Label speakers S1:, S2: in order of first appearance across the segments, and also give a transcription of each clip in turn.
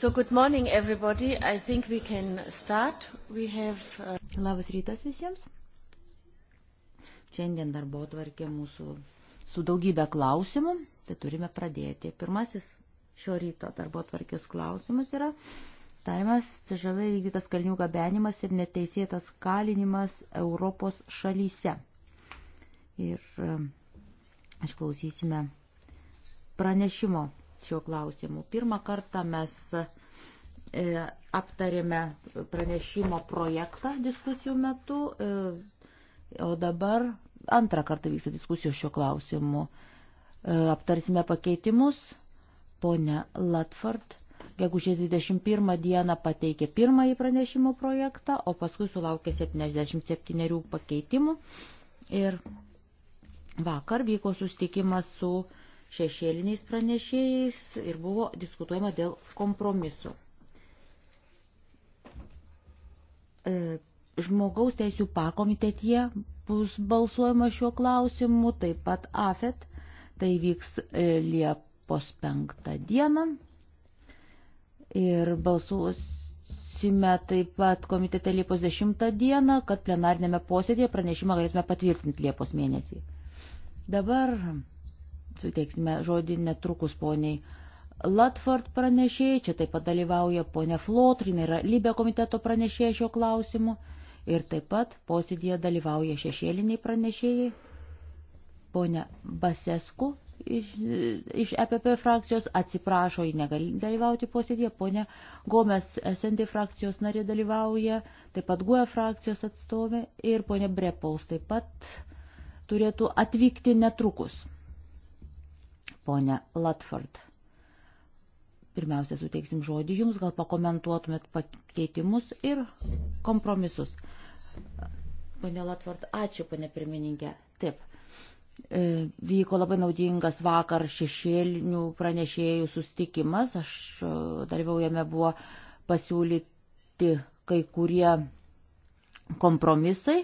S1: So good morning everybody. I think we can start. We have uh... Labas rytas visiems. Šiandien darbo tvarkė mūsų su daugybė klausimų, tai turime pradėti. Pirmasis šio ryto darbo tvarkės klausimas yra Taimas, CŽV vykdytas kalnių gabenimas ir neteisėtas kalinimas Europos šalyse. Ir um, išklausysime pranešimo šiuo klausimu. Pirmą kartą mes e, aptarėme pranešimo projektą diskusijų metu, e, o dabar antrą kartą vyksta diskusijos šiuo klausimu. E, aptarsime pakeitimus. Pone Latford, gegužės 21 dieną pateikė pirmąjį pranešimo projektą, o paskui sulaukė 77 pakeitimų. Ir vakar vyko sustikimas su uh, šešėliniais pranešėjais ir buvo diskutuojama dėl kompromisu. E, žmogaus teisų pakomitetie bus balsuojama šiuo klausimu, taip pat AFET, tai vyks e, Liepos penktą dieną ir balsuosime taip pat komitete Liepos dešimtą dieną, kad plenarnėme posėdėje pranešimą galėtume patvirtinti Liepos mėnesį. Dabar suteiksime žodį netrukus poniai Latford pranešėjai, čia taip pat dalyvauja ponia Flotrin, yra Libė komiteto pranešėja šio klausimu ir taip pat posėdėje dalyvauja šešėliniai pranešėjai, ponia Basesku iš, iš EPP frakcijos atsiprašo, ji negali dalyvauti posėdėje, ponia Gomes SND frakcijos narė dalyvauja, taip pat GUE frakcijos atstovė ir ponia Brepols taip pat turėtų atvykti netrukus ponę Latford. Pirmiausia, suteiksim žodį jums, gal pakomentuotumėt pakeitimus ir kompromisus. Pane Latvart, ačiū, pane pirmininkė. Taip. E, vyko labai naudingas vakar šešėlinių pranešėjų sustikimas. Aš e, dalyvau jame buvo pasiūlyti kai kurie kompromisai,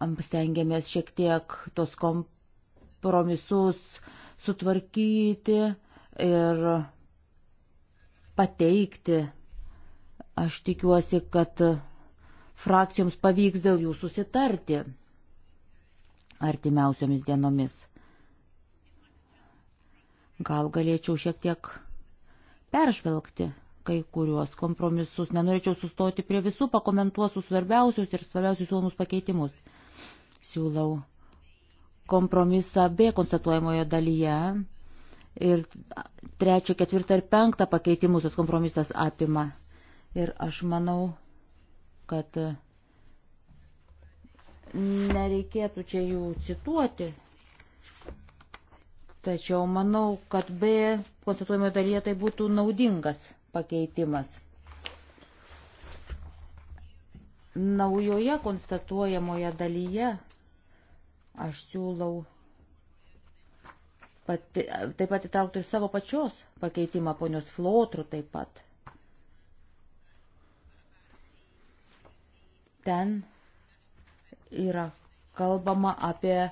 S1: stengiamės šiek tiek tos kompromisus sutvarkyti ir pateikti. Aš tikiuosi, kad frakcijoms pavyks dėl jų susitarti artimiausiomis dienomis. Gal galėčiau šiek tiek peržvelgti kai kuriuos kompromisus. Nenorėčiau sustoti prie visų, pakomentuosiu svarbiausius ir svarbiausius siūlomus pakeitimus. Siūlau kompromisą B konstatuojamojo dalyje. Ir trečią, ketvirtą ir penktą pakeitimus tas kompromisas apima. Ir aš manau, kad nereikėtų čia jų cituoti. Tačiau manau, kad B konstatuojamojo dalyje tai būtų naudingas pakeitimas. Naujoje konstatuojamoje dalyje aš siūlau pati, taip pat įtraukti ir savo pačios pakeitimą ponios flotrų taip pat. Ten yra kalbama apie e,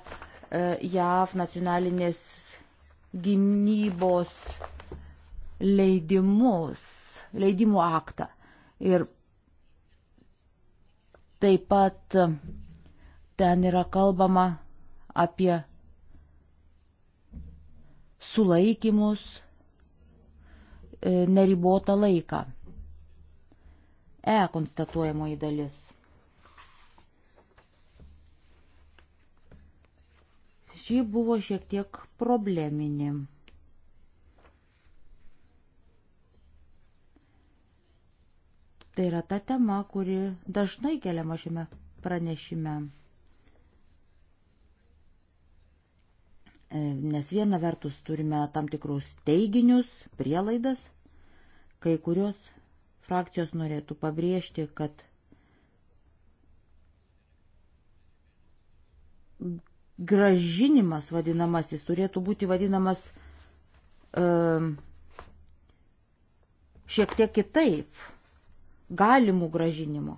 S1: JAV nacionalinės gynybos leidimus, leidimų aktą. Ir Taip pat e, ten yra kalbama apie sulaikimus e, neribotą laiką. E konstatuojamoji dalis. Ši buvo šiek tiek probleminė. Tai yra ta tema, kuri dažnai keliama šiame pranešime. E, nes viena vertus turime tam tikrus teiginius, prielaidas, kai kurios frakcijos norėtų pabrėžti, kad gražinimas vadinamasis turėtų būti vadinamas um, šiek tiek kitaip galimų gražinimų.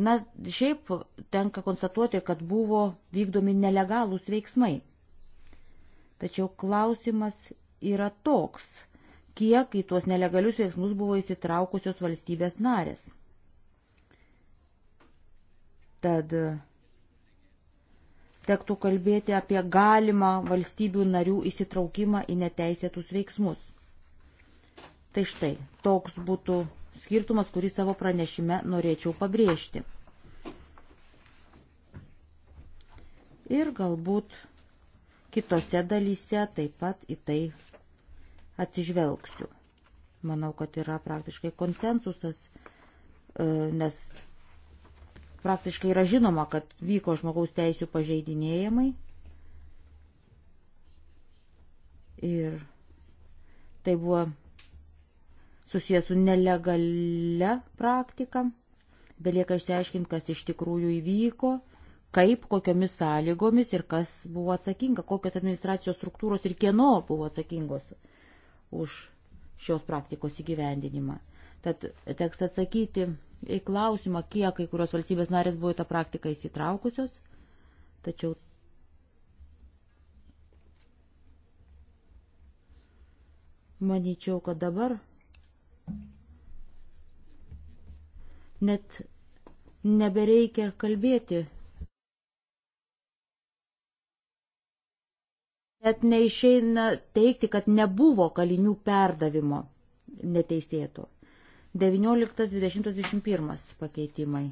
S1: Na, šiaip tenka konstatuoti, kad buvo vykdomi nelegalūs veiksmai. Tačiau klausimas yra toks, kiek į tuos nelegalius veiksmus buvo įsitraukusios valstybės narės. Tad tektų kalbėti apie galimą valstybių narių įsitraukimą į neteisėtus veiksmus. Tai štai, toks būtų skirtumas, kurį savo pranešime norėčiau pabrėžti. Ir galbūt kitose dalyse taip pat į tai atsižvelgsiu. Manau, kad yra praktiškai konsensusas, e, nes praktiškai yra žinoma, kad vyko žmogaus teisų pažeidinėjimai. Ir tai buvo susijęs su nelegale praktika. Belieka išsiaiškinti, kas iš tikrųjų įvyko, kaip, kokiomis sąlygomis ir kas buvo atsakinga, kokios administracijos struktūros ir kieno buvo atsakingos už šios praktikos įgyvendinimą. Tad teks atsakyti į klausimą, kiek kai kurios valstybės narės buvo į tą praktiką įsitraukusios, tačiau manyčiau, kad dabar net nebereikia kalbėti. Net neišeina teikti, kad nebuvo kalinių perdavimo neteisėto. 19, 20, 21 pakeitimai.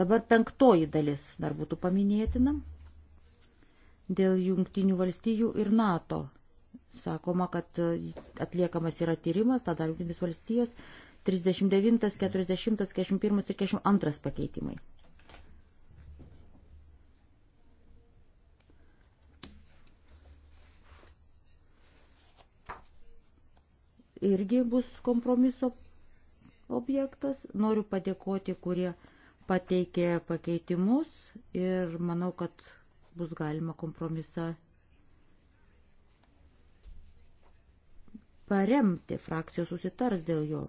S1: Dabar penktoji dalis dar būtų paminėtina dėl jungtinių valstijų ir NATO. Sakoma, kad atliekamas yra tyrimas, tada jungtinės valstijos 39, 40, 41 ir 42 pakeitimai. Irgi bus kompromiso objektas. Noriu padėkoti, kurie pateikė pakeitimus ir manau, kad bus galima kompromisą paremti, frakcijos susitars dėl jo.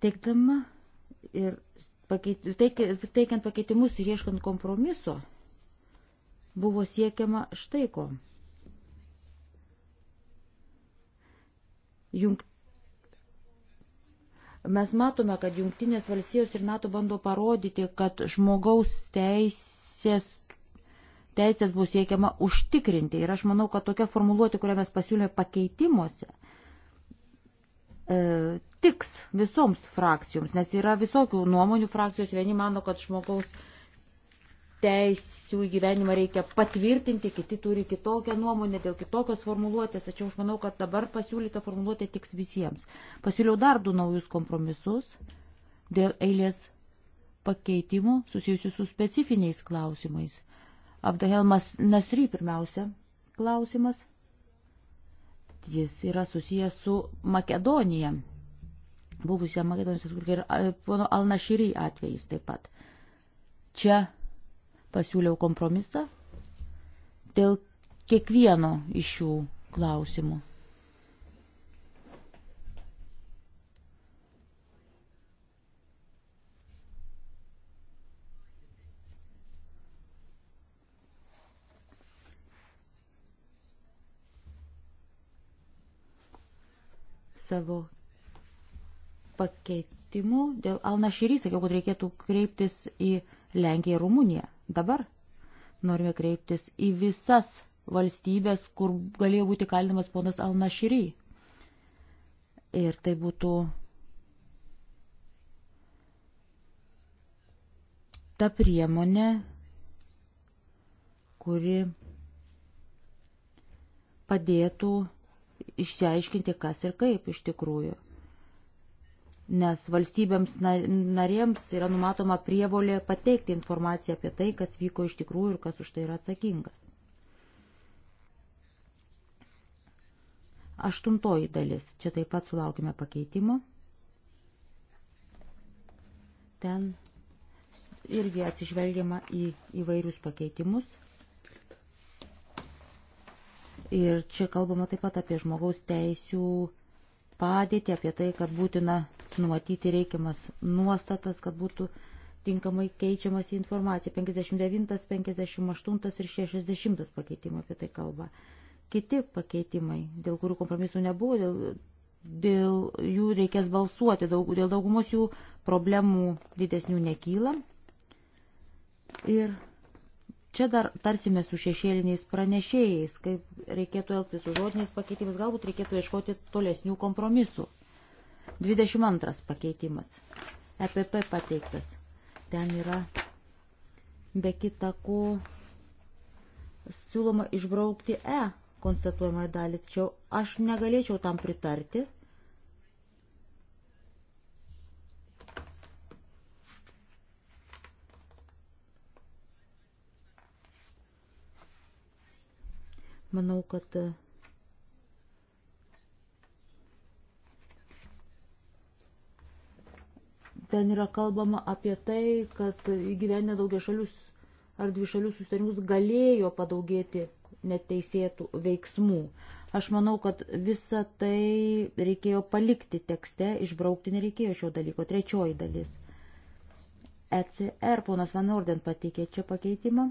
S1: Teikdama ir pakeit, teik, teikiant pakeitimus ir ieškant kompromiso, buvo siekiama štai ko. Jungt... Mes matome, kad Junktinės valstijos ir NATO bando parodyti, kad žmogaus teisės, teisės bus siekiama užtikrinti. Ir aš manau, kad tokia formuluoti, kurią mes pasiūlėme pakeitimuose, E, tiks visoms frakcijoms, nes yra visokių nuomonių frakcijos. Vieni mano, kad žmogaus teisų įgyvenimą reikia patvirtinti, kiti turi kitokią nuomonę dėl kitokios formuluotės, tačiau aš manau, kad dabar pasiūlyta formuluotė tiks visiems. Pasiūliau dar du naujus kompromisus dėl eilės pakeitimų susijusių su specifiniais klausimais. Abdahelmas Nasry pirmiausia klausimas jis yra susijęs su Makedonija, buvusia Makedonijos Respublika ir e, pono Alnašyry atvejais taip pat. Čia pasiūliau kompromisą dėl kiekvieno iš šių klausimų. savo pakeitimų dėl Alnašyry, sakiau, kad reikėtų kreiptis į Lenkiją ir Rumuniją. Dabar norime kreiptis į visas valstybės, kur galėjo būti kalinamas ponas Alnašyry. Ir tai būtų ta priemonė, kuri padėtų išsiaiškinti, kas ir kaip iš tikrųjų. Nes valstybėms narėms yra numatoma prievolė pateikti informaciją apie tai, kas vyko iš tikrųjų ir kas už tai yra atsakingas. Aštuntoji dalis. Čia taip pat sulaukime pakeitimo. Ten irgi atsižvelgiama į įvairius pakeitimus. Ir čia kalbama taip pat apie žmogaus teisių padėtį, apie tai, kad būtina numatyti reikiamas nuostatas, kad būtų tinkamai keičiamas informacija. 59, 58 ir 60 pakeitimai apie tai kalba. Kiti pakeitimai, dėl kurių kompromisų nebuvo, dėl, dėl jų reikės balsuoti, daug, dėl daugumos jų problemų didesnių nekyla. Ir Čia dar tarsime su šešėliniais pranešėjais, kaip reikėtų elgtis su žodiniais pakeitimais, galbūt reikėtų ieškoti tolesnių kompromisų. 22 pakeitimas, EPP pateiktas. Ten yra be kita ko siūloma išbraukti E konstatuojamą dalį, tačiau aš negalėčiau tam pritarti, Manau, kad e, ten yra kalbama apie tai, kad įgyvenę daugia šalius ar dvišalius susitarimus galėjo padaugėti neteisėtų veiksmų. Aš manau, kad visą tai reikėjo palikti tekste, išbraukti nereikėjo šio dalyko. Trečioji dalis. ECR ponas Van Orden pateikė čia pakeitimą.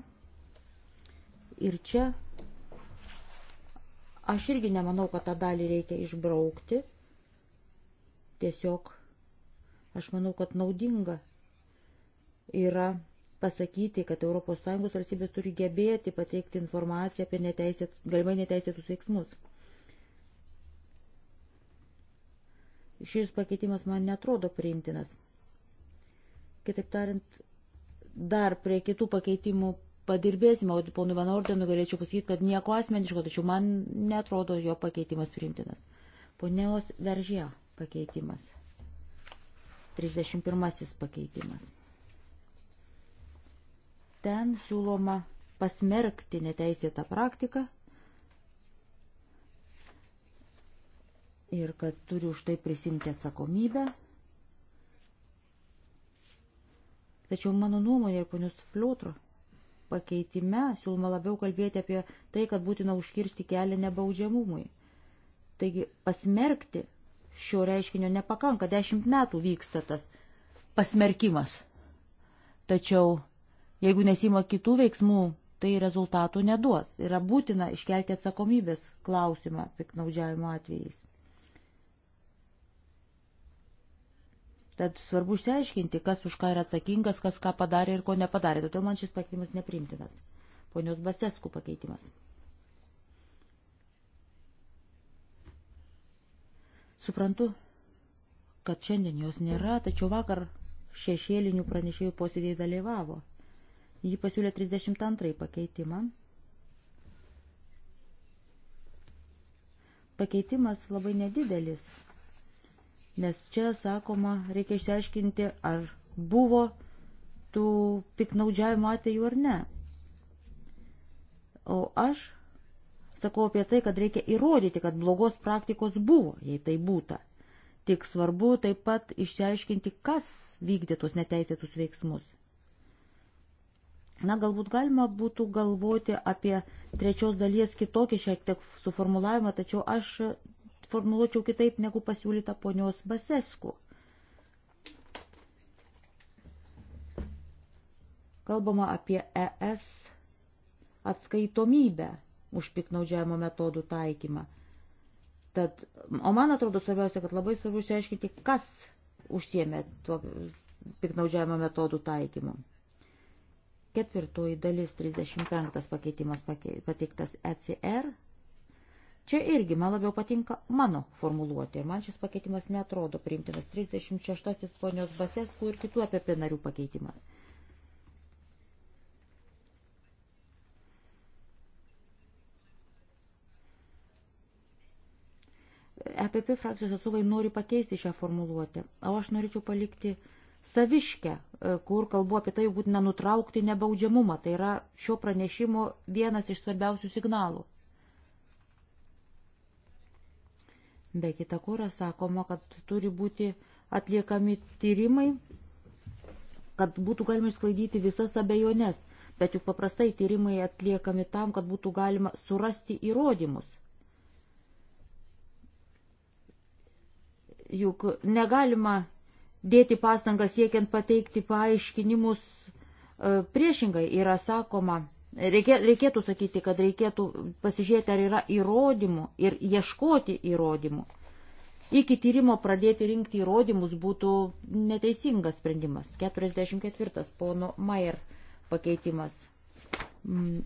S1: Ir čia Aš irgi nemanau, kad tą dalį reikia išbraukti. Tiesiog aš manau, kad naudinga yra pasakyti, kad ES valstybės turi gebėti pateikti informaciją apie neteisėt, galimai neteisėtus veiksmus. Šis pakeitimas man netrodo priimtinas. Kitaip tariant, dar prie kitų pakeitimų padirbėsime, o ponui Van Ordenui galėčiau pasakyti, kad nieko asmeniško, tačiau man netrodo jo pakeitimas priimtinas. Ponios Veržė pakeitimas. 31 pakeitimas. Ten siūloma pasmerkti neteisėtą praktiką ir kad turi už tai prisimti atsakomybę. Tačiau mano nuomonė ir ponius Fliotro pakeitime siūloma labiau kalbėti apie tai, kad būtina užkirsti kelią nebaudžiamumui. Taigi pasmerkti šio reiškinio nepakanka, dešimt metų vyksta tas pasmerkimas. Tačiau jeigu nesima kitų veiksmų, tai rezultatų neduos. Yra būtina iškelti atsakomybės klausimą piknaudžiavimo atvejais. Tad svarbu išsiaiškinti, kas už ką yra atsakingas, kas ką padarė ir ko nepadarė. Todėl man šis pakeitimas neprimtinas. Ponios Baseskų pakeitimas. Suprantu, kad šiandien jos nėra, tačiau vakar šešėlinių pranešėjų posėdėje dalyvavo. Ji pasiūlė 32 pakeitimą. Pakeitimas labai nedidelis, nes čia, sakoma, reikia išsiaiškinti, ar buvo tų piknaudžiavimo atveju ar ne. O aš sakau apie tai, kad reikia įrodyti, kad blogos praktikos buvo, jei tai būta. Tik svarbu taip pat išsiaiškinti, kas vykdė tuos neteisėtus veiksmus. Na, galbūt galima būtų galvoti apie trečios dalies kitokį šiek tiek suformulavimą, tačiau aš formuluočiau kitaip negu pasiūlyta ponios Basesku. Kalbama apie ES atskaitomybę už piknaudžiavimo metodų taikymą. Tad, o man atrodo svarbiausia, kad labai svarbu išsiaiškinti, kas užsiemė tuo piknaudžiavimo metodų taikymu. Ketvirtoji dalis 35 pakeitimas pateiktas ECR Čia irgi man labiau patinka mano formuluotė ir man šis pakeitimas netrodo priimtinas 36 ponios Baseskų ir kitų apie narių pakeitimas. EPP frakcijos atstovai nori pakeisti šią formuluotę, o aš norėčiau palikti saviškę, e, kur kalbu apie tai, būtina nutraukti nebaudžiamumą. Tai yra šio pranešimo vienas iš svarbiausių signalų. Be kita kūra sakoma, kad turi būti atliekami tyrimai, kad būtų galima išsklaidyti visas abejonės, bet juk paprastai tyrimai atliekami tam, kad būtų galima surasti įrodymus. Juk negalima dėti pastangas siekiant pateikti paaiškinimus e, priešingai yra sakoma, Reikė, reikėtų sakyti, kad reikėtų pasižiūrėti, ar yra įrodymų ir ieškoti įrodymų. Iki tyrimo pradėti rinkti įrodymus būtų neteisingas sprendimas. 44. Pono Maier pakeitimas. Mm,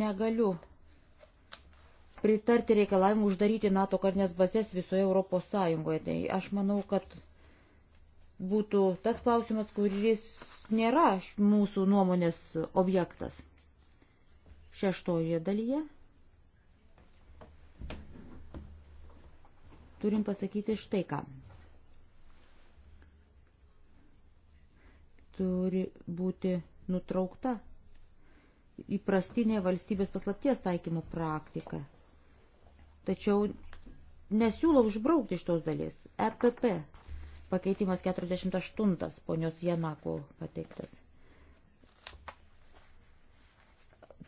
S1: negaliu pritarti reikalavimu uždaryti NATO karinės bazės visoje Europos Sąjungoje. Tai aš manau, kad būtų tas klausimas, kuris nėra mūsų nuomonės objektas. Šeštojoje dalyje turim pasakyti štai ką. Turi būti nutraukta įprastinė valstybės paslapties taikymo praktika. Tačiau nesiūlau išbraukti iš tos dalies. EPP pakeitimas 48 ponios Janako pateiktas.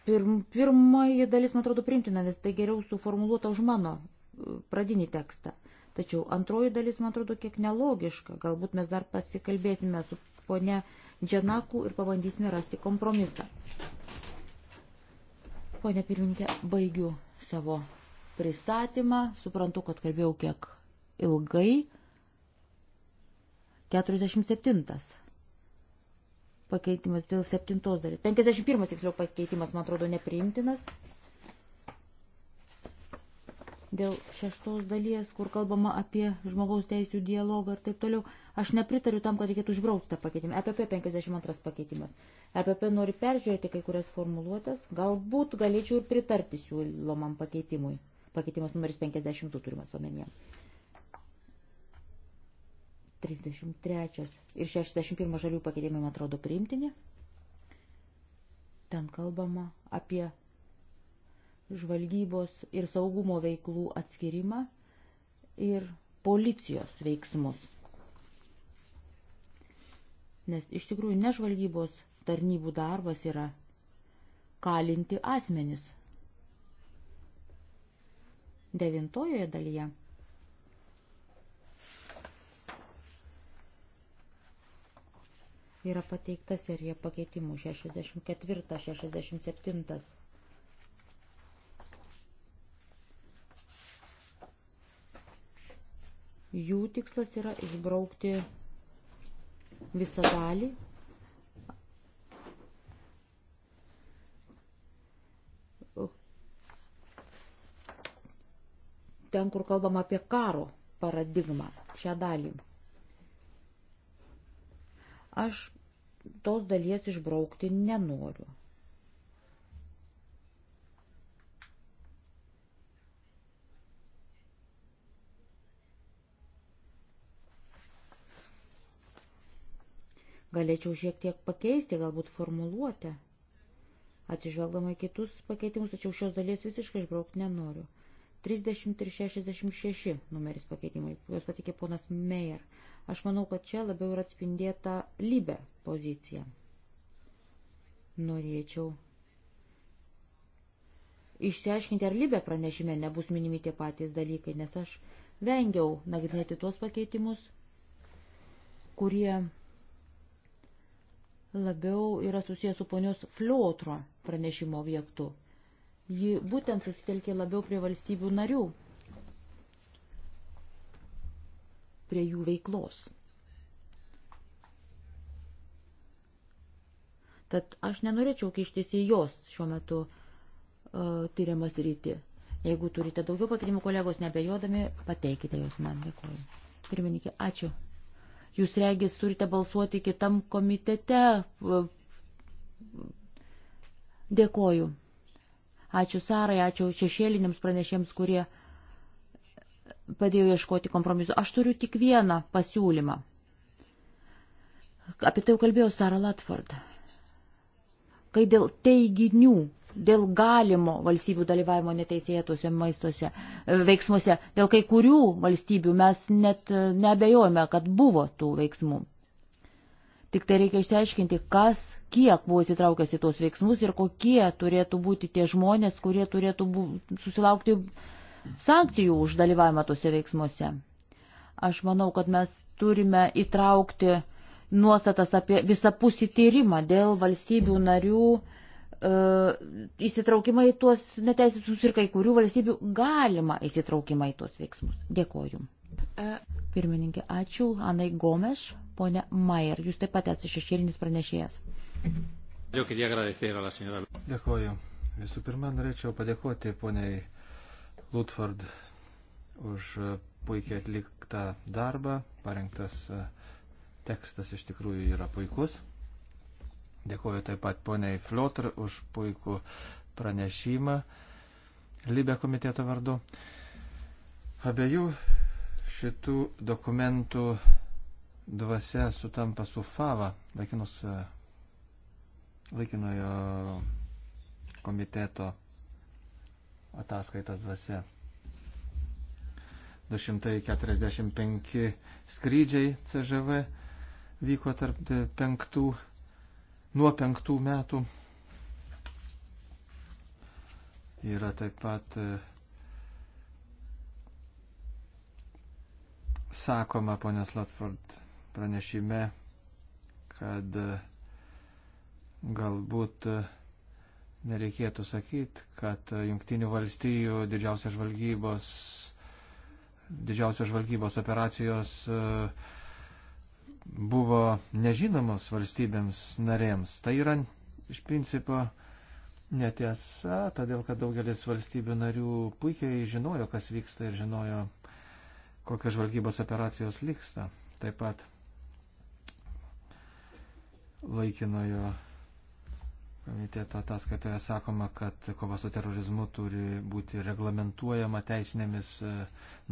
S1: Pirm, pirmoji dalis, man atrodo, primtina, nes tai geriau suformuoluota už mano e, pradinį tekstą. Tačiau antroji dalis, man atrodo, kiek nelogiška. Galbūt mes dar pasikalbėsime su ponia Džanaku ir pabandysime rasti kompromisą. Pone pirmininkė, baigiu savo pristatymą. Suprantu, kad kalbėjau kiek ilgai. 47 pakeitimas dėl septintos dalies. 51 tiksliau pakeitimas, man atrodo, nepriimtinas. Dėl šeštos dalies, kur kalbama apie žmogaus teisų dialogą ir taip toliau, aš nepritariu tam, kad reikėtų užbraukti tą pakeitimą. EPP 52 pakeitimas. EPP nori peržiūrėti kai kurias formuluotas. Galbūt galėčiau ir pritarti siūlomam pakeitimui. Pakeitimas numeris 52 turimas omenyje. 33 ir 61 žalių pakeitimai, man atrodo, priimtini. Ten kalbama apie žvalgybos ir saugumo veiklų atskirimą ir policijos veiksmus. Nes iš tikrųjų nežvalgybos tarnybų darbas yra kalinti asmenis. Devintojoje dalyje Yra pateikta serija pakeitimų 64, 67. Jų tikslas yra išbraukti visą dalį. Ten, kur kalbam apie karo paradigmą, šią dalį. Aš tos dalies išbraukti nenoriu. Galėčiau šiek tiek pakeisti, galbūt formuluotę, atsižvelgdama į kitus pakeitimus, tačiau šios dalies visiškai išbraukti nenoriu. 30 ir 66 numeris pakeitimai, juos patikė ponas Meijer. Aš manau, kad čia labiau yra atspindėta Libė poziciją. Norėčiau išsiaiškinti, ar Libė pranešime nebus minimi tie patys dalykai, nes aš vengiau nagrinėti tuos pakeitimus, kurie labiau yra susijęs su ponios fliotro pranešimo objektu. Ji būtent susitelkė labiau prie valstybių narių, prie jų veiklos. Tad aš nenorėčiau kištis į jos šiuo metu uh, e, tyriamas rytį. Jeigu turite daugiau pakeitimų kolegos, nebejodami, pateikite juos man. Dėkuoju. Pirmininkė, ačiū. Jūs regis turite balsuoti kitam komitete. Dėkuoju. Ačiū Sarai, ačiū šešėliniams pranešėms, kurie padėjo ieškoti kompromisu. Aš turiu tik vieną pasiūlymą. Apie tai jau kalbėjo Sara Latford. Kai dėl teiginių, dėl galimo valstybių dalyvavimo neteisėtuose maistuose e, veiksmuose, dėl kai kurių valstybių mes net e, nebejojame, kad buvo tų veiksmų. Tik tai reikia išsiaiškinti, kas, kiek buvo įsitraukęs į tos veiksmus ir kokie turėtų būti tie žmonės, kurie turėtų bu, susilaukti sankcijų už dalyvavimą tose veiksmuose. Aš manau, kad mes turime įtraukti nuostatas apie visapusį tyrimą dėl valstybių narių e, įsitraukimą į tuos neteisėtus ir kai kurių valstybių galima įsitraukimą į tuos veiksmus. Dėkoju. Pirmininkė, ačiū. Anai Gomeš, ponė Mayer, jūs taip pat esate šešėlinis pranešėjas. Dėkoju.
S2: Visų pirma, norėčiau padėkoti poniai Lutford už puikiai atliktą darbą, parengtas uh, Tekstas iš tikrųjų yra puikus. Dėkuoju taip pat poniai Flotr už puikų pranešimą Libė komiteto vardu. Abiejų šitų dokumentų dvasia sutampa su FAVA, laikinos, laikinojo komiteto ataskaitos dvasia. 245 skrydžiai CŽV vyko tarp penktų, nuo penktų metų. Yra taip pat e, sakoma, ponės Latford pranešime, kad e, galbūt e, nereikėtų sakyti, kad Junktinių valstijų didžiausios žvalgybos, didžiausios žvalgybos operacijos uh, buvo nežinomos valstybėms narėms. Tai yra iš principo netiesa, todėl kad daugelis valstybių narių puikiai žinojo, kas vyksta ir žinojo, kokios žvalgybos operacijos vyksta. Taip pat laikinojo komiteto ataskaitoje sakoma, kad kova su terorizmu turi būti reglamentuojama teisinėmis e,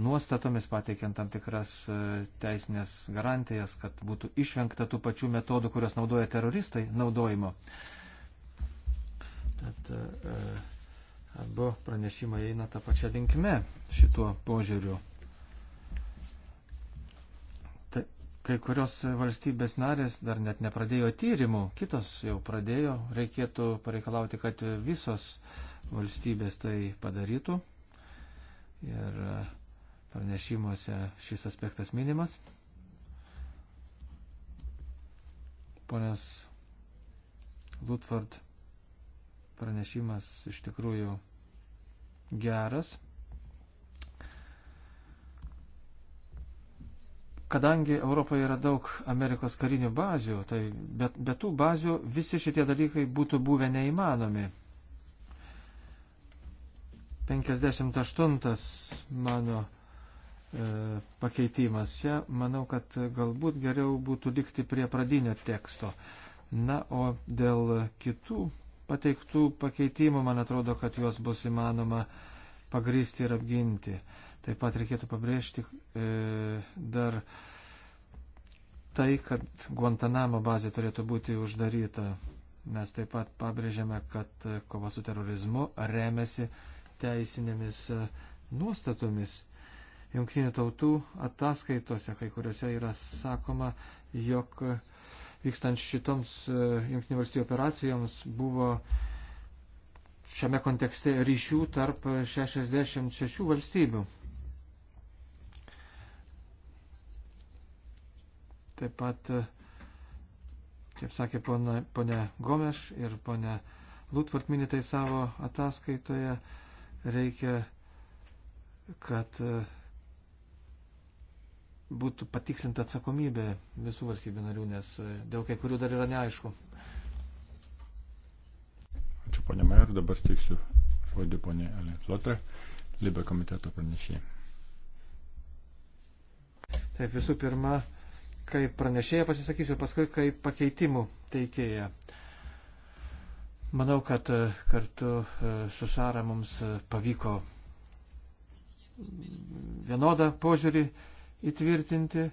S2: nuostatomis, pateikiant tam tikras e, teisinės garantijas, kad būtų išvengta tų pačių metodų, kurios naudoja teroristai, naudojimo. Tad e, abu pranešimai eina tą pačią linkme šituo požiūriu. Kai kurios valstybės narės dar net nepradėjo tyrimų, kitos jau pradėjo, reikėtų pareikalauti, kad visos valstybės tai padarytų. Ir pranešimuose šis aspektas minimas. Ponas Lutford pranešimas iš tikrųjų geras. kadangi Europoje yra daug Amerikos karinių bazių, tai bet, bet tų bazių visi šitie dalykai būtų buvę neįmanomi. 58 mano e, pakeitimas. Čia manau, kad galbūt geriau būtų likti prie pradinio teksto. Na, o dėl kitų pateiktų pakeitimų, man atrodo, kad juos bus įmanoma pagrysti ir apginti. Taip pat reikėtų pabrėžti e, dar tai, kad Guantanamo bazė turėtų būti uždaryta. Mes taip pat pabrėžiame, kad e, kova su terorizmu remiasi teisinėmis e, nuostatomis. Junktinių tautų ataskaitose, kai kuriuose yra sakoma, jog e, vykstant šitoms Junktinių valstybių operacijoms buvo šiame kontekste ryšių tarp 66 valstybių. Taip pat, e, kaip sakė pona, ponia Gomeš ir ponia Lutvart minėtai savo ataskaitoje, reikia, kad e, būtų patikslinta atsakomybė visų valstybių narių, nes e, dėl kai kurių dar yra neaišku.
S3: Ačiū ponė Majer, dabar steiksiu žodį ponė Elė Flotre, Libė komiteto pranešėjai.
S2: Taip, visų pirma, kaip pranešėja pasisakysiu, paskui kaip pakeitimų teikėja. Manau, kad e, kartu e, su Sara mums e, pavyko vienodą požiūrį įtvirtinti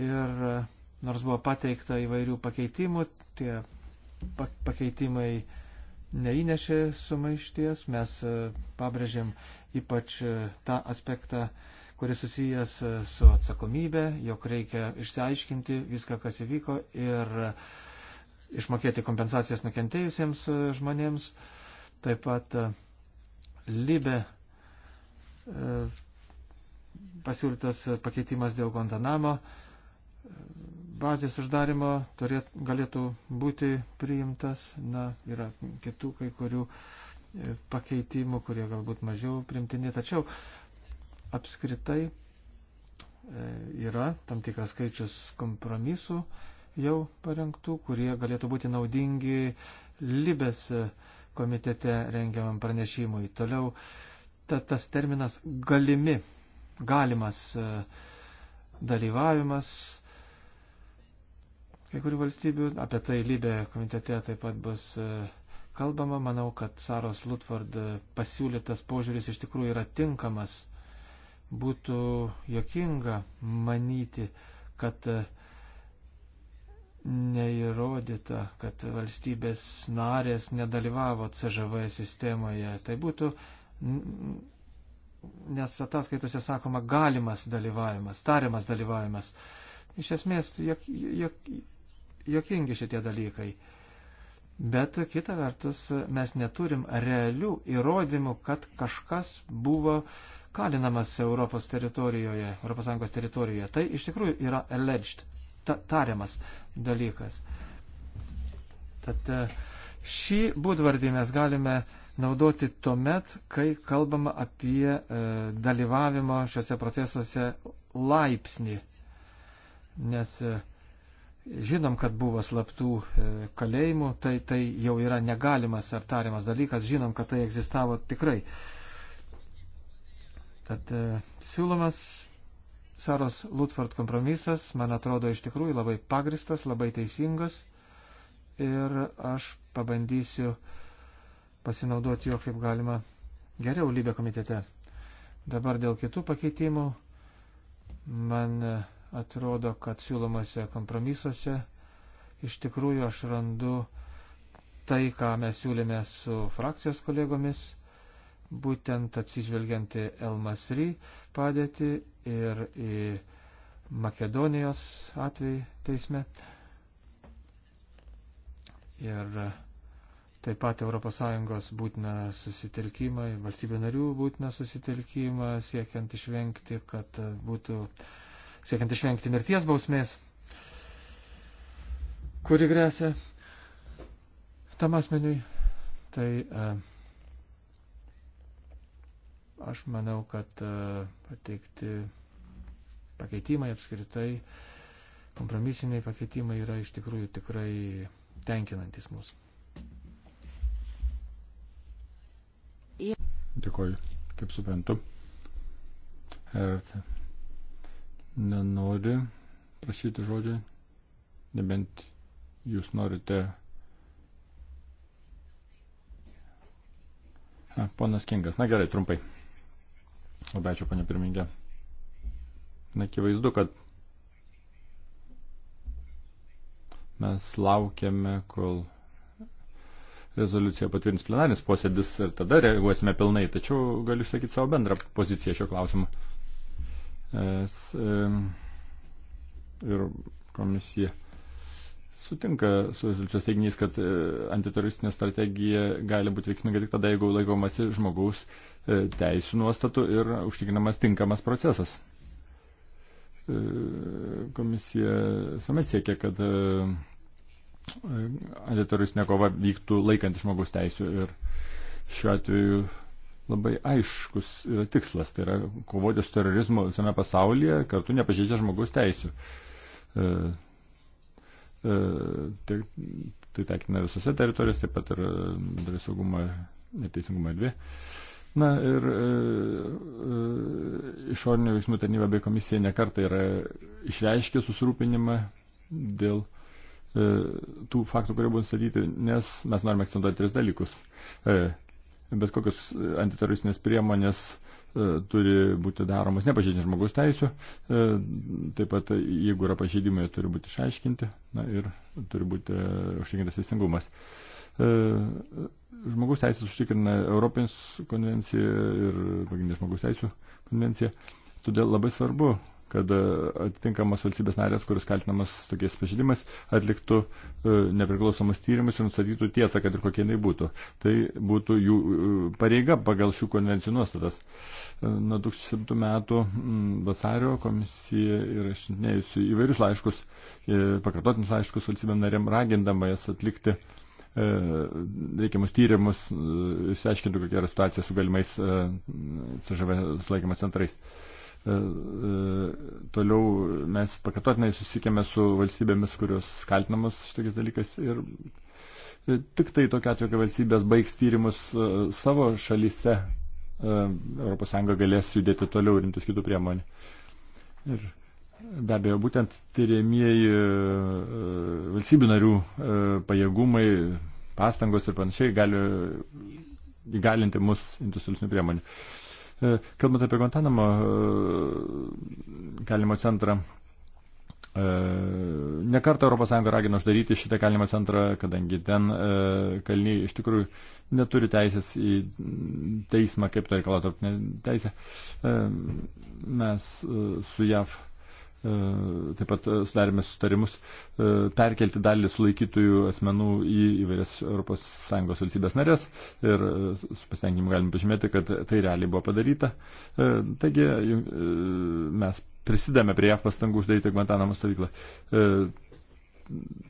S2: ir nors buvo pateikta įvairių pakeitimų, tie pakeitimai neįnešė sumaišties, mes pabrėžėm ypač tą aspektą, kuris susijęs e, su atsakomybė, jog reikia išsiaiškinti viską, kas įvyko ir e, išmokėti kompensacijas nukentėjusiems e, žmonėms. Taip pat Libe pasiūlytas pakeitimas dėl Guantanamo bazės uždarimo turėt, galėtų būti priimtas. Na, yra kitų kai kurių pakeitimų, kurie galbūt mažiau primtini, tačiau uh, apskritai e, yra tam tikras skaičius kompromisų jau parengtų, kurie galėtų būti naudingi Libės komitete rengiamam pranešimui. Toliau ta, tas terminas galimi, galimas e, dalyvavimas kai kurių valstybių, apie tai Libė komitete taip pat bus e, kalbama. Manau, kad Saros Lutford pasiūlytas požiūris iš tikrųjų yra tinkamas būtų jokinga manyti, kad e, neįrodyta, kad valstybės narės nedalyvavo CŽV sistemoje. Tai būtų, nes ataskaitose sakoma, galimas dalyvavimas, tariamas dalyvavimas. Iš esmės, jok, jok, jokingi šitie dalykai. Bet kita vertus, mes neturim realių įrodymų, kad kažkas buvo uh, kalinamas Europos teritorijoje, ES teritorijoje. Tai iš tikrųjų yra alleged, ta, tariamas dalykas. Tad e, šį būdvardį mes galime naudoti tuomet, kai kalbama apie e, dalyvavimo šiuose procesuose laipsnį. Nes e, žinom, kad buvo slaptų e, kalėjimų, tai tai jau yra negalimas ar tariamas dalykas, žinom, kad tai egzistavo tikrai. E, Tad e, siūlomas Saros Lutford kompromisas, man atrodo, iš tikrųjų labai pagristas, labai teisingas ir aš pabandysiu pasinaudoti jo kaip galima geriau lybė komitete. Dabar dėl kitų pakeitimų man atrodo, kad siūlomose kompromisuose iš tikrųjų aš randu tai, ką mes siūlėme su frakcijos kolegomis būtent atsižvelgiant į Elmasry padėtį ir į Makedonijos atvejį teisme. Ir taip pat ES būtina susitelkimą, valstybių narių būtina susitelkimą, siekiant išvengti, kad būtų, siekiant išvengti mirties bausmės, kuri grėsia tam asmeniui. Tai uh, Aš manau, kad e, pateikti pakeitimai apskritai, kompromisiniai pakeitimai yra iš tikrųjų tikrai tenkinantis mūsų.
S3: Dėkoju, kaip suprantu. E, nenori prašyti žodžio, nebent jūs norite. A, ponas Kingas, na gerai, trumpai. Labai ačiū, panė pirmininkė. Na, akivaizdu, kad mes laukiame, kol rezoliuciją patvirtins plenarinis posėdis ir tada reaguosime pilnai. Tačiau galiu išsakyti savo bendrą poziciją šio klausimu. Es, ir komisija sutinka su rezoliucijos teiginiais, kad e, antiteroristinė strategija gali būti veiksminga tik tada, jeigu laikomasi žmogaus E, teisų nuostatų ir užtikrinamas tinkamas procesas. E, komisija samet siekia, kad e, antiteroristinė kova vyktų laikant žmogus teisų ir šiuo atveju labai aiškus yra tikslas, tai yra kovoti su terorizmu visame pasaulyje, kartu nepažeidžia žmogus teisų. E, e, tai tai taikina visose teritorijose, taip pat ir bendrai saugumo ir teisingumo erdvė. E, Na ir e, e, išorinio veiksmų tarnyba bei komisija nekartai yra išreiškė susirūpinimą dėl e, tų faktų, kurie buvo nustatyti, nes mes norime akcentuoti tris dalykus. E, bet kokios antiteroristinės priemonės e, turi būti daromos nepažeidžiant žmogaus teisų, e, taip pat jeigu yra pažeidimai, turi būti išaiškinti na, ir turi būti e, užtikrintas teisingumas. E, Žmogus teisės užtikrina Europinės konvencija ir pagrindinė žmogus teisų konvencija. Todėl labai svarbu, kad e, atitinkamos valstybės narės, kuris kaltinamas tokiais pažydimais, atliktų e, nepriklausomus tyrimus ir nustatytų tiesą, kad ir kokie jinai būtų. Tai būtų jų e, pareiga pagal šių konvencijų nuostatas. Nuo 2007 metų vasario komisija yra išsintinėjusi įvairius laiškus, pakartotinius laiškus valstybėm narėm, ragindama jas atlikti uh, E, reikiamus tyrimus, e, išsiaiškintų, kokia yra situacija su galimais CŽV e, sulaikymo centrais. Toliau mes pakatotinai susikėme su valstybėmis, kurios kaltinamos šitokiais dalykais ir tik tai tokia atveju, kai valstybės baigs tyrimus savo šalyse, ES galės judėti toliau ir imtis kitų priemonių. Ir Be abejo, būtent tyriamieji e, valstybių narių e, pajėgumai, pastangos ir panašiai gali įgalinti mus industrialisnių priemonių. E, kalbant apie Guantanamo kalimo centrą, nekartą ES ragino uždaryti šitą kalimo centrą, kadangi ten kaliniai iš tikrųjų neturi teisės į teismą, kaip to reikalauja tarptautinė teisė. Mes su JAV E, taip pat e, sudarėme sustarimus e, perkelti dalį sulaikytųjų asmenų į įvairias ES valstybės narės ir su pasitenkinimu galim pažymėti, kad tai realiai buvo padaryta. Taigi mes prisidame prie JAV pastangų uždaryti Guantanamo stovyklą.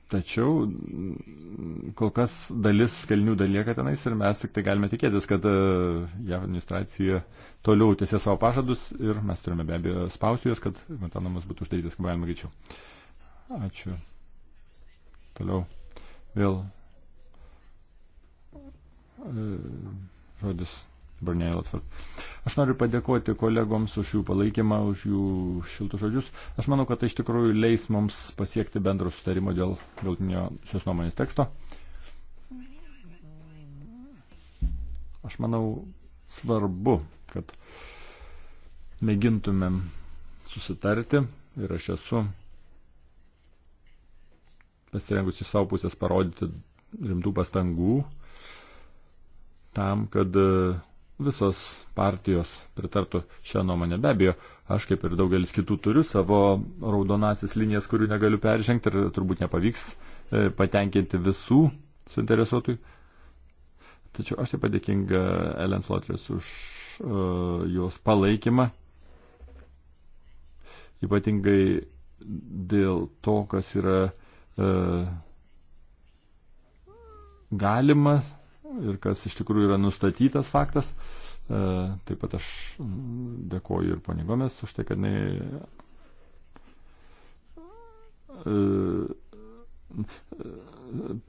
S3: Tačiau kol kas dalis kalinių dalieka tenais ir mes tik tai galime tikėtis, kad e, JAV administracija toliau tęsė savo pažadus ir mes turime be abejo spausti juos, kad Guantanamas būtų uždarytas kaip galima greičiau. Ačiū. Toliau vėl e, žodis Brunei Lotford. Aš noriu padėkoti kolegoms už jų palaikymą, už jų šiltus žodžius. Aš manau, kad tai iš tikrųjų leis mums pasiekti bendro sutarimo dėl galtinio šios nuomonės teksto. Aš manau, svarbu, kad mėgintumėm susitarti ir aš esu pasirengusi savo pusės parodyti rimtų pastangų tam, kad uh, visos partijos pritartų šią nuomonę. Be abejo, aš kaip ir daugelis kitų turiu savo raudonasis linijas, kurių negaliu peržengti ir turbūt nepavyks e, patenkinti visų suinteresuotųjų. Tačiau aš taip padėkinga Ellen Flotrijos už uh, jos palaikymą, ypatingai dėl to, kas yra uh, e, galimas ir kas iš tikrųjų yra nustatytas faktas. E, taip pat aš dėkoju ir ponigomės už tai, kad jinai e,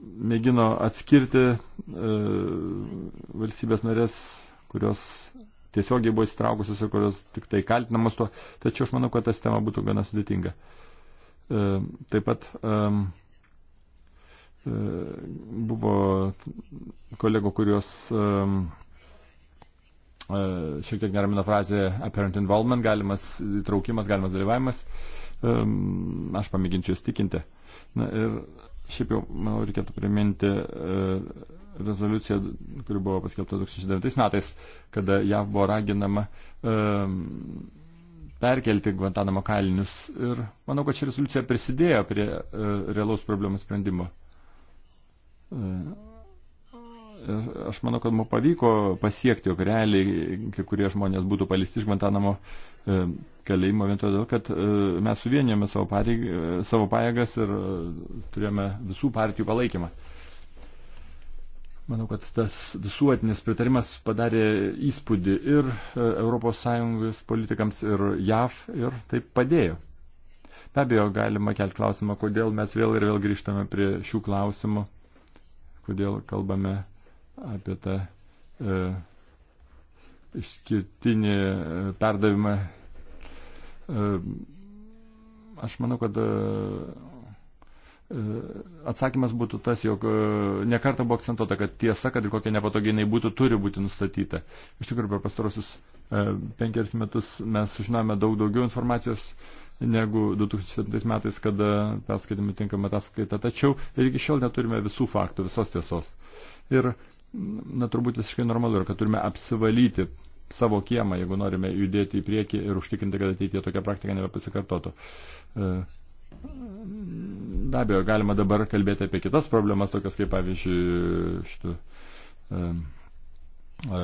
S3: mėgino atskirti e, valstybės narės, kurios tiesiogiai buvo įsitraukusios ir kurios tik tai kaltinamos tuo. Tačiau aš manau, kad ta sistema būtų gana sudėtinga. Taip pat E, buvo kolegų, kurios e, šiek tiek neramina frazė apparent involvement, galimas įtraukimas, galimas dalyvavimas. Aš pamėginčiau jūs tikinti. Na ir šiaip jau, manau, reikėtų priminti e, rezoliucija, kuri buvo paskelbta 2009 metais, kada JAV buvo raginama e, perkelti Guantanamo kalinius. Ir manau, kad ši rezoliucija prisidėjo prie e, realaus problemų sprendimo. E, aš manau, kad mums pavyko pasiekti, jog realiai kai kurie žmonės būtų palisti iš Guantanamo e, kalėjimo vien todėl, kad e, mes suvienijome savo, pareig, savo pajėgas ir turėjome visų partijų palaikymą. Manau, kad tas visuotinis pritarimas padarė įspūdį ir ES politikams, ir JAV, ir taip padėjo. Be abejo, galima kelti klausimą, kodėl mes vėl ir vėl grįžtame prie šių klausimų kodėl kalbame apie tą e, išskirtinį e, perdavimą. E, aš manau, kad e, e atsakymas būtų tas, jog e, nekarta buvo akcentuota, kad tiesa, kad ir kokia nepatogiai jinai būtų, turi būti nustatyta. Iš tikrųjų, per pastarosius penkerius metus mes sužinome daug daugiau informacijos negu 2007 metais, kada perskaitėme tinkamą ataskaitą. Tačiau ir iki šiol neturime visų faktų, visos tiesos. Ir, na, turbūt visiškai normalu yra, kad turime apsivalyti savo kiemą, jeigu norime judėti į priekį ir užtikrinti, kad ateityje tokia praktika nebepasikartotų. E, be abejo, galima dabar kalbėti apie kitas problemas, tokias kaip, pavyzdžiui, šitų, uh, e, uh, e,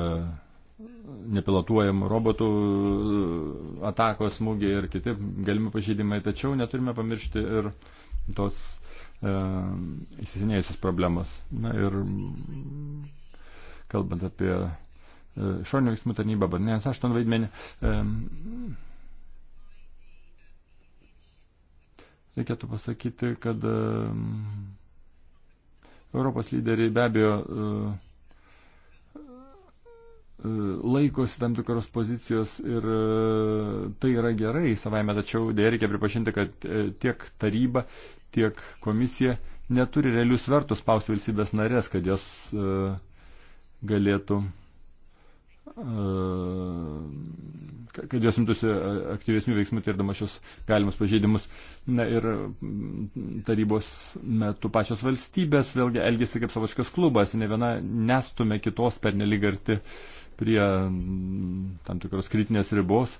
S3: nepilotuojamų robotų e, atakos, smūgiai ir kiti galimi pažydimai, tačiau neturime pamiršti ir tos e, įsisinėjusios problemos. Na ir kalbant apie e, šonio veiksmų tarnybą, nes aš ten vaidmenį. E, reikėtų pasakyti, kad e, Europos lyderiai be abejo e, E, laikosi tam tikros pozicijos ir e, tai yra gerai savaime, tačiau dėja reikia pripažinti, kad e, tiek taryba, tiek komisija neturi realių svertų spausti valstybės narės, kad jos galėtų kad jos imtųsi aktyvesnių veiksmų tirdama šios galimus pažeidimus. Na ir tarybos metu pačios valstybės vėlgi elgėsi kaip savaškas klubas, ne viena nestume kitos per neligarti uh, prie mm, tam tikros kritinės ribos,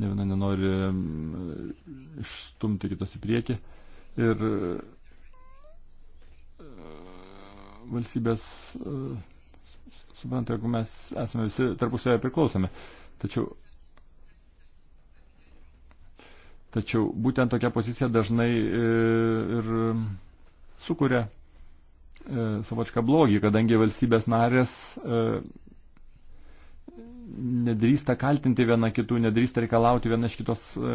S3: ne viena nenori mm, išstumti kitos į priekį. Ir mm, valstybės, suprantu, jeigu mes esame visi tarpusavėje priklausomi, tačiau Tačiau būtent tokia pozicija dažnai e, ir sukuria e, savočką blogį, kadangi valstybės narės e, nedrįsta kaltinti viena kitų, nedrįsta reikalauti viena iš kitos e,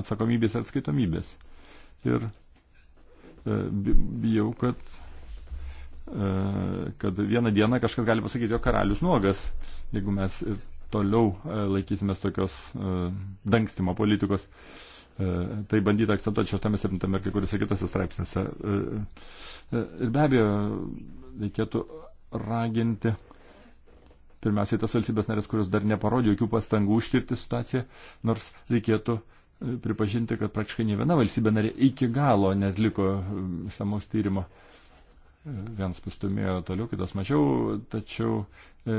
S3: atsakomybės ir atskaitomybės. Ir e, bijau, kad, e, kad vieną dieną kažkas gali pasakyti, jo karalius nuogas, jeigu mes ir toliau laikysimės tokios dangstimo politikos. Tai bandyta akcentuoti šeštame, septintame ir kai kuriuose kitose straipsnėse. Ir be abejo, reikėtų raginti pirmiausiai tas valstybės narės, kurios dar neparodė jokių pastangų užtirti situaciją, nors reikėtų e, pripažinti, kad praktiškai ne viena valstybė narė iki galo netliko e, samaus tyrimo. E, vienas pastumėjo toliau, kitas mažiau, tačiau e,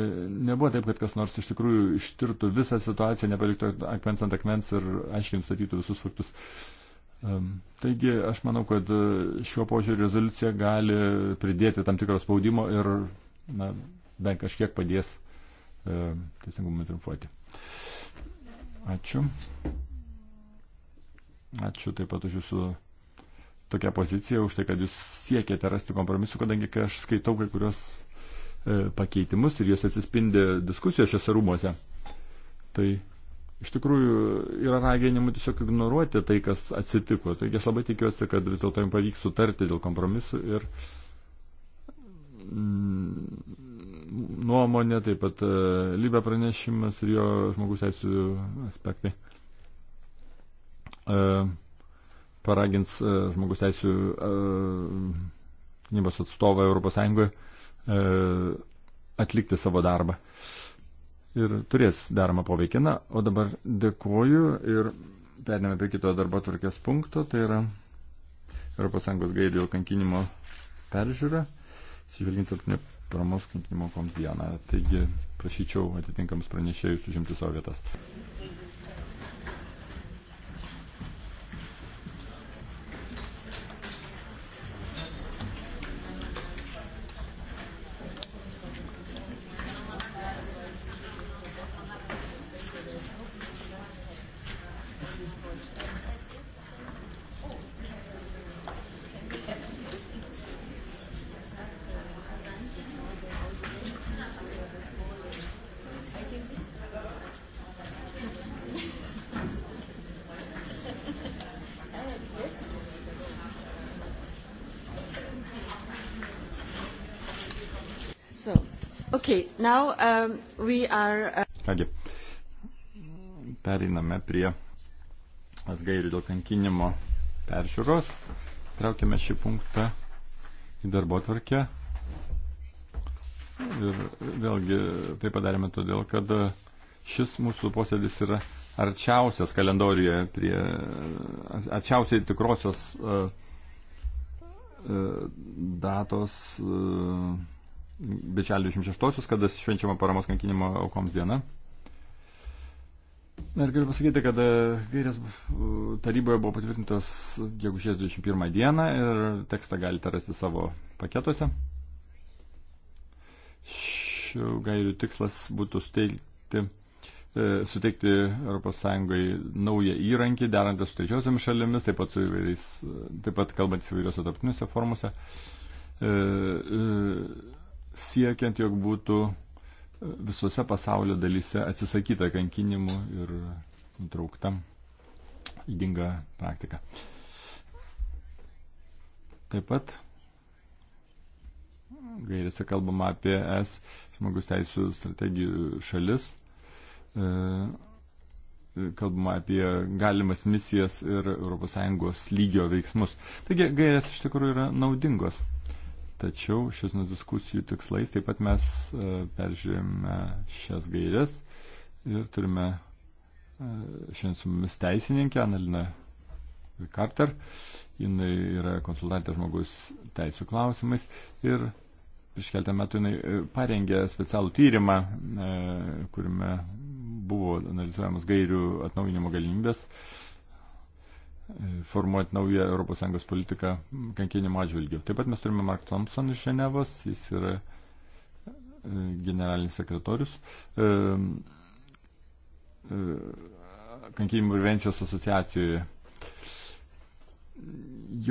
S3: nebuvo taip, kad kas nors iš tikrųjų ištirtų visą situaciją, nepaliktų akmens ant akmens ir aiškiai nustatytų visus faktus. E, taigi aš manau, kad šiuo požiūriu rezoliucija gali pridėti tam tikro spaudimo ir na, bent kažkiek padės E, teisingumui triumfuoti. Ačiū. Ačiū taip pat už jūsų tokią poziciją, už tai, kad jūs siekėte rasti kompromisų, kadangi kai aš skaitau kai kurios e, pakeitimus ir jos atsispindi diskusijos šiuose rūmose, tai iš tikrųjų yra raginimų tiesiog ignoruoti tai, kas atsitiko. Taigi aš labai tikiuosi, kad vis dėlto jums pavyks sutarti dėl kompromisų ir e, Mm, nuomonė, taip pat e, lybė pranešimas ir jo žmogus teisų aspektai. E, paragins e, žmogus teisų gynybos atstovą ES atlikti savo darbą. Ir turės daromą poveikį. Na, o dabar dėkuoju ir perėmėme prie kito darbo tvarkės punkto, tai yra ES gairių kankinimo peržiūra atsižvelgiant tarptautinę paramos skirtimo koms dieną. Taigi prašyčiau atitinkamus pranešėjus užimti savo vietas.
S1: are... Uh,
S3: Kągi, pereiname prie asgairių dėl kankinimo peržiūros. Traukiame šį punktą į darbo tvarkę. Ir vėlgi tai padarėme todėl, kad šis mūsų posėdis yra arčiausias kalendorijoje prie arčiausiai tikrosios uh, uh, datos Bičelio 26-osios, kada švenčiama paramos kankinimo aukoms diena. Na ir galiu pasakyti, kad e, gairės e, taryboje buvo patvirtintos gegužės 21 dieną ir tekstą galite rasti savo paketuose. Šių gairių tikslas būtų suteikti, e, suteikti ES naują įrankį, derantį su trečiosiomis šalimis, taip pat, su įvairiais, taip pat kalbant įvairiuose tarptiniuose formuose. E, e, siekiant, jog būtų e, visose pasaulio dalyse atsisakyta kankinimų ir nutraukta įdinga praktika. Taip pat gairėse kalbama apie es žmogus teisų strategijų šalis, e, kalbama apie galimas misijas ir ES lygio veiksmus. Taigi gairės iš tikrųjų yra naudingos. Tačiau šios diskusijų tikslais taip pat mes e, peržiūrėjome šias gairias ir turime e, šiandien su mumis teisininkę Analina Carter. Jis yra konsultantė žmogus teisų klausimais ir prieš keltą metų jinai e, parengė specialų tyrimą, kuriame buvo analizuojamas gairių atnaujinimo galimybės formuojant naują ES politiką kankinimo atžvilgių. Taip pat mes turime Mark Thompson iš Ženevos, jis yra e, generalinis sekretorius e, e, kankinimų prevencijos asociacijoje.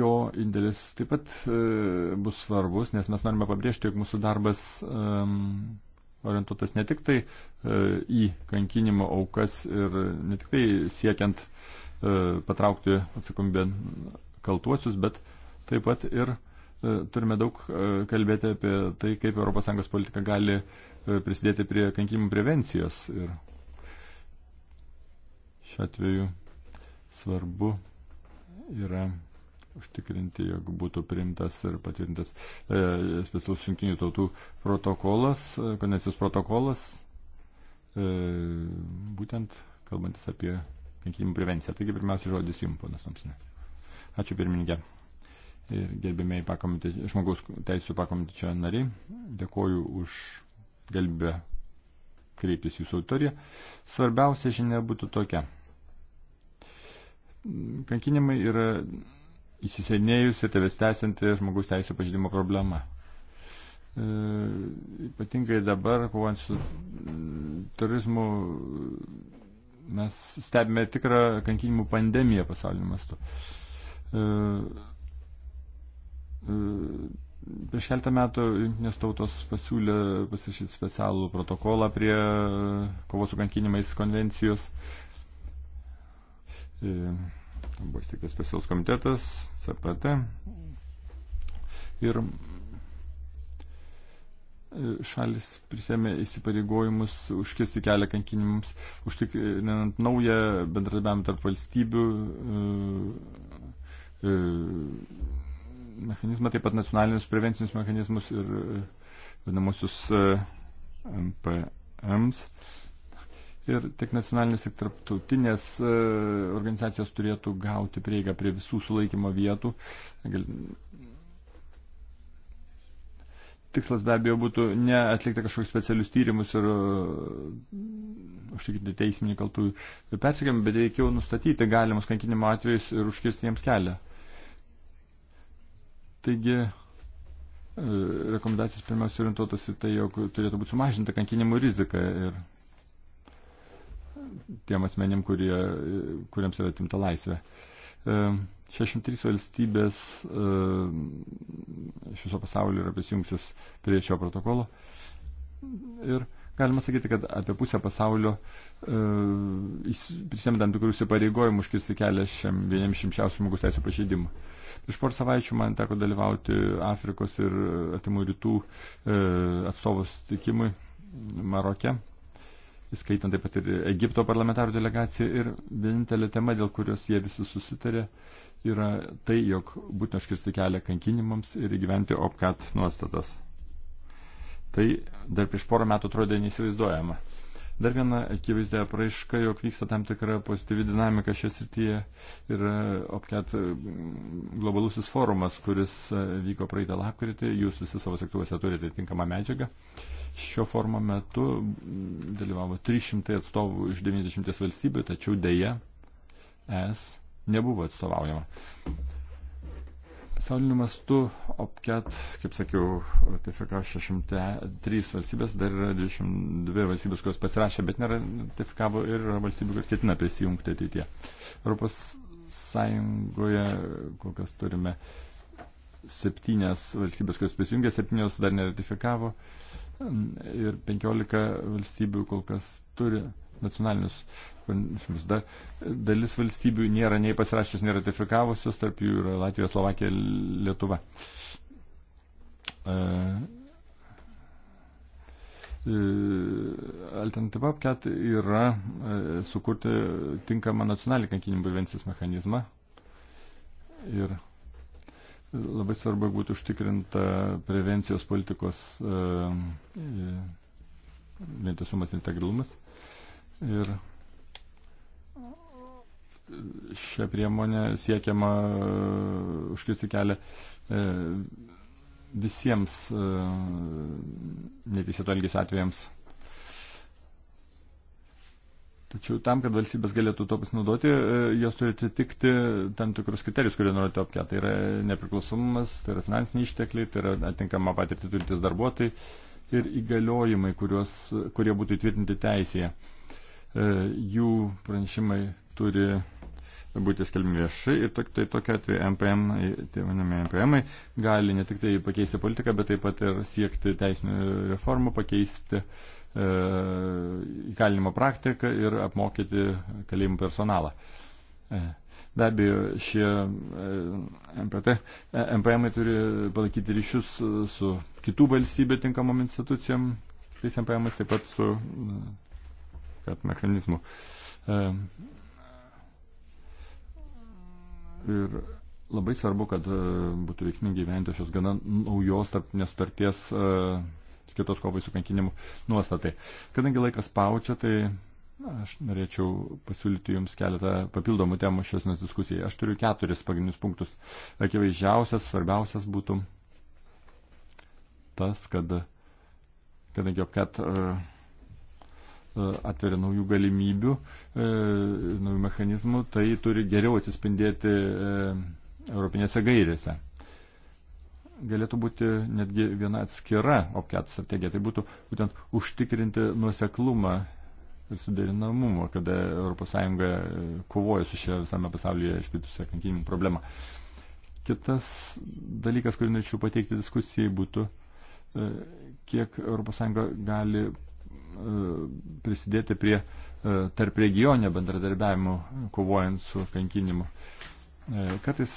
S3: Jo indėlis taip pat bus svarbus, nes mes norime pabrėžti, jog mūsų darbas orientuotas ne tik tai į kankinimo aukas ir ne tik tai siekiant uh, E, patraukti atsakomybę kaltuosius, bet taip pat ir e, turime daug e, kalbėti apie tai, kaip ES politika gali prisidėti prie kankimų prevencijos. Ir šiuo atveju svarbu yra užtikrinti, jog būtų priimtas ir patvirtintas e, specialus jungtinių tautų protokolas, e, konvencijos protokolas, e, būtent kalbantis apie kankinimų prevenciją. Taigi pirmiausia žodis jums, ponas Tomsinė. Ačiū pirmininkė. Ir gerbėmiai žmogaus teisų pakomitečio nariai, dėkoju už galbę kreiptis jūsų autoriją. Svarbiausia žinia būtų tokia. Kankinimai yra įsisenėjusi ir tebestęsianti žmogaus teisų pažydimo problema. E, ypatingai dabar, kovant su terorizmu, mes stebime tikrą kankinimų pandemiją pasauliniu mastu. E, e, prieš keltą metų Junktinės tautos pasiūlė pasirašyti specialų protokolą prie kovos su kankinimais konvencijos. E, buvo įsteigtas specialus komitetas, CPT. Ir šalis prisėmė įsipareigojimus užkirsti kelią kankinimams, užtikrinant naują bendradarbiavimą tarp valstybių e, e, mechanizmą, taip pat nacionalinius prevencinius mechanizmus ir e, vadinamosius MPMs. Ir tiek nacionalinės, tiek tarptautinės organizacijos turėtų gauti prieigą prie visų sulaikymo vietų tikslas be abejo būtų ne atlikti kažkokius specialius tyrimus ir uh, užtikrinti teisminį kaltųjų persikėjimą, bet reikėjo nustatyti galimus kankinimo atvejus ir užkirsti jiems kelią. Taigi, uh, rekomendacijos pirmiausia orientuotas į tai, jog turėtų būti sumažinta kankinimų rizika ir tiem asmenim, kurie, kuriems yra atimta laisvė. E, 63 valstybės e, iš viso pasaulio yra prisijungusios prie šio protokolo. Ir galima sakyti, kad apie pusę pasaulio e, prisėmė tam tikrų įsipareigojimų užkirsti kelią šiam vieniems šimčiausių žmogus teisų pažeidimų. Prieš porą savaičių man teko dalyvauti Afrikos ir Atimų rytų e, atstovų sutikimui Maroke įskaitant taip pat ir Egipto parlamentarų delegaciją. Ir vienintelė tema, dėl kurios jie visi susitarė, yra tai, jog būtina iškirsti kelią kankinimams ir įgyventi OPCAT nuostatas. Tai dar prieš porą metų atrodė neįsivaizduojama. Dar viena akivaizdė apraiška, jog vyksta tam tikra pozityvi dinamika šioje srityje ir OPCAT mm, globalusis forumas, kuris e, vyko praeitą lapkritį, jūs visi savo sektuose turite tinkamą medžiagą. Šio forumo metu mm, dalyvavo 300 atstovų iš 90 valstybių, tačiau dėja es nebuvo atstovaujama. Pasauliniu mastu OPCAT, kaip sakiau, TFK 603 valstybės, dar yra 22 valstybės, kurios pasirašė, bet neratifikavo ir valstybių, kurios ketina prisijungti ateitie. Europos Sąjungoje kol kas turime septynias valstybės, kurios prisijungė, septynios dar neratifikavo ir penkiolika valstybių kol kas turi nacionalinius konvencijus. Da, dalis valstybių nėra nei pasirašęs, nei ratifikavusios, tarp jų yra Latvija, Slovakija, Lietuva. E, e, alternatyva apket yra e, sukurti tinkamą nacionalinį kankinimų prevencijos mechanizmą ir labai svarbu būtų užtikrinta prevencijos politikos vientisumas integralumas. Ir šią priemonę siekiama e, užkirsti kelią e, visiems e, neteisėto elgesio atvejams. Tačiau tam, kad valstybės galėtų to pasinaudoti, jos turi atitikti tam tikrus kriterijus, kurie nori topkę. Tai yra nepriklausomumas, tai yra finansiniai ištekliai, tai yra atinkama patirtį turintis darbuotojai ir įgaliojimai, kurios, kurie būtų įtvirtinti teisėje. E, jų pranešimai turi būti skelbimi viešai ir tok, tai tokia atveju MPM, tai vadinami MPM, gali ne tik tai pakeisti politiką, bet taip pat ir siekti teisinių reformų, pakeisti e, įkalinimo praktiką ir apmokyti kalėjimų personalą. E. Be abejo, šie e, MPT, MPM e, turi palaikyti ryšius su kitų valstybių tinkamom institucijom, tais MPM taip pat su kad mechanizmų. Ir labai svarbu, kad e, būtų veiksmingai gyventi šios gana naujos tarpinės sutarties e, skirtos kovai su kankinimu nuostatai. Kadangi laikas paučia, tai aš norėčiau pasiūlyti Jums keletą papildomų temų šios diskusijai. Aš turiu keturis pagrindinius punktus. Akivaizdžiausias, svarbiausias būtų tas, kad kadangi OPCAT uh, atveria naujų galimybių, e, naujų mechanizmų, tai turi geriau atsispindėti e, europinėse gairėse. Galėtų būti netgi viena atskira OPCAT strategija, tai būtų būtent užtikrinti nuoseklumą ir suderinamumą, kada ES e, kovoja su šia visame pasaulyje išplitusią kankinimų problemą. Kitas dalykas, kurį norėčiau pateikti diskusijai, būtų kiek ES gali prisidėti prie e, tarp regionio bendradarbiavimo, kovojant su kankinimu. E, kartais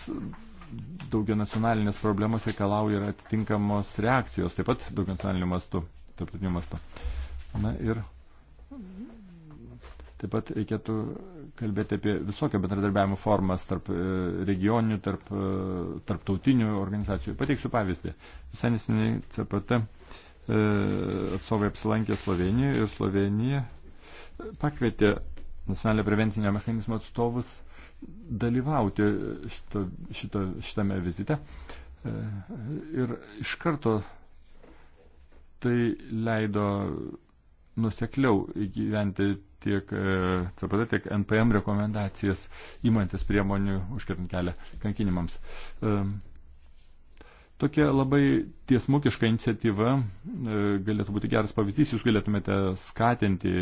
S3: daugia nacionalinės problemos reikalauja ir atitinkamos reakcijos, taip pat daugia nacionalinių mastų, tarptautinių mastų. Na ir taip pat reikėtų kalbėti apie visokio bendradarbiavimo formas tarp e, regioninių, tarp tarptautinių organizacijų. Pateiksiu pavyzdį. Visai neseniai CPT E, atstovai apsilankė Slovenijoje ir Slovenija pakvietė nacionalinio prevencinio mechanizmo atstovus dalyvauti šito, šito, šitame vizite. E, ir iš karto tai leido nusekliau įgyventi tiek e, CPD, tiek NPM rekomendacijas įmantis priemonių užkirtant kelią kankinimams. Um, Tokia labai tiesmukiška iniciatyva e, galėtų būti geras pavyzdys, jūs galėtumėte skatinti,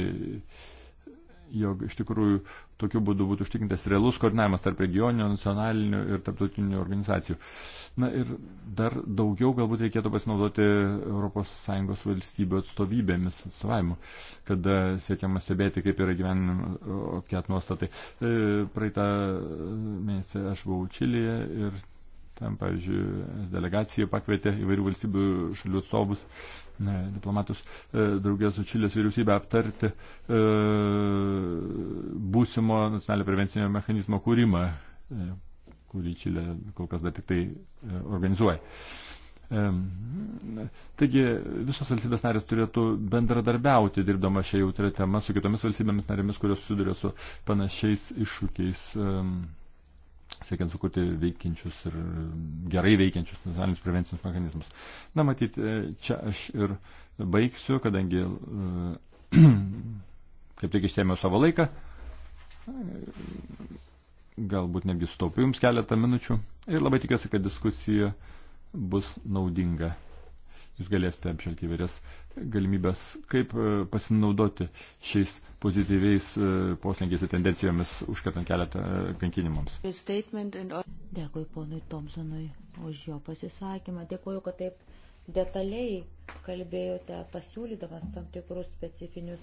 S3: jog iš tikrųjų tokiu būdu būtų užtikrintas realus koordinavimas tarp regioninių, nacionalinių ir tarptautinių organizacijų. Na ir dar daugiau galbūt reikėtų pasinaudoti ES valstybių atstovybėmis atstovavimu, kada siekiama stebėti, kaip yra gyvenimo ket nuostatai. E, praeitą mėnesį aš buvau Čilėje ir Tam, pavyzdžiui, delegacija pakvietė įvairių valstybių šalių atstovus, ne, diplomatus, e, draugės su Čilės vyriausybė aptarti e, būsimo nacionalinio prevencinio mechanizmo kūrimą, e, kurį Čilė kol kas dar tik tai e, organizuoja. Taigi visos valstybės narės turėtų bendradarbiauti, dirbdama šią jautrę temą su kitomis valstybėmis narėmis, kurios susiduria su panašiais iššūkiais. E, siekiant sukurti veikiančius ir gerai veikiančius nacionalinius prevencinius mechanizmus. Na, matyt, e, čia aš ir baigsiu, kadangi e, kaip tik išsėmiau savo laiką, galbūt netgi sutaupiu jums keletą minučių ir labai tikiuosi, kad diskusija bus naudinga. Jūs galėsite apžvelgti įvairias galimybės, kaip e, pasinaudoti šiais pozityviais e, poslinkiais ir tendencijomis užkertant keletą e, kankinimams.
S1: Dėkui ponui Thompsonui už jo pasisakymą. Dėkuoju, kad taip detaliai kalbėjote, pasiūlydamas tam tikrus specifinius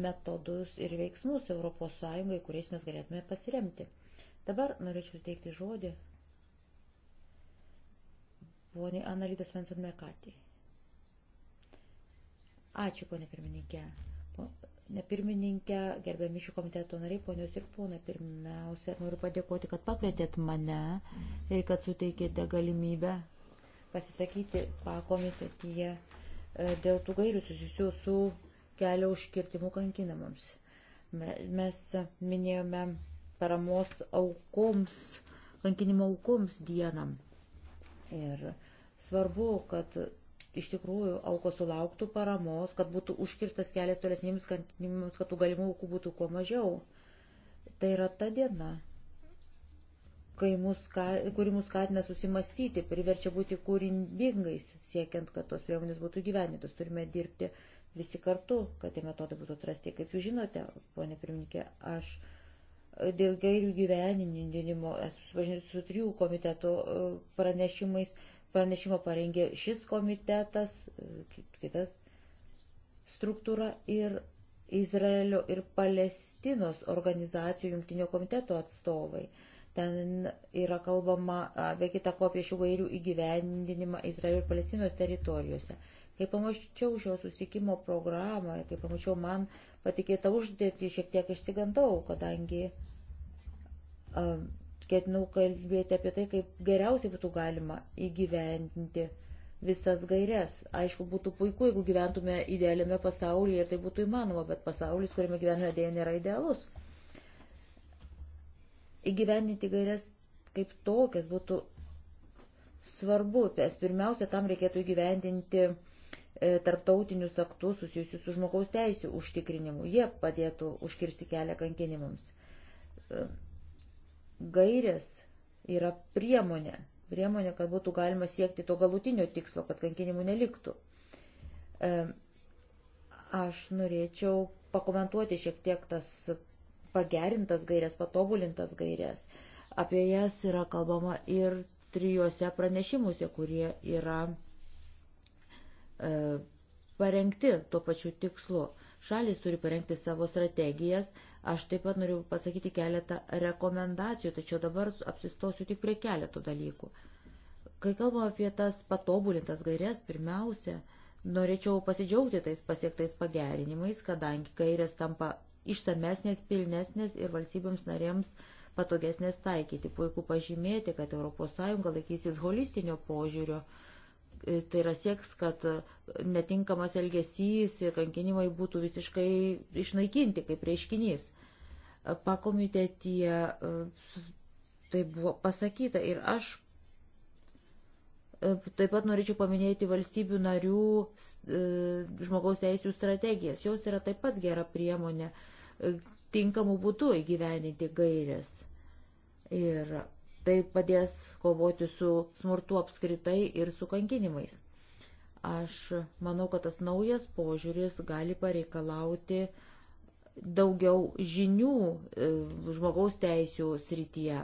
S1: metodus ir veiksmus ES, kuriais mes galėtume pasiremti. Dabar norėčiau teikti žodį poniai Analytas Venson Merkatį. Ačiū, ponė pirmininkė. Pirmininkė, gerbiami šių komiteto nariai, ponios ir ponai, pirmiausia, noriu padėkoti, kad pakvietėt mane ir kad suteikėte galimybę pasisakyti pakomitetyje e, dėl tų gairių susijusių su kelio užkirtimu kankinamams. Mes minėjome paramos aukoms, kankinimo aukoms dieną. Ir svarbu, kad iš tikrųjų aukos sulauktų paramos, kad būtų užkirtas kelias tolesnėms kankinimams, kad tų galimų aukų būtų kuo mažiau. Tai yra ta diena, mus, kuri mus skatina susimastyti, priverčia būti kūrybingais, siekiant, kad tos priemonės būtų gyvenintos. Turime dirbti visi kartu, kad tie metodai būtų atrasti. Kaip jūs žinote, ponė pirmininkė, aš dėl gairių gyveninimo esu susipažinęs su trijų komiteto e, pranešimais Pranešimą parengė šis komitetas, kitas struktūra ir Izraelio ir Palestinos organizacijų jungtinio komiteto atstovai. Ten yra kalbama apie kitą kopiją šių vairių įgyvendinimą Izraelio ir Palestinos teritorijose. Kai pamačiau šio susitikimo programą ir kai pamačiau man patikėtą uždėtį, šiek tiek išsigandau, kadangi um, Ketinau kalbėti apie tai, kaip geriausiai būtų galima įgyvendinti visas gairias. Aišku, būtų puiku, jeigu gyventume idealiame pasaulyje ir tai būtų įmanoma, bet pasaulis, kuriame gyvename dėja, nėra idealus. Įgyvendinti gairias kaip tokias būtų svarbu, nes pirmiausia, tam reikėtų įgyvendinti e, tarptautinius aktus susijusius su žmogaus teisų užtikrinimu. Jie padėtų užkirsti kelią kankinimams. E, gairės yra priemonė, priemonė, kad būtų galima siekti to galutinio tikslo, kad kankinimų neliktų. E, aš norėčiau pakomentuoti šiek tiek tas pagerintas gairės, patobulintas gairės. Apie jas yra kalbama ir trijuose pranešimuose, kurie yra e, parengti tuo pačiu tikslu. Šalis turi parengti savo strategijas, Aš taip pat noriu pasakyti keletą rekomendacijų, tačiau dabar apsistosiu tik prie keletų dalykų. Kai kalbam apie tas patobulintas gairias, pirmiausia, norėčiau pasidžiaugti tais pasiektais pagerinimais, kadangi gairės tampa išsamesnės, pilnesnės ir valstybėms narėms patogesnės taikyti. Puiku pažymėti, kad ES laikysis holistinio požiūrio E, tai yra sieks, kad e, netinkamas elgesys ir kankinimai būtų visiškai išnaikinti kaip reiškinys. E, Pakomitetie tai buvo pasakyta ir aš taip pat norėčiau paminėti valstybių narių žmogaus teisų strategijas. Jos yra taip pat gera priemonė tinkamų būdų įgyveninti gairės. Ir Tai padės kovoti su smurtu apskritai ir su kankinimais. Aš manau, kad tas naujas požiūris gali pareikalauti daugiau žinių e, žmogaus teisų srityje,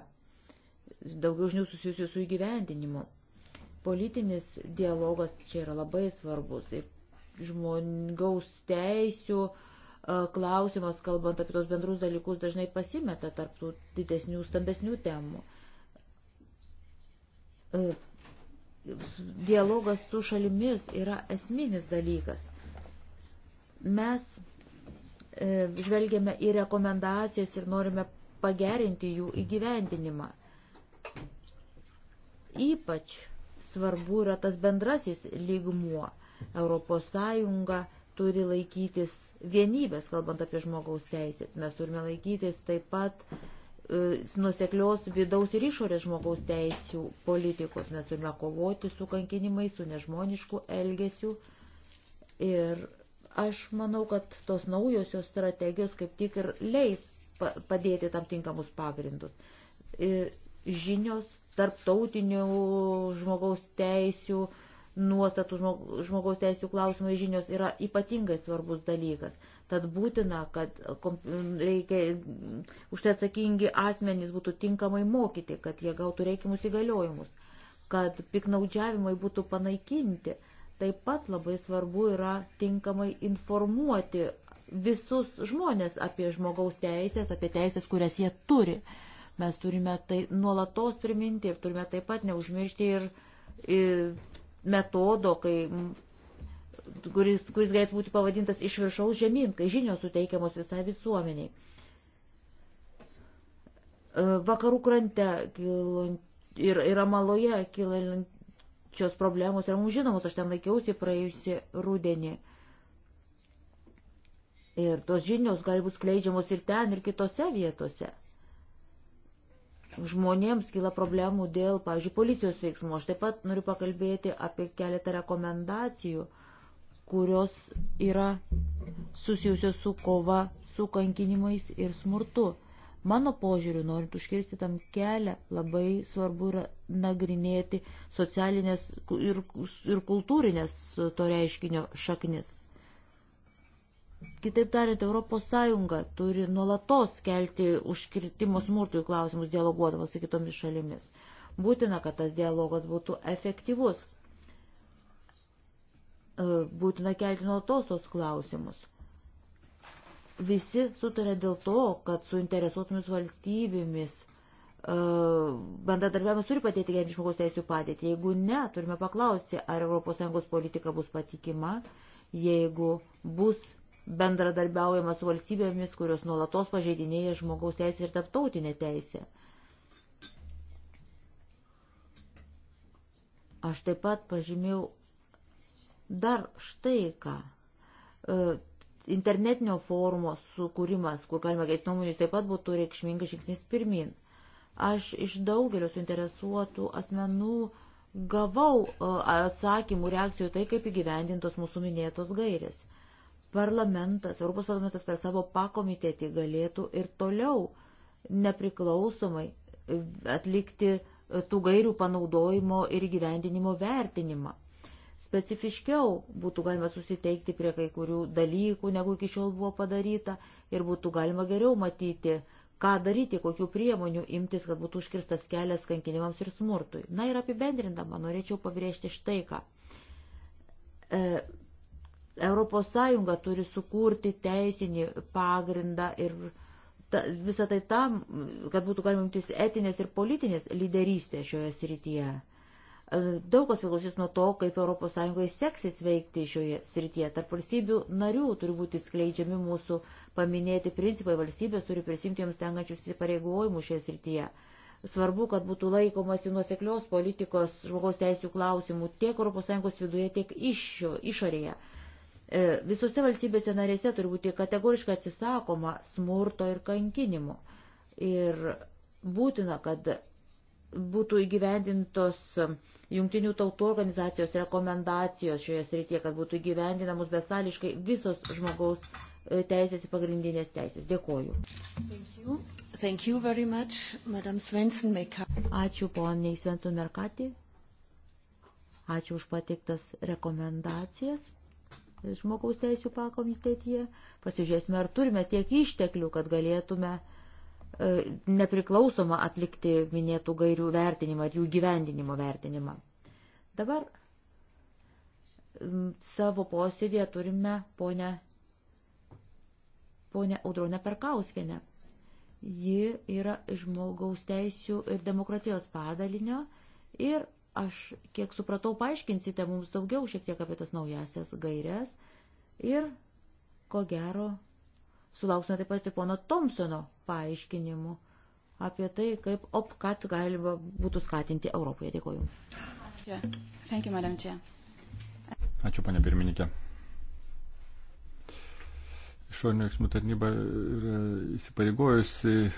S1: daugiau žinių susijusių su įgyvendinimu. Politinis dialogas čia yra labai svarbus. Taip, žmogaus teisų e, klausimas, kalbant apie tos bendrus dalykus, dažnai pasimeta tarptų didesnių, stambesnių temų. E, dialogas su šalimis yra esminis dalykas. Mes e, žvelgiame į rekomendacijas ir norime pagerinti jų įgyvendinimą. Ypač svarbu yra tas bendrasis lygmuo. Europos Sąjunga turi laikytis vienybės, kalbant apie žmogaus teisės. Mes turime laikytis taip pat E, nuseklios vidaus ir išorės žmogaus teisų politikos. Mes turime kovoti su kankinimais, su nežmonišku elgesiu. Ir aš manau, kad tos naujosios strategijos kaip tik ir leis padėti tam tinkamus pagrindus. Ir žinios tarptautinių žmogaus teisų nuostatų žmogaus teisų klausimai žinios yra ypatingai svarbus dalykas. Tad būtina, kad reikia, už tai atsakingi asmenys būtų tinkamai mokyti, kad jie gautų reikimus įgaliojimus, kad piknaudžiavimai būtų panaikinti. Taip pat labai svarbu yra tinkamai informuoti visus žmonės apie žmogaus teisės, apie teisės, kurias jie turi. Mes turime tai nuolatos priminti ir turime taip pat neužmiršti ir, ir metodo, kai kuris, kuris galėtų būti pavadintas iš viršaus žemyn, kai žinios suteikiamos visai visuomeniai. E, vakarų krante ir, ir amaloje kilančios problemos yra mums žinomos, aš ten laikiausi praėjusi rudenį. Ir tos žinios gali būti skleidžiamos ir ten, ir kitose vietose. Žmonėms kyla problemų dėl, pavyzdžiui, policijos veiksmų. Aš taip pat noriu pakalbėti apie keletą rekomendacijų, uh, kurios yra susijusios su kova, su kankinimais ir smurtu. Mano požiūriu, norint užkirsti tam kelią, labai svarbu yra nagrinėti socialinės ir, ir kultūrinės to reiškinio šaknis. Kitaip tariant, ES turi nuolatos kelti užkirtimo smurtui klausimus dialoguodamas su kitomis šalimis. Būtina, kad tas dialogas būtų efektyvus. E, būtina kelti nuolatos tos klausimus. Visi sutarė dėl to, kad suinteresuotomis valstybėmis e, bendradarbiavimas turi padėti gerinti žmogaus teisų padėtį. Jeigu ne, turime paklausti, ar ES politika bus patikima, jeigu bus bendradarbiaujama su valstybėmis, kurios nuolatos pažeidinėja žmogaus teisę ir tarptautinę teisę. Aš taip pat pažymėjau Dar štai ką. E, internetinio forumo sukūrimas, kur galima keisti nuomonės, taip pat būtų reikšmingas žingsnis pirmin. Aš iš daugelio suinteresuotų asmenų gavau e, atsakymų reakcijų tai, kaip įgyvendintos mūsų minėtos gairės. Parlamentas, Europos parlamentas per savo pakomitetį galėtų ir toliau nepriklausomai atlikti tų gairių panaudojimo ir gyvendinimo vertinimą specifiškiau būtų galima susiteikti prie kai kurių dalykų, negu iki šiol buvo padaryta ir būtų galima geriau matyti, ką daryti, kokių priemonių imtis, kad būtų užkirstas kelias kankinimams ir smurtui. Na ir apibendrindama norėčiau pabrėžti štai ką. E, Europos Sąjunga turi sukurti teisinį pagrindą ir ta, visą tai tam, kad būtų galima imtis etinės ir politinės lyderystės šioje srityje. E, E, daug kas priklausys nuo to, kaip ES seksis veikti šioje srityje. Tarp valstybių narių turi būti skleidžiami mūsų paminėti principai, valstybės turi prisimti jums tenkančius įsipareigojimus šioje srityje. Svarbu, kad būtų laikomasi nuoseklios politikos žmogaus teisų klausimų tiek ES viduje, tiek iš, išorėje. E, visose valstybėse narėse turi būti kategoriškai atsisakoma smurto ir kankinimo. Ir būtina, kad būtų įgyvendintos jungtinių tautų organizacijos rekomendacijos šioje srityje, kad būtų įgyvendinamos besališkai visos žmogaus e, teisės ir pagrindinės teisės. Dėkoju. Thank you. Thank you very much, Madam Svensson Ačiū poniai Svensson Merkati. Ačiū už pateiktas rekomendacijas žmogaus teisų pakomitėtyje. Pasižiūrėsime, ar turime tiek išteklių, kad galėtume uh, E, nepriklausoma atlikti minėtų gairių vertinimą ir jų gyvendinimo vertinimą. Dabar savo posėdėje turime ponę, ponę Audronę Perkauskinę. Ji yra žmogaus teisų ir demokratijos padalinio ir aš, kiek supratau, paaiškinsite mums daugiau šiek tiek apie tas naujasias gairias ir ko gero Sulauksime taip pat ir pono Thompsono paaiškinimų apie tai, kaip OPCAT galima būtų skatinti Europoje. Dėkoju.
S3: Ačiū, panė pirmininkė. Išorinio veiksmų tarnyba yra įsipareigojusi e,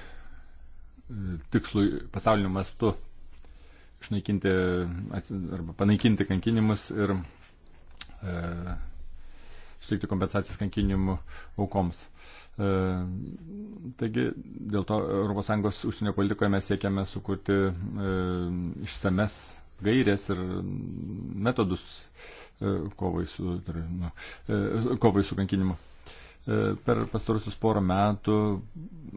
S3: tikslui pasauliniu mastu išnaikinti arba panaikinti kankinimus ir e, suteikti kompensacijas kankinimų aukoms. E, taigi dėl to ES užsienio politikoje mes siekiame sukurti e, išsames gairės ir metodus e, kovai su, nu, e, kovai su kankinimu e, per pastarusius porą metų,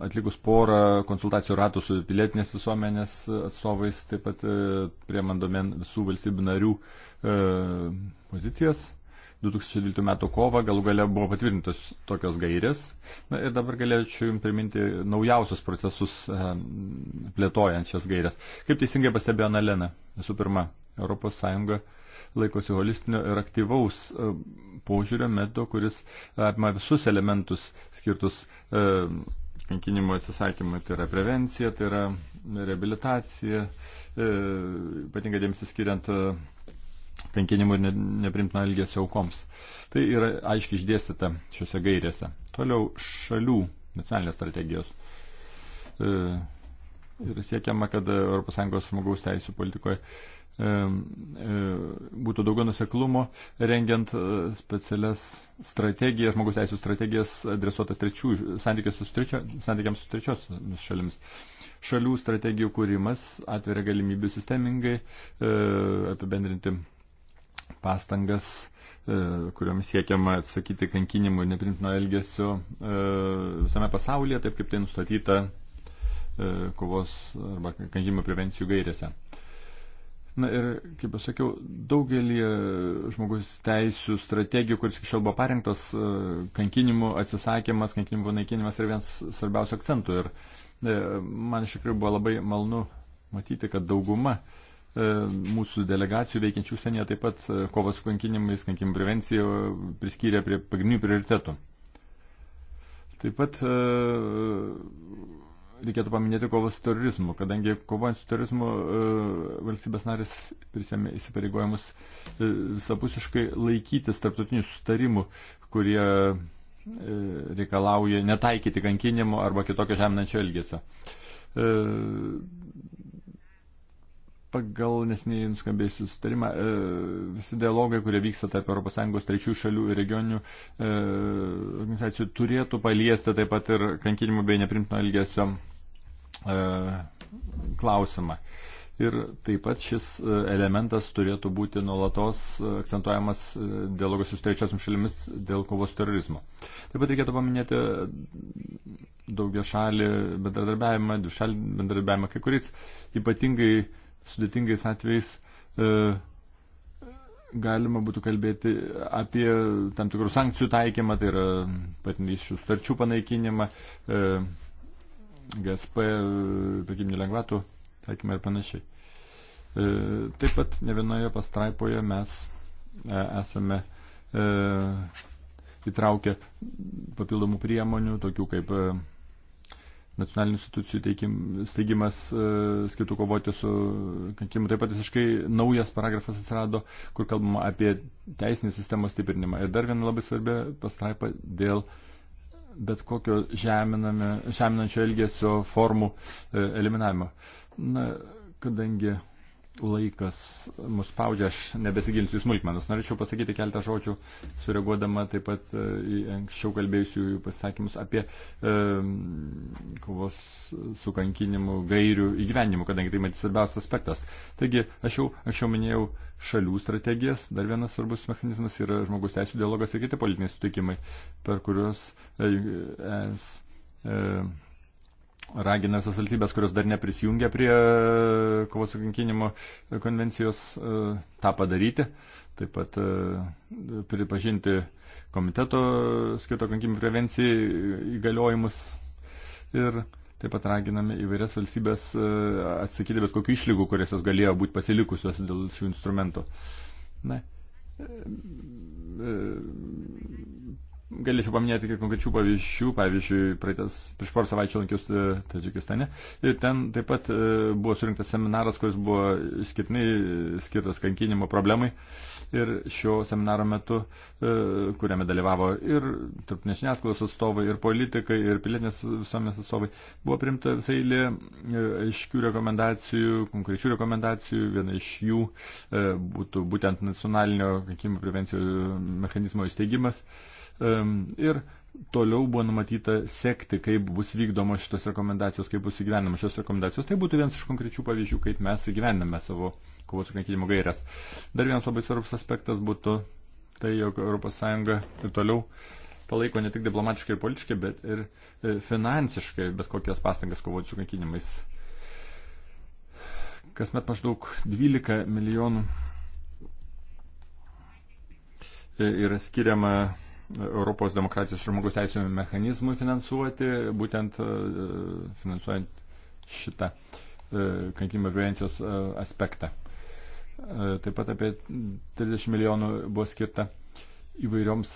S3: atlikus porą konsultacijų ratų su pilietinės visuomenės atstovais, taip pat e, prie man domen visų valstybių narių e, pozicijas. 2012 m. kovą galų gale buvo patvirtintos tokios gairės. Na, ir dabar galėčiau Jums priminti naujausius procesus e, plėtojant šias gairės. Kaip teisingai pastebėjo Nalena, visų pirma, ES laikosi holistinio ir aktyvaus e, požiūrio metodo, kuris apima visus elementus skirtus e, kankinimo atsisakymui. Tai yra prevencija, tai yra rehabilitacija, ypatingai dėmesį skiriant kankinimų ir neprimtino elgesio aukoms. Tai yra aiškiai išdėstyta šiuose gairėse. Toliau šalių nacionalinės strategijos. E, ir siekiama, kad ES žmogaus teisų politikoje e, e, būtų daugiau nuseklumo, rengiant specialias strategijas, žmogus teisų strategijas adresuotas trečių, santykiams su, trečio, santykiams su trečiosiomis šalims. Šalių strategijų kūrimas atveria galimybių sistemingai e, apibendrinti pastangas, e, kuriomis siekiama atsakyti kankinimų ir neprimtino elgesio e, visame pasaulyje, taip kaip tai nustatyta e, kovos arba kankinimo prevencijų gairėse. Na ir, kaip jau sakiau, daugelį žmogus teisų strategijų, kuris iki šiol buvo parinktos, kankinimų atsisakymas, kankinimų panaikinimas yra vienas svarbiausių akcentų. Ir man iš tikrųjų buvo labai malnu matyti, kad dauguma uh, E, mūsų delegacijų veikiančių užsienyje taip pat e, kovas su kankinimais, kankinimų prevencija priskyrė prie pagrindinių prioritetų. Taip pat e, reikėtų paminėti kovą su terorizmu, kadangi kovojant su terorizmu valstybės narės prisėmė įsipareigojimus visapusiškai laikytis tarptautinių sustarimų, kurie reikalauja netaikyti kankinimo arba kitokio žeminančio elgesio pagal nesiniai nuskambėjusius sustarimą e, visi dialogai, kurie vyksta tarp ES trečių šalių ir regioninių e, organizacijų turėtų paliesti taip pat ir kankinimų bei neprimtino elgesio e, klausimą. Ir taip pat šis elementas turėtų būti nuolatos akcentuojamas dialogas su trečiosiam šalimis dėl kovos terorizmo. Taip pat reikėtų paminėti daugia šalį bendradarbiavimą, dvišalį bendradarbiavimą, kai kuriais ypatingai uh, sudėtingais atvejais e, galima būtų kalbėti apie tam tikrų sankcijų taikymą, tai yra partnerysčių starčių panaikinimą, e, GSP, e, prekybinių lengvatų taikymą ir panašiai. Taip pat ne vienoje pastraipoje mes esame įtraukę papildomų priemonių, tokių kaip nacionalinių institucijų teikim, steigimas e, skirtų kovoti su kankimu. Taip pat visiškai naujas paragrafas atsirado, kur kalbama apie teisinės sistemos stiprinimą. Ir dar viena labai svarbi pastraipa dėl bet kokio žeminančio elgesio formų e, eliminavimo. Na, kadangi laikas mus spaudžia, aš nebesigilinsiu į smulkmenas. Norėčiau pasakyti keletą žodžių, sureaguodama taip pat e, į anksčiau kalbėjusių pasakymus apie e, kovos su kankinimu gairių įgyvenimu, kadangi tai matys svarbiausias aspektas. Taigi, aš jau anksčiau minėjau šalių strategijas, dar vienas svarbus mechanizmas yra žmogus teisų dialogas ir kiti politiniai sutikimai, per kuriuos e, e, e, ragina visas valstybės, kurios dar neprisijungia prie e, kovos su kankinimo konvencijos, e, tą padaryti. Taip pat e, pripažinti komiteto skirto kankinimo prevencijai įgaliojimus. Ir taip pat raginame įvairias valstybės atsakyti bet kokių išlygų, kurias jos galėjo būti pasilikusios dėl šių instrumentų. Na, Galėčiau paminėti tik konkrečių pavyzdžių. Pavyzdžiui, praeitas, prieš porą savaičių lankiausi e, Tadžikistane ir ten taip pat e, buvo surinktas seminaras, kuris buvo išskirtinai e, skirtas kankinimo problemai. Ir šio seminaro metu, kuriame dalyvavo ir tarptinės žiniasklaidos atstovai, ir politikai, ir pilietinės visuomenės atstovai, buvo primta visai eilė aiškių rekomendacijų, konkrečių rekomendacijų. Viena iš jų būtų būtent nacionalinio kankinimo prevencijų mechanizmo įsteigimas. Uh, Ir toliau buvo numatyta sekti, kaip bus vykdomos šitos rekomendacijos, kaip bus įgyvenamos šios rekomendacijos. Tai būtų vienas iš konkrečių pavyzdžių, kaip mes įgyvename savo kovos su kankinimu gairias. Dar vienas labai svarbus aspektas būtų tai, jog ES ir toliau palaiko ne tik diplomatiškai ir politiškai, bet ir e, finansiškai bet kokias pastangas kovoti su kankinimais. Kasmet maždaug 12 milijonų e, yra skiriama Europos demokratijos žmogus teisėjų mechanizmui finansuoti, būtent e, finansuojant šitą e, kankinimo prevencijos e, aspektą. Taip pat apie 30 milijonų buvo skirta įvairioms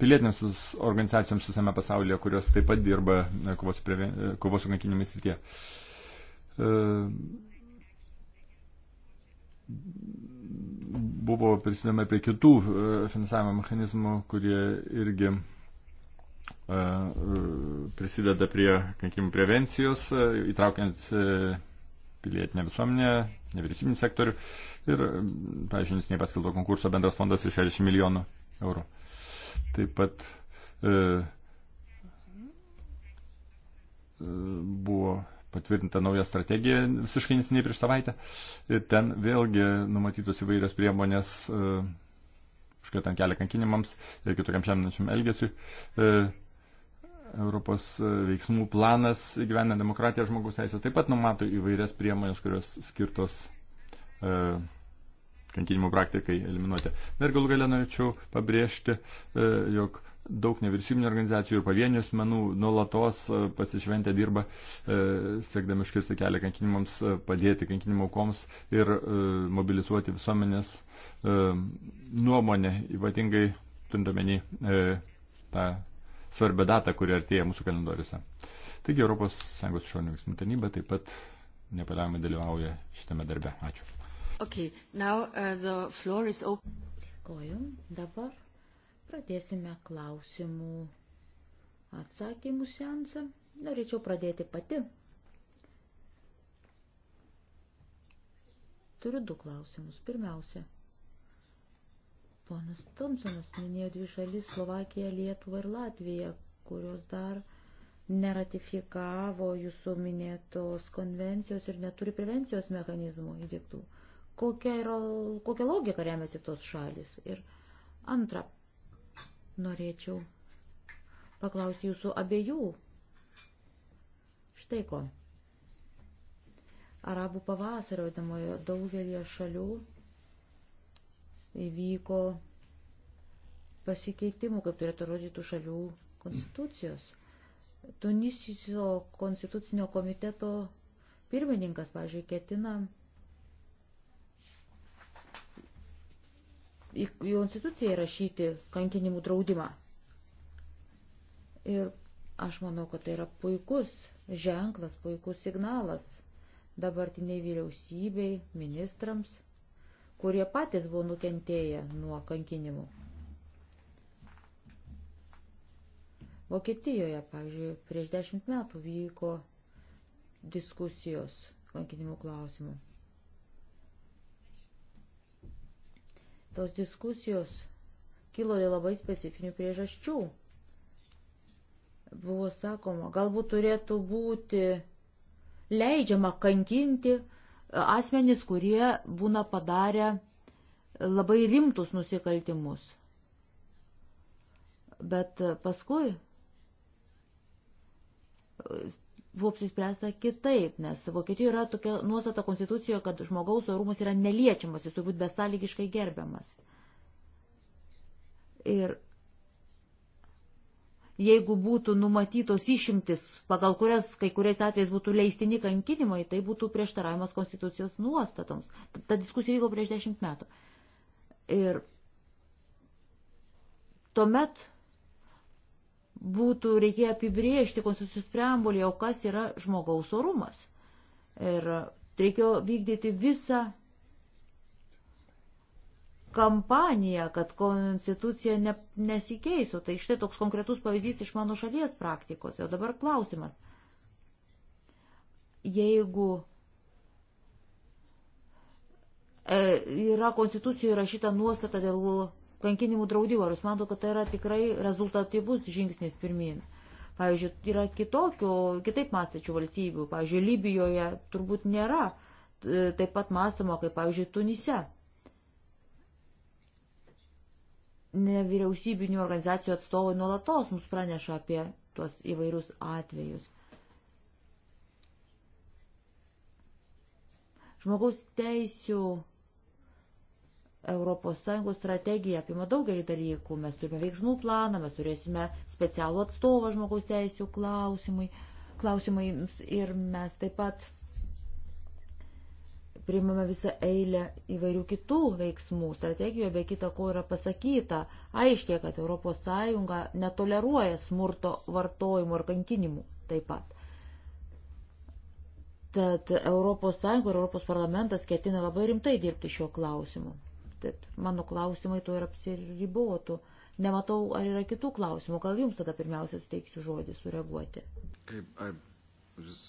S3: pilietinėms organizacijoms visame pasaulyje, kurios taip pat dirba kovos, preven... kovos su kankinimais srityje buvo prisidama prie kitų e, finansavimo mechanizmų, kurie irgi e, e, prisideda prie kankimų prevencijos, įtraukiant pilietinę visuomenę, nevyriausybinį sektorių ir, pavyzdžiui, nesiniai paskelbto konkurso bendras fondas iš 60 milijonų eurų. Taip pat e, buvo patvirtinta nauja strategija visiškai nesiniai prieš savaitę. Ir ten vėlgi numatytos įvairios priemonės e, užkirtant kelią kankinimams ir kitokiam žeminančiam elgesiui. E, Europos e, veiksmų planas gyvena demokratija žmogus teisės taip pat numato įvairias priemonės, kurios skirtos e, kankinimų praktikai eliminuoti. Na ir galų galę norėčiau pabrėžti, e, jog daug nevyriausybinio organizacijų ir pavienių asmenų nuolatos e, pasišventę dirba, e, siekdami iškirsti kelią kankinimams, e, padėti kankinimo aukoms ir mobilizuoti visuomenės nuomonę, ypatingai turintuomenį tą svarbę datą, kuri artėja mūsų kalendoriuose. Taigi ES išorinių veiksmų tarnyba taip pat nepaliaujamai dalyvauja šitame darbe. Ačiū.
S1: Okay, now, uh, Koju, dabar Pradėsime klausimų atsakymų sensą. Norėčiau pradėti pati. Turiu du klausimus. Pirmiausia, ponas Tomsonas minėjo dvi šalis - Slovakiją, Lietuvą ir Latviją, kurios dar neratifikavo jūsų minėtos konvencijos ir neturi prevencijos mechanizmų įdėktų. Kokia, yra, kokia logika remiasi tos šalis? Ir antra, Norėčiau paklausti jūsų abiejų. Štai ko. Arabų pavasario temoje daugelie šalių įvyko pasikeitimų, kaip turėtų rodyti šalių konstitucijos. Tunisijos konstitucinio komiteto pirmininkas, pažiūrėjau, ketina į konstituciją įrašyti kankinimų draudimą. Ir aš manau, kad tai yra puikus ženklas, puikus signalas dabartiniai vyriausybei, ministrams, kurie patys buvo nukentėję nuo kankinimų. Vokietijoje, pavyzdžiui, prieš dešimt metų vyko diskusijos kankinimų klausimų. Tos diskusijos kilo dėl labai specifinių priežasčių. Buvo sakoma, galbūt turėtų būti leidžiama kankinti e, asmenys, kurie būna padarę labai rimtus nusikaltimus. Bet e, paskui e, buvo apsispręsta kitaip, nes Vokietijoje yra tokia nuostata konstitucijoje, kad žmogaus orumas yra neliečiamas, jis turbūt besąlygiškai gerbiamas. Ir jeigu būtų numatytos išimtis, pagal kurias kai kuriais atvejais būtų leistini kankinimai, tai būtų prieštaravimas konstitucijos nuostatoms. Ta, ta diskusija vyko prieš dešimt metų. Ir tuomet būtų reikėję apibriežti konstitucijos preambulėje, o kas yra žmogaus orumas. Ir reikėjo vykdyti visą kampaniją, kad konstitucija ne, nesikeisų. Tai štai toks konkretus pavyzdys iš mano šalies praktikos. O dabar klausimas. Jeigu e, yra konstitucijoje rašyta nuostata dėl kankinimų draudimo. Ar jūs manote, kad tai yra tikrai rezultatyvus žingsnis pirmin? Pavyzdžiui, yra kitokio, kitaip mąstačių valstybių. Pavyzdžiui, Libijoje turbūt nėra e, taip pat mąstamo, kaip, pavyzdžiui, Tunise. Nevyriausybinių organizacijų atstovai nuolatos mums praneša apie tuos įvairius atvejus. Žmogaus teisų ES strategija apima daugelį dalykų. Mes turime veiksmų planą, mes turėsime specialų atstovą žmogaus teisų klausimai, klausimai ir mes taip pat priimame visą eilę įvairių kitų veiksmų. Strategijoje be kita ko yra pasakyta aiškiai, kad ES netoleruoja smurto vartojimo ir kankinimų taip pat. Tad ES ir ES parlamentas ketina labai rimtai dirbti šiuo klausimu. Tad mano klausimai to ir apsiribotų. Nematau, ar yra kitų klausimų. Gal jums tada pirmiausia suteiksiu žodį sureaguoti.
S3: Aš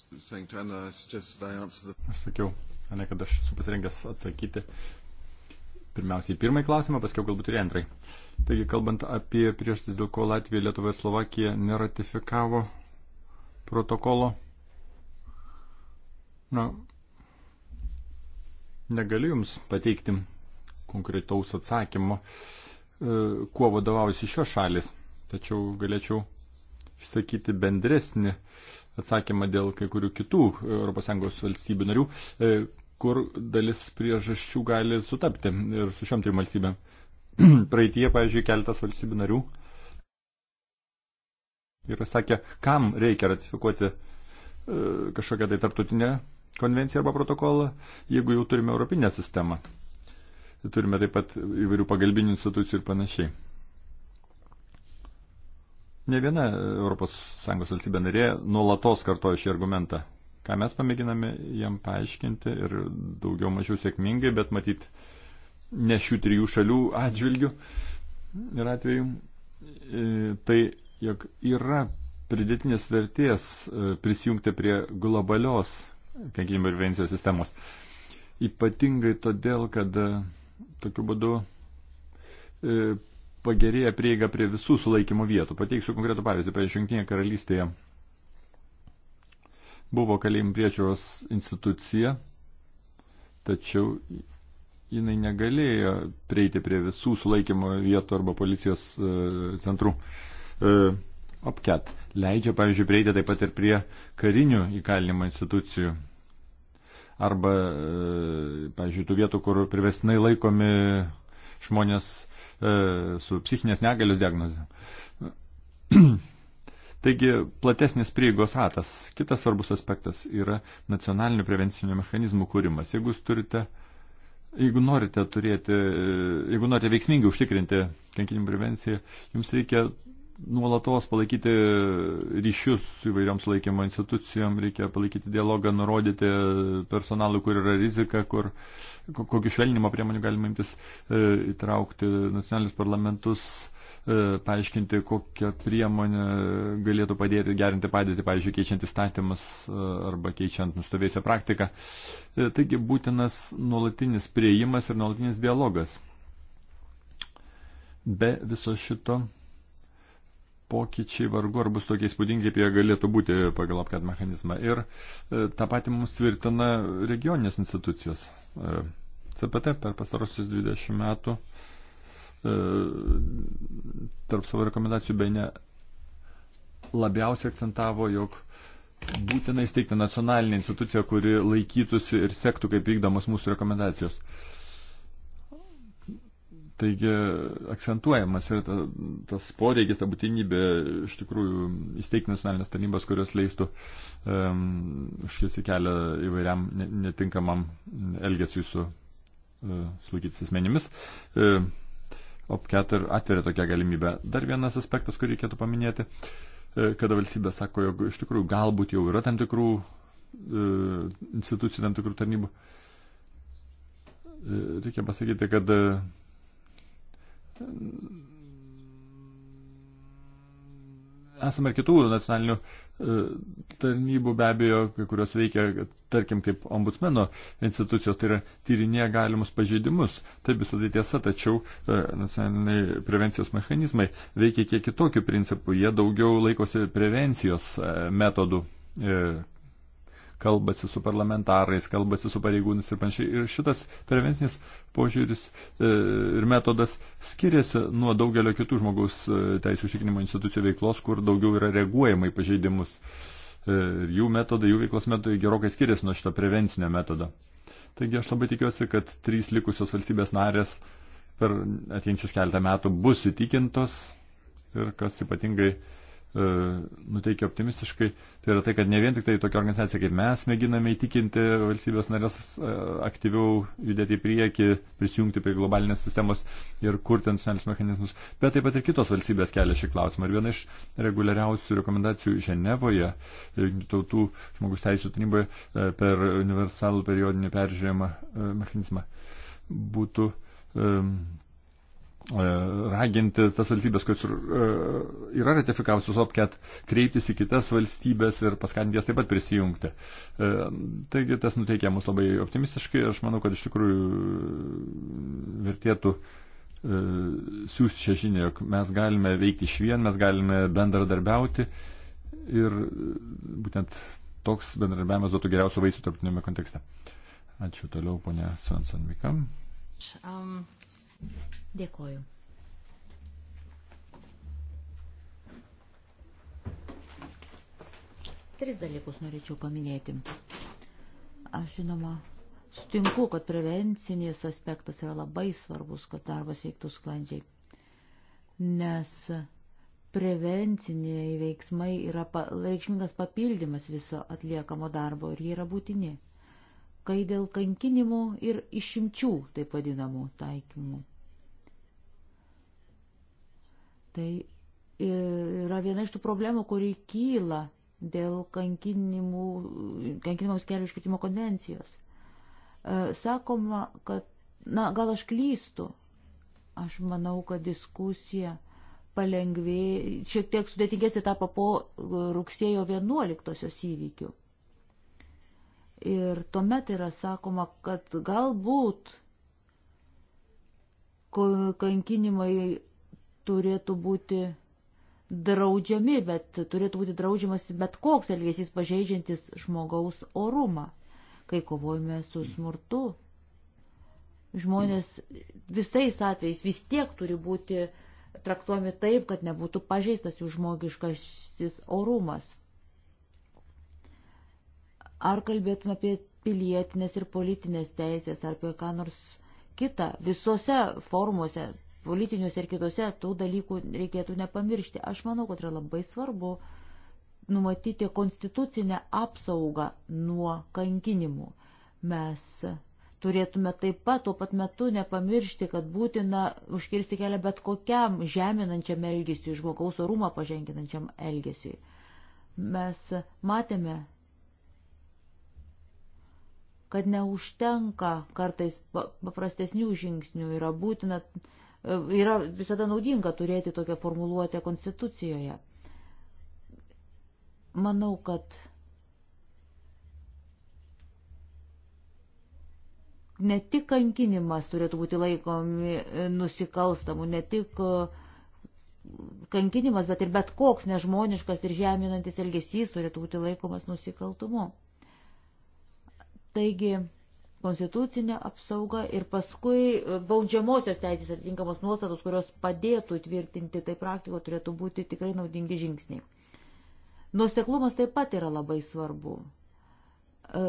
S3: sakiau, ne, kad aš esu pasirengęs atsakyti pirmiausiai pirmąjį klausimą, paskui galbūt ir antrąjį. Taigi, kalbant apie priežastis, dėl ko Latvija, Lietuva ir Slovakija neratifikavo protokolo, na, negaliu Jums pateikti konkretaus atsakymo, e, kuo vadovaujasi šios šalis. Tačiau galėčiau išsakyti bendresnį atsakymą dėl kai kurių kitų ES valstybių narių, e, kur dalis priežasčių gali sutapti ir su šiom trim valstybėm. Praeitie, pavyzdžiui, keltas valstybių narių yra sakę, kam reikia ratifikuoti e, kažkokią tai tarptautinę konvenciją arba protokolą, jeigu jau turime europinę sistemą turime taip pat įvairių pagalbinių institucijų ir panašiai. Ne viena ES valstybė narė nuolatos kartoja šį argumentą. Ką mes pamėginame jam paaiškinti ir daugiau mažiau sėkmingai, bet matyt, ne šių trijų šalių atžvilgių ir atveju, e, tai jog yra pridėtinės vertės e, prisijungti prie globalios kenkimų ir vencijos sistemos. Ypatingai todėl, kad e, Tokiu būdu e, pagerėja prieiga prie visų sulaikymo vietų. Pateiksiu konkretų pavyzdį. Pavyzdžiui, Junktinėje karalystėje buvo kalėjimų priečiūros institucija, tačiau jinai negalėjo prieiti prie visų sulaikymo vietų arba policijos e, centrų. E, OPCAT leidžia, pavyzdžiui, prieiti taip pat ir prie karinių įkalinimo institucijų arba, e, pažiūrėjau, tų vietų, kur privestinai laikomi žmonės e, su psichinės negalios diagnoze. Taigi platesnis prieigos ratas. Kitas svarbus aspektas yra nacionalinių prevencinių mechanizmų kūrimas. Jeigu jūs turite, jeigu norite turėti, e, jeigu norite veiksmingai užtikrinti kankinimų prevenciją, jums reikia nuolatos palaikyti ryšius su įvairioms laikymo institucijom, reikia palaikyti dialogą, nurodyti personalui, kur yra rizika, kur, kokiu švelnimo priemonių galima imtis, e, įtraukti nacionalinius parlamentus, e, paaiškinti, kokią priemonę galėtų padėti gerinti padėtį, pavyzdžiui, keičiant įstatymus e, arba keičiant nustovėjusią praktiką. Taigi būtinas nuolatinis prieimas ir nuolatinis dialogas. Be viso šito pokyčiai vargu ar bus tokie įspūdingi, kaip jie galėtų būti pagal apkat mechanizmą. Ir e, tą patį mums tvirtina regioninės institucijos. E, CPT per pastarosius 20 metų e, tarp savo rekomendacijų beje labiausiai akcentavo, jog būtina įsteigti nacionalinę instituciją, kuri laikytųsi ir sektų, kaip vykdomos mūsų rekomendacijos. Uh, Taigi akcentuojamas yra ta, tas poreikis, ta būtinybė iš tikrųjų įsteigti nacionalinės tarnybas, kurios leistų um, užkirsti kelią įvairiam netinkamam elgesiu su uh, e, sulaikytis asmenimis. Uh, e, OP4 atveria tokią galimybę. Dar vienas aspektas, kurį reikėtų paminėti, uh, kada valstybė sako, jog iš tikrųjų galbūt jau yra tam tikrų uh, institucijų, tam tikrų tarnybų. Uh, reikia pasakyti, kad uh, Esame ir kitų nacionalinių e, tarnybų be abejo, kurios veikia, tarkim, kaip ombudsmeno institucijos, tai yra tyrinėja galimus pažeidimus. Taip visą tai tiesa, tačiau e, nacionaliniai prevencijos mechanizmai veikia kiek kitokių principų, jie daugiau laikosi prevencijos e, metodų kalbasi su parlamentarais, kalbasi su pareigūnais ir panašiai. Ir šitas prevencinis požiūris e, ir metodas skiriasi nuo daugelio kitų žmogaus e, teisų užtikrinimo institucijų veiklos, kur daugiau yra reaguojama į pažeidimus. E, ir jų metodai, jų veiklos metodai gerokai skiriasi nuo šito prevencinio metodo. Taigi aš labai tikiuosi, kad trys likusios valstybės narės per ateinčius keletą metų bus įtikintos ir kas ypatingai E, nuteikia optimistiškai, tai yra tai, kad ne vien tik tai tokia organizacija kaip mes mėginame įtikinti valstybės narės e, aktyviau judėti į priekį, prisijungti prie globalinės sistemos ir kurti nacionalinius mechanizmus, bet taip pat ir kitos valstybės kelia šį klausimą. Ir viena iš reguliariausių rekomendacijų Ženevoje, tautų žmogus teisų taryboje e, per universalų periodinį peržiūrėjimą mechanizmą būtų um, E, raginti tas valstybės, kurios e, yra ratifikavusios OPCAT, kreiptis į kitas valstybės ir paskatinti jas taip pat prisijungti. E, taigi tas nuteikia mus labai optimistiškai ir aš manau, kad iš tikrųjų vertėtų siūsti šią žinią, jog mes galime veikti iš vien, mes galime bendradarbiauti ir būtent toks bendradarbiavimas duotų geriausių vaisių tarptautinėme kontekste. Ačiū toliau, ponia Sonson Mikam.
S1: Um. Dėkoju. Tris dalykus norėčiau paminėti. Aš žinoma, sutinku, kad prevencinis aspektas yra labai svarbus, kad darbas veiktų sklandžiai. Nes prevenciniai veiksmai yra pa, reikšmingas papildymas viso atliekamo darbo ir jie yra būtini. Kai dėl kankinimų ir išimčių, taip vadinamų, taikymų. Tai yra viena iš tų problemų, kuri kyla dėl kankinimams kelių iškritimo konvencijos. E, sakoma, kad, na, gal aš klystu, aš manau, kad diskusija palengvė, šiek tiek sudėtingesnė tapo po rugsėjo 11-osios įvykių. Ir tuomet yra sakoma, kad galbūt kankinimai turėtų būti draudžiami, bet turėtų būti draudžiamas bet koks elgesys pažeidžiantis žmogaus orumą, kai kovojame su smurtu. Žmonės visais atvejais vis tiek turi būti traktuojami taip, kad nebūtų pažeistas jų žmogiškasis orumas. Ar kalbėtume apie pilietinės ir politinės teisės, ar apie ką nors kitą, visose formuose politiniuose ir kitose tų dalykų reikėtų nepamiršti. Aš manau, kad yra labai svarbu numatyti konstitucinę apsaugą nuo kankinimų. Mes turėtume taip pat tuo pat metu nepamiršti, kad būtina užkirsti kelią bet kokiam žeminančiam elgesiui, žmogaus orumą paženginančiam elgesiui. Mes matėme, kad neužtenka kartais paprastesnių žingsnių, yra būtina E, yra visada naudinga turėti tokią formuluotę konstitucijoje. Manau, kad ne tik kankinimas turėtų būti laikomi e, nusikalstamu, ne tik e, kankinimas, bet ir bet koks nežmoniškas ir žeminantis elgesys turėtų būti laikomas nusikaltumu. Taigi, konstitucinė apsauga ir paskui e, baudžiamosios teisės atitinkamos nuostatos, kurios padėtų tvirtinti tai praktiko, turėtų būti tikrai naudingi žingsniai. Nuoseklumas taip pat yra labai svarbu. E,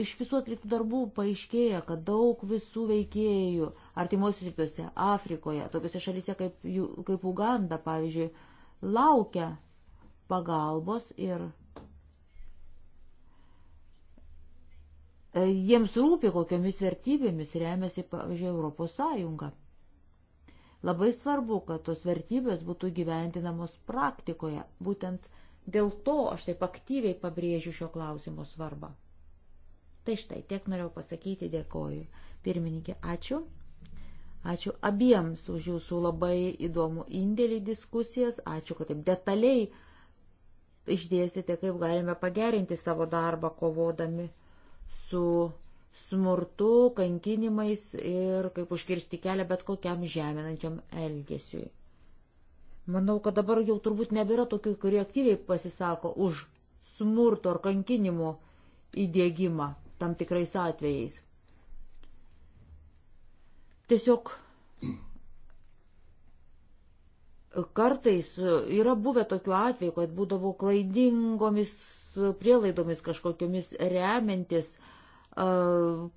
S1: Iš visų atliktų darbų paaiškėja, kad daug visų veikėjų artimuosius rytuose, Afrikoje, tokiuose šalyse kaip, kaip Uganda, pavyzdžiui, laukia pagalbos ir E, jiems rūpi, kokiomis vertybėmis remiasi, pavyzdžiui, Europos Sąjunga. Labai svarbu, kad tos vertybės būtų gyventinamos praktikoje. Būtent dėl to aš taip aktyviai pabrėžiu šio klausimo svarbą. Tai štai, tiek norėjau pasakyti, dėkoju. Pirmininkė, ačiū. Ačiū abiems už jūsų labai įdomų indėlį diskusijas. Ačiū, kad taip detaliai išdėstėte, kaip galime pagerinti savo darbą kovodami su smurtu, kankinimais ir kaip užkirsti kelią bet kokiam žeminančiam elgesiui. Manau, kad dabar jau turbūt nebėra tokių, kurie aktyviai pasisako už smurto ar kankinimo įdėgymą tam tikrais atvejais. Tiesiog Kartais yra buvę tokių atvejų, kad būdavo klaidingomis prielaidomis kažkokiamis remiantis,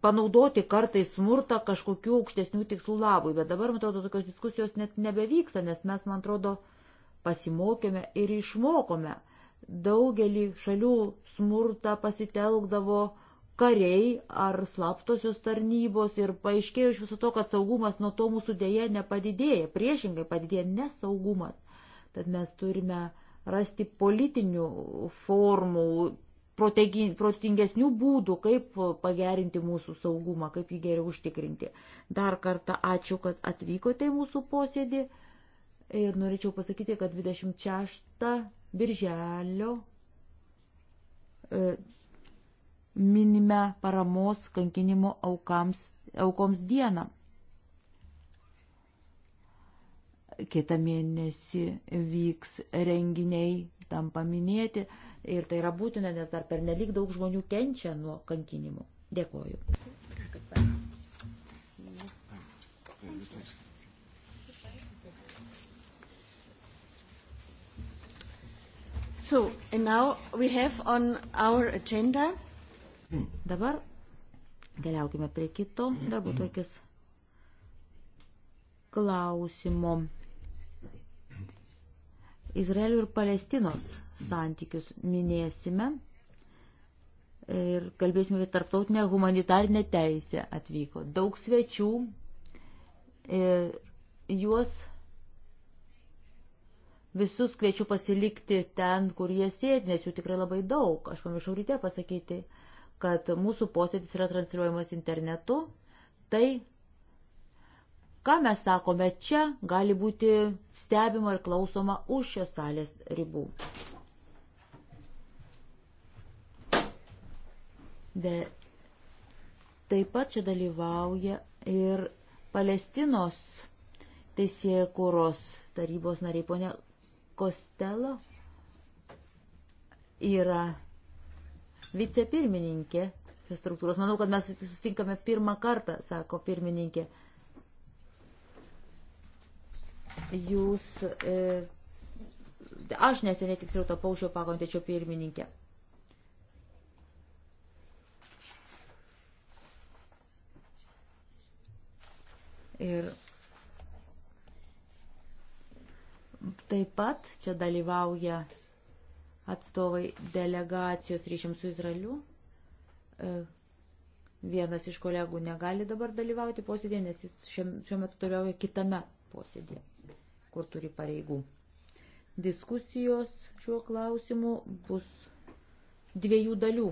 S1: panaudoti kartais smurtą kažkokių aukštesnių tikslų labui. Bet dabar, man atrodo, tokios diskusijos net nebevyksta, nes mes, man atrodo, pasimokėme ir išmokome. Daugelį šalių smurtą pasitelkdavo uh, kariai ar slaptosios tarnybos ir paaiškėjo iš viso to, kad saugumas nuo to mūsų dėje nepadidėja, priešingai padidėja nesaugumas. Tad mes turime rasti politinių formų, protingesnių būdų, kaip pagerinti mūsų saugumą, kaip jį geriau užtikrinti. Dar kartą ačiū, kad atvykote į mūsų posėdį ir norėčiau pasakyti, kad 26 birželio. E, minime paramos kankinimo aukams, aukoms dieną. Kita mėnesį vyks renginiai tam paminėti ir tai yra būtina, nes dar per nelik daug žmonių kenčia nuo kankinimų. Dėkoju. So, and now we have on our agenda Dabar keliaukime prie kito darbo tvarkės klausimo. Izraelio ir Palestinos santykius minėsime ir kalbėsime apie tarptautinę humanitarinę teisę atvyko. Daug svečių, juos visus kviečiu pasilikti ten, kur jie sėdi, nes jų tikrai labai daug. Aš pamiršau ryte pasakyti, kad mūsų posėdis yra transliuojamas internetu, tai ką mes sakome čia, gali būti stebima ir klausoma už šios salės ribų. De, taip pat čia dalyvauja ir Palestinos teisėjų kūros tarybos nariai ponė Kostelo yra vicepirmininkė struktūros. Manau, kad mes sustinkame pirmą kartą, sako pirmininkė. Jūs, e, aš neseniai tiksliau to paušio pakontečio pirmininkė. Ir taip pat čia dalyvauja atstovai delegacijos ryšiam su Izraeliu. E, vienas iš kolegų negali dabar dalyvauti posėdėje, nes jis šiuo metu dalyvauja kitame posėdėje, kur turi pareigų. Diskusijos šiuo klausimu bus dviejų dalių.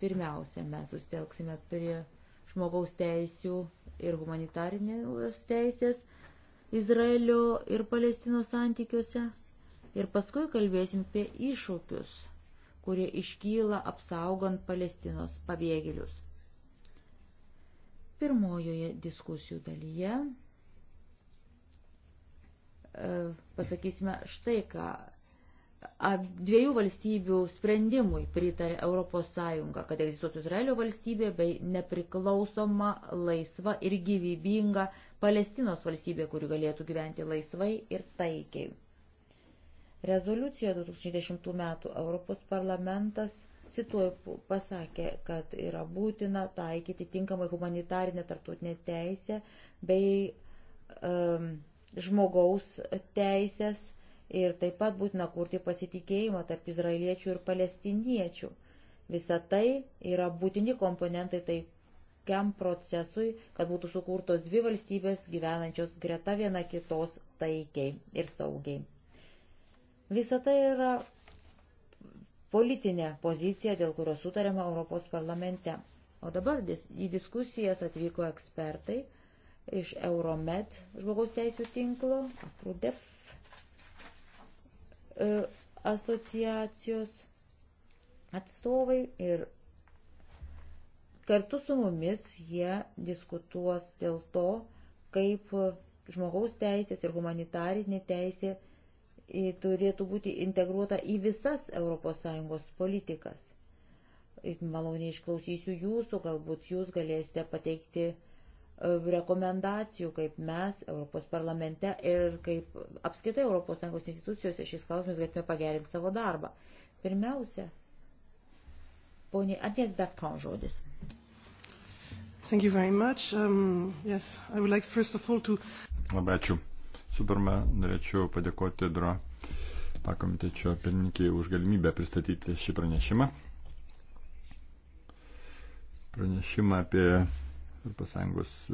S1: Pirmiausia, mes susitelksime prie žmogaus teisių ir humanitarinės teisės Izraelio ir Palestinos santykiuose ir paskui kalbėsim apie iššūkius, kurie iškyla apsaugant Palestinos pabėgėlius. Pirmojoje diskusijų dalyje e, pasakysime štai ką. Dviejų valstybių sprendimui pritarė ES, kad egzistuotų Izraelio valstybė bei nepriklausoma, laisva ir gyvybinga Palestinos valstybė, kuri galėtų gyventi laisvai ir taikiai. Rezoliucija 2010 metų Europos parlamentas cituoju pasakė, kad yra būtina taikyti tinkamai humanitarinę tartutinę teisę bei um, žmogaus teisės ir taip pat būtina kurti pasitikėjimą tarp izraeliečių ir palestiniečių. Visa tai yra būtini komponentai taikiam procesui, kad būtų sukurtos dvi valstybės gyvenančios greta viena kitos taikiai ir saugiai. Visą tai yra politinė pozicija, dėl kurios sutarėma Europos parlamente. O dabar dis, į diskusijas atvyko ekspertai iš Euromed žmogaus teisų tinklo, Aprudef e, asociacijos atstovai ir kartu su mumis jie diskutuos dėl to, kaip žmogaus teisės ir humanitarinė teisė turėtų būti integruota į visas ES politikas. Maloniai išklausysiu jūsų, galbūt jūs galėsite pateikti e, rekomendacijų, kaip mes Europos parlamente ir kaip apskaitai ES institucijose šis klausimas galėtume pagerinti savo darbą. Pirmiausia, poniai Anties Bertrand žodis. Thank you very much. Um, yes, I would like first of all to...
S3: Labai ačiū. Su pirma, norėčiau padėkoti DRO pakomitečio pirmininkiai už galimybę pristatyti šį pranešimą. Pranešimą apie ES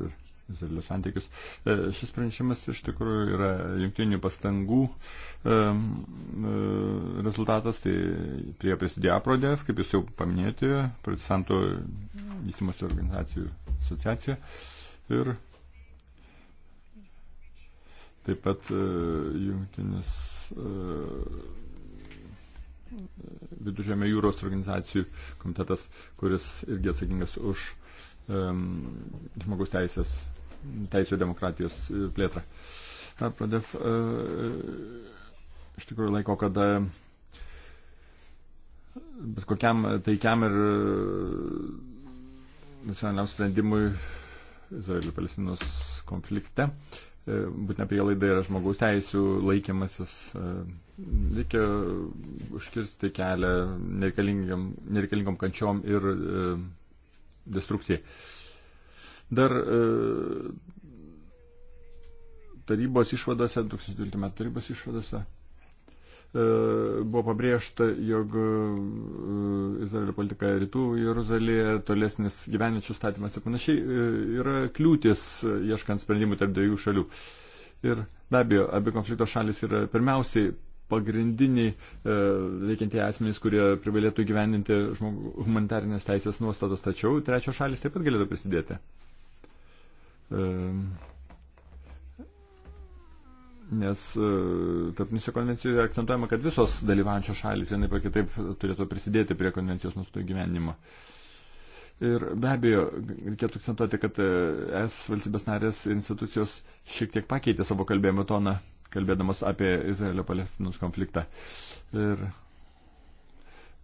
S3: ir Izraelio santykius. E, šis pranešimas iš tikrųjų yra jungtinių pastangų e, e, rezultatas, tai prie prisidėjo APRODEF, kaip jūs jau paminėjote, protestantų įsimosi organizacijų asociacija. Ir Taip pat e, jungtinis e, e, Vidužėmio jūros organizacijų komitetas, kuris irgi atsakingas už um, žmogus teisės, teisų demokratijos plėtrą. Pradėv, uh, iš tikrųjų laiko, kada bet kokiam taikiam ir nacionaliniam sprendimui Izraelio-Palestinos konflikte uh, E, būtina prielaida yra žmogaus teisų laikymasis. E, reikia užkirsti kelią nereikalingam, nereikalingam kančiom ir e, destrukcijai. Dar e, tarybos išvadose, 2012 metų tarybos išvadose E, buvo pabrėžta, jog e, Izraelio politika rytų Jeruzalėje, tolesnis gyvenančių statymas ir panašiai e, yra kliūtis ieškant sprendimų tarp dviejų šalių. Ir be abejo, abi konflikto šalis yra pirmiausiai pagrindiniai veikiantieji asmenys, kurie privalėtų gyveninti humanitarinės teisės nuostatas, tačiau trečios šalis taip pat galėtų prisidėti. E, Nes e, tarpnisio konvencijoje akcentuojama, kad visos dalyvančios šalis vienaip ar kitaip turėtų prisidėti prie konvencijos nustatų gyvenimo. Ir be abejo, reikėtų akcentuoti, kad e, es valstybės narės institucijos šiek tiek pakeitė savo kalbėjimo toną, kalbėdamos apie Izraelio-Palestinos konfliktą. Ir,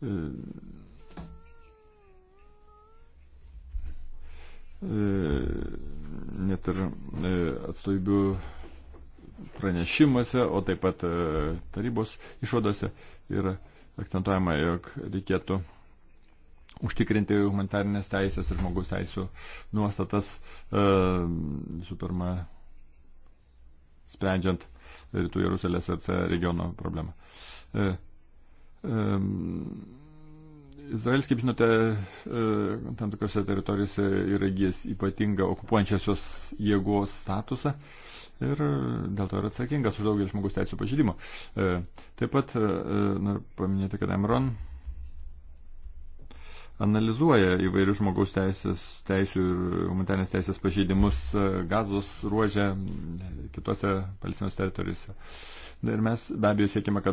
S3: e, net ir atstovybių pranešimuose, o taip pat e, tarybos išvadose yra akcentuojama, jog reikėtų užtikrinti humanitarnės teisės ir žmogaus teisų nuostatas, e, visų pirma, sprendžiant rytų Jeruzalės ir C regiono problemą. E, Izraelis, kaip žinote, tam tikrose teritorijose yra įgyjęs ypatingą okupuojančiosios jėgos statusą ir dėl to yra atsakingas už daugelį žmogus teisų pažydimų. E, taip pat e, noriu paminėti, kad Emron analizuoja įvairių žmogaus teisės, teisų ir humanitarnės teisės pažeidimus e, gazos ruožė kitose palestinos teritorijose. Ir mes be abejo siekime, kad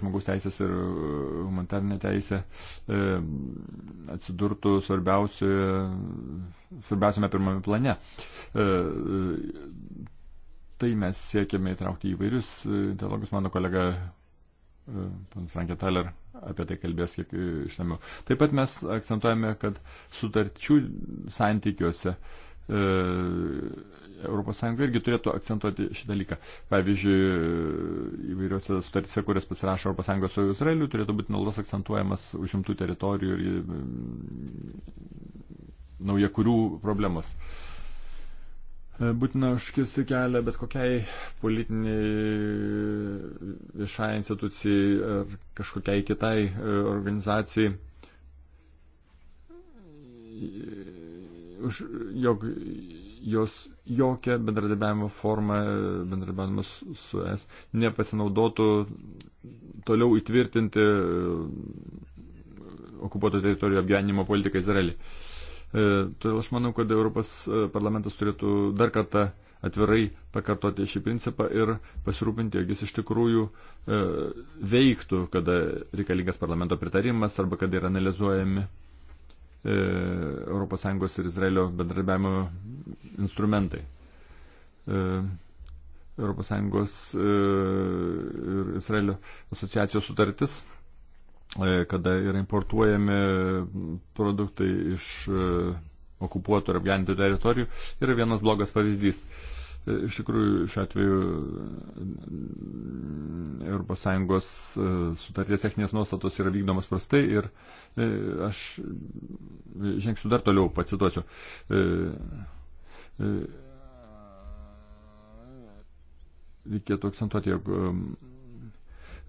S3: žmogaus teisės ir humanitarinė teisė atsidurtų svarbiausiame pirmame plane tai mes siekiame įtraukti įvairius e, dialogus. Mano kolega e, Pans Frankė Taler apie tai kalbės kiek e, išnamiau. Taip pat mes akcentuojame, kad sutarčių santykiuose ES irgi turėtų akcentuoti šį dalyką. Pavyzdžiui, įvairiuose sutartyse, kurias pasirašo ES su Izraeliu, turėtų būti nuolatos akcentuojamas užimtų teritorijų ir naujakurių problemos. Uh, E, būtina užkirsti kelią bet kokiai politiniai e, viešai institucijai ar kažkokiai kitai e, organizacijai, jog jos jokia bendradarbiavimo forma, bendradarbiavimas su es, nepasinaudotų toliau įtvirtinti okupuoto teritorijų apgyvenimo politiką Izraelį. Uh, E, todėl aš manau, kad Europos e, parlamentas turėtų dar kartą atvirai pakartoti šį principą ir pasirūpinti, jog jis iš tikrųjų e, veiktų, kada reikalingas parlamento pritarimas arba kada yra analizuojami e, ES ir Izraelio bendradarbiavimo instrumentai. E, ES e, ir Izraelio asociacijos sutartis E, kada yra importuojami produktai iš e, okupuotų ar apgyvendintų teritorijų, yra vienas blogas pavyzdys. E, iš tikrųjų, šiuo atveju ES sutarties techninės nuostatos yra vykdomas prastai ir aš žengsiu dar toliau, pacituosiu. Reikėtų akcentuoti, jog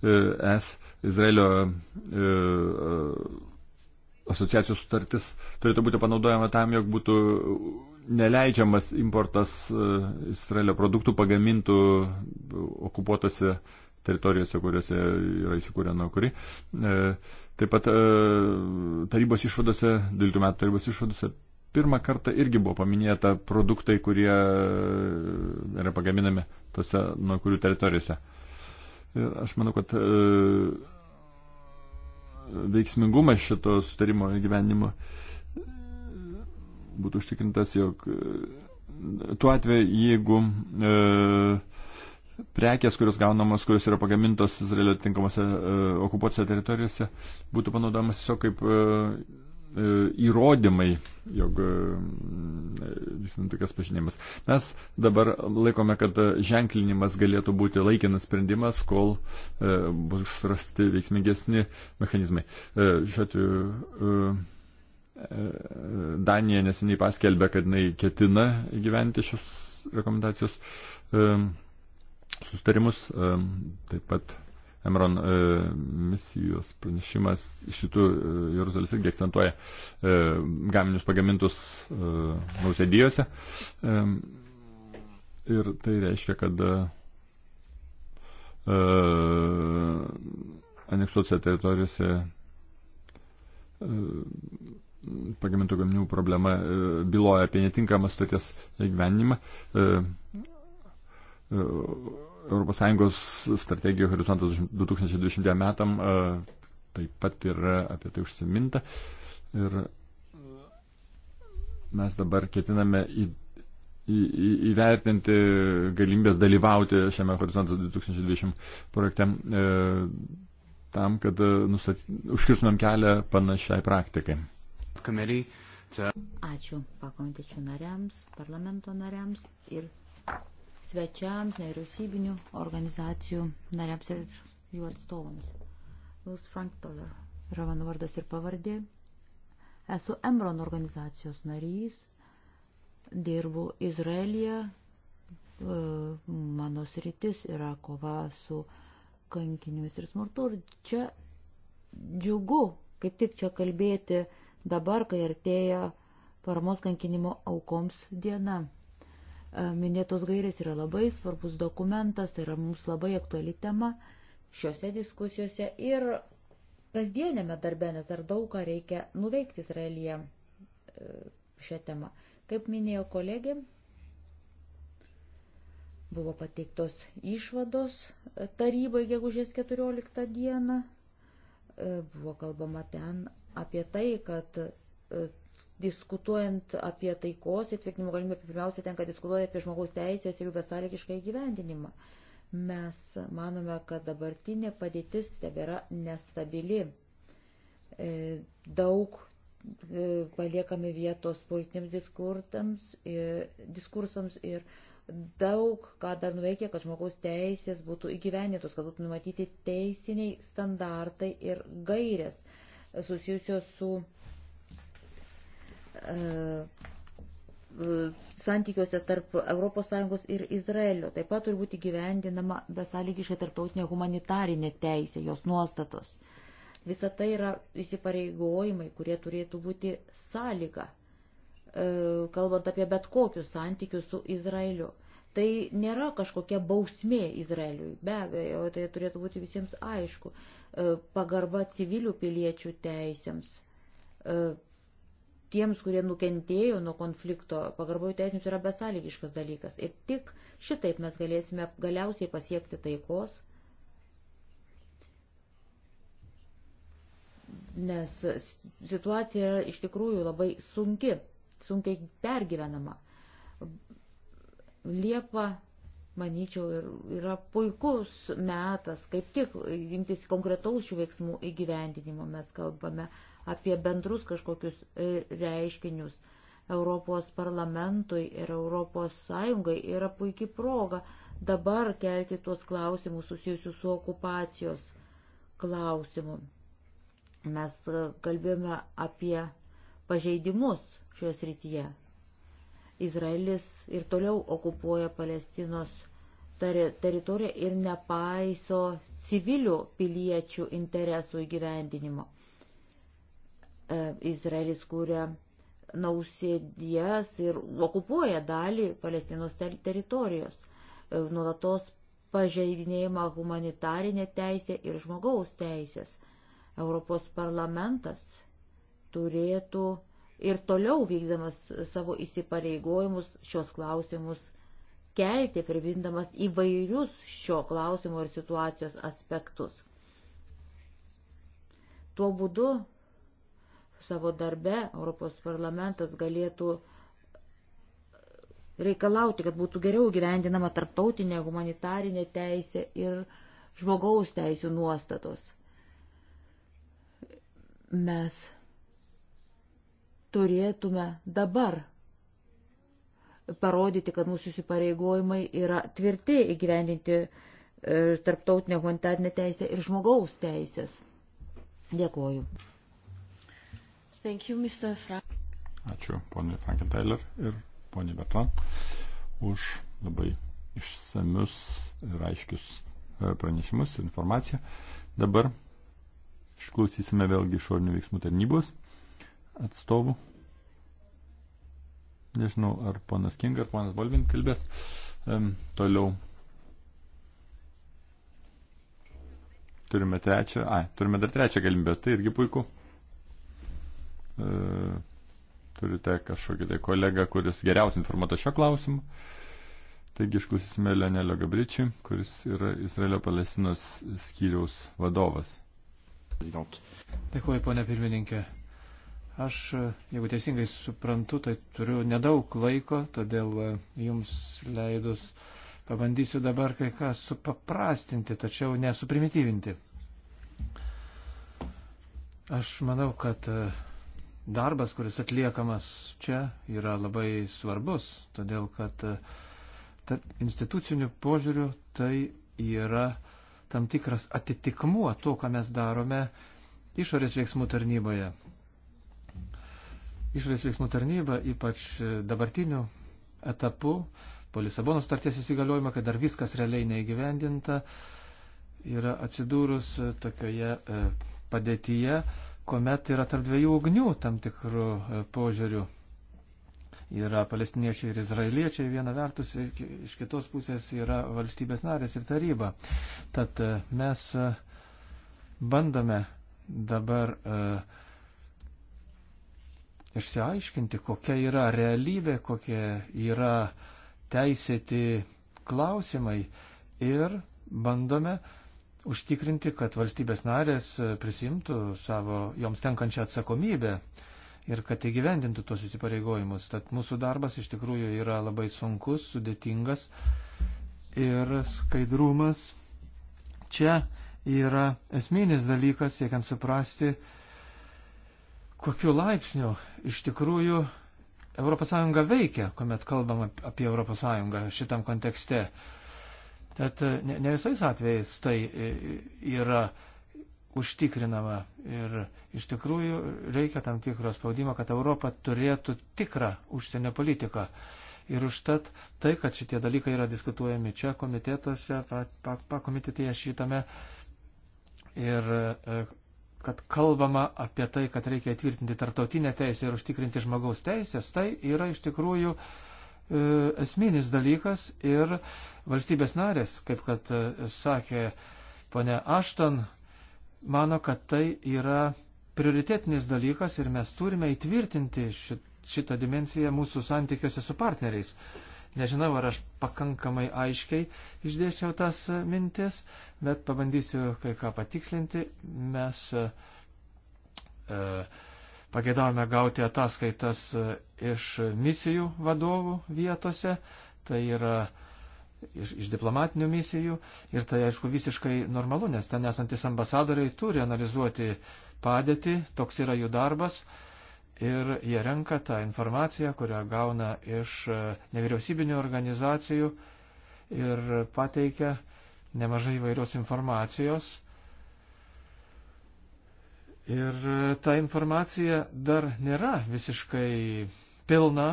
S3: es Izraelio e, e, asociacijos sutartis turėtų būti panaudojama tam, jog būtų neleidžiamas importas e, Izraelio produktų pagamintų okupuotose teritorijose, kuriuose yra įsikūrę nuokuri. Taip pat tarybos išvadose, 12 metų tarybos išvadose, pirmą kartą irgi buvo paminėta produktai, kurie yra pagaminami tose nuokurių teritorijose. Ir aš manau, kad veiksmingumas šito sutarimo įgyvenimo būtų užtikrintas, jog e, tuo atveju, jeigu e, prekės, kurios gaunamos, kurios yra pagamintos Izraelio tinkamose e, okupuotose teritorijose, būtų panaudojamas tiesiog kaip e, E, įrodymai, jog e, tokias pažinimas. Mes dabar laikome, kad ženklinimas galėtų būti laikinas sprendimas, kol e, bus rasti veiksmingesni mechanizmai. Šiuo atveju Danija neseniai paskelbė, kad jinai ketina gyventi šios rekomendacijos sustarimus, taip pat Emron e, misijos pranešimas šitų e, Jeruzalės irgi akcentuoja e, gaminius pagamintus e, nausėdijose. E, ir tai reiškia, kad e, aneksuotose teritorijose e, pagamintų gaminių problema e, byloja apie netinkamą stoties įgyvenimą. E, e, ES strategijų horizontas 2020 metam e, taip pat yra apie tai užsiminta. Ir mes dabar ketiname į, į, į, įvertinti galimybės dalyvauti šiame horizontas 2020 projekte e, tam, kad e, nustaty, užkirstumėm kelią panašiai praktikai.
S1: Ačiū pakomitečių nariams, parlamento nariams ir svečiams, nevyriausybinių organizacijų nariams ir jų atstovams. Jūs Frank Toller yra mano vardas ir pavardė. Esu Emron organizacijos narys, dirbu Izraelyje, e, mano sritis yra kova su kankinimis ir smurtu. Ir čia džiugu, kaip tik čia kalbėti dabar, kai artėja paramos kankinimo aukoms diena. Minėtos gairės yra labai svarbus dokumentas, tai yra mums labai aktuali tema šiuose diskusijose ir kasdienėme darbe, nes dar daug ką reikia nuveikti Izraelyje e, šią temą. Kaip minėjo kolegė, buvo pateiktos išvados e, tarybai gegužės 14 dieną. E, buvo kalbama ten apie tai, kad diskutuojant apie taikos įtvirtinimo galimybę, pirmiausia, tenka diskutuoti apie žmogaus teisės ir jų besąlygišką įgyvendinimą. Mes manome, kad dabartinė padėtis tebėra nestabili. E, daug e, paliekame vietos politiniams diskursams ir daug ką dar nuveikia, kad žmogaus teisės būtų įgyvenintos, kad būtų numatyti teisiniai standartai ir gairės susijusios su E, e, santykiuose tarp ES ir Izraelio. Taip pat turi būti gyvendinama besąlygiškai tarptautinė humanitarinė teisė, jos nuostatos. Visa tai yra įsipareigojimai, kurie turėtų būti sąlyga, e, kalbant apie bet kokius santykius su Izraeliu. Tai nėra kažkokia bausmė Izraeliui, be abejo, tai turėtų būti visiems aišku. Pagarba civilių piliečių teisėms, tiems, kurie nukentėjo nuo konflikto, pagarbojų teisėms yra besąlygiškas dalykas. Ir tik šitaip mes galėsime galiausiai pasiekti taikos, nes situacija yra iš tikrųjų labai sunki, sunkiai pergyvenama. Liepa, manyčiau, yra puikus metas, kaip tik imtis konkretaus šių veiksmų įgyvendinimo mes kalbame apie bendrus kažkokius e, reiškinius. Europos parlamentui ir Europos Sąjungai yra puikiai proga dabar kelti tuos klausimus susijusius su okupacijos klausimu. Mes e, kalbėjome apie pažeidimus šioje srityje. Izraelis ir toliau okupuoja Palestinos teritoriją ir nepaiso civilių piliečių interesų įgyvendinimo. E, Izraelis kūrė nausėdijas ir okupuoja dalį Palestinos teritorijos. E, nuolatos pažeidinėjama humanitarinė teisė ir žmogaus teisės. Europos parlamentas turėtų ir toliau vykdamas savo įsipareigojimus šios klausimus kelti, primindamas įvairius šio klausimo ir situacijos aspektus. Tuo būdu savo darbe Europos parlamentas galėtų reikalauti, kad būtų geriau gyvendinama tarptautinė humanitarinė teisė ir žmogaus teisų nuostatos. Mes turėtume dabar parodyti, kad mūsų įsipareigojimai yra tvirti įgyvendinti e, tarptautinę humanitarinę teisę ir žmogaus teisės. Dėkuoju. Thank you, Mr. Frank. Ačiū poniai
S3: Frankentailer ir poniai Bertran už labai išsamius ir aiškius e, pranešimus ir informaciją. Dabar išklausysime vėlgi išorinių veiksmų tarnybos atstovų. Nežinau, ar ponas King ar ponas Bolvin kalbės. Um, toliau turime trečią, a, turime dar trečią galimybę, tai irgi puiku. E, turite kažkokį tai kolegą, kuris geriausiai informuotas šio klausimu. Taigi išklausysime Lenelio Gabričiui, kuris yra Izraelio Palestinos skyriaus vadovas.
S2: Dėkuoju, ponė pirmininkė. Aš, e, jeigu teisingai suprantu, tai turiu nedaug laiko, todėl e, jums leidus pabandysiu dabar kai ką supaprastinti, tačiau nesuprimityvinti. Aš manau, kad uh, darbas, kuris atliekamas čia, yra labai svarbus, todėl kad e, institucinių požiūrių tai yra tam tikras atitikmuo to, ką mes darome išorės veiksmų tarnyboje. Išorės veiksmų tarnyba, ypač e, dabartiniu etapu, po Lisabono starties įsigaliojimo, kai dar viskas realiai neįgyvendinta, yra atsidūrus e, tokioje padėtyje, kuomet yra tarp dviejų ugnių tam tikrų e, požiūrių. Yra palestiniečiai ir izraeliečiai viena vertus, iš kitos pusės yra valstybės narės ir taryba. Tad e, mes e, bandome dabar uh, išsiaiškinti, kokia yra realybė, kokie yra teisėti klausimai ir bandome uh, užtikrinti, kad valstybės narės e, prisimtų savo joms tenkančią atsakomybę ir kad įgyvendintų tos įsipareigojimus. Tad mūsų darbas iš tikrųjų yra labai sunkus, sudėtingas ir skaidrumas čia yra esminis dalykas, siekiant suprasti, kokiu laipsniu iš tikrųjų ES veikia, kuomet kalbam apie ES šitam kontekste. Tad e, ne, ne visais atvejais tai e, yra užtikrinama ir iš tikrųjų reikia tam tikro spaudimo, kad Europa turėtų tikrą užsienio politiką. Ir užtat tai, kad šitie dalykai yra diskutuojami čia komitetuose, pakomitetėje pa, pa, šitame ir e, kad kalbama apie tai, kad reikia įtvirtinti tartautinę teisę ir užtikrinti žmogaus teisės, tai yra iš tikrųjų uh, E, esminis dalykas ir valstybės narės, kaip kad e, sakė ponia Ašton, mano, kad tai yra prioritetinis dalykas ir mes turime įtvirtinti šitą dimenciją mūsų santykiuose su partneriais. Nežinau, ar aš pakankamai aiškiai išdėšiau tas e, mintis, bet pabandysiu kai ką patikslinti. Mes uh, e, uh, Pagėdavome gauti ataskaitas e, iš misijų vadovų vietose, tai yra iš, iš diplomatinių misijų ir tai aišku visiškai normalu, nes ten esantis ambasadoriai turi analizuoti padėtį, toks yra jų darbas ir jie renka tą informaciją, kurią gauna iš e, nevyriausybinių organizacijų ir pateikia nemažai įvairios informacijos Ir e, ta informacija dar nėra visiškai pilna.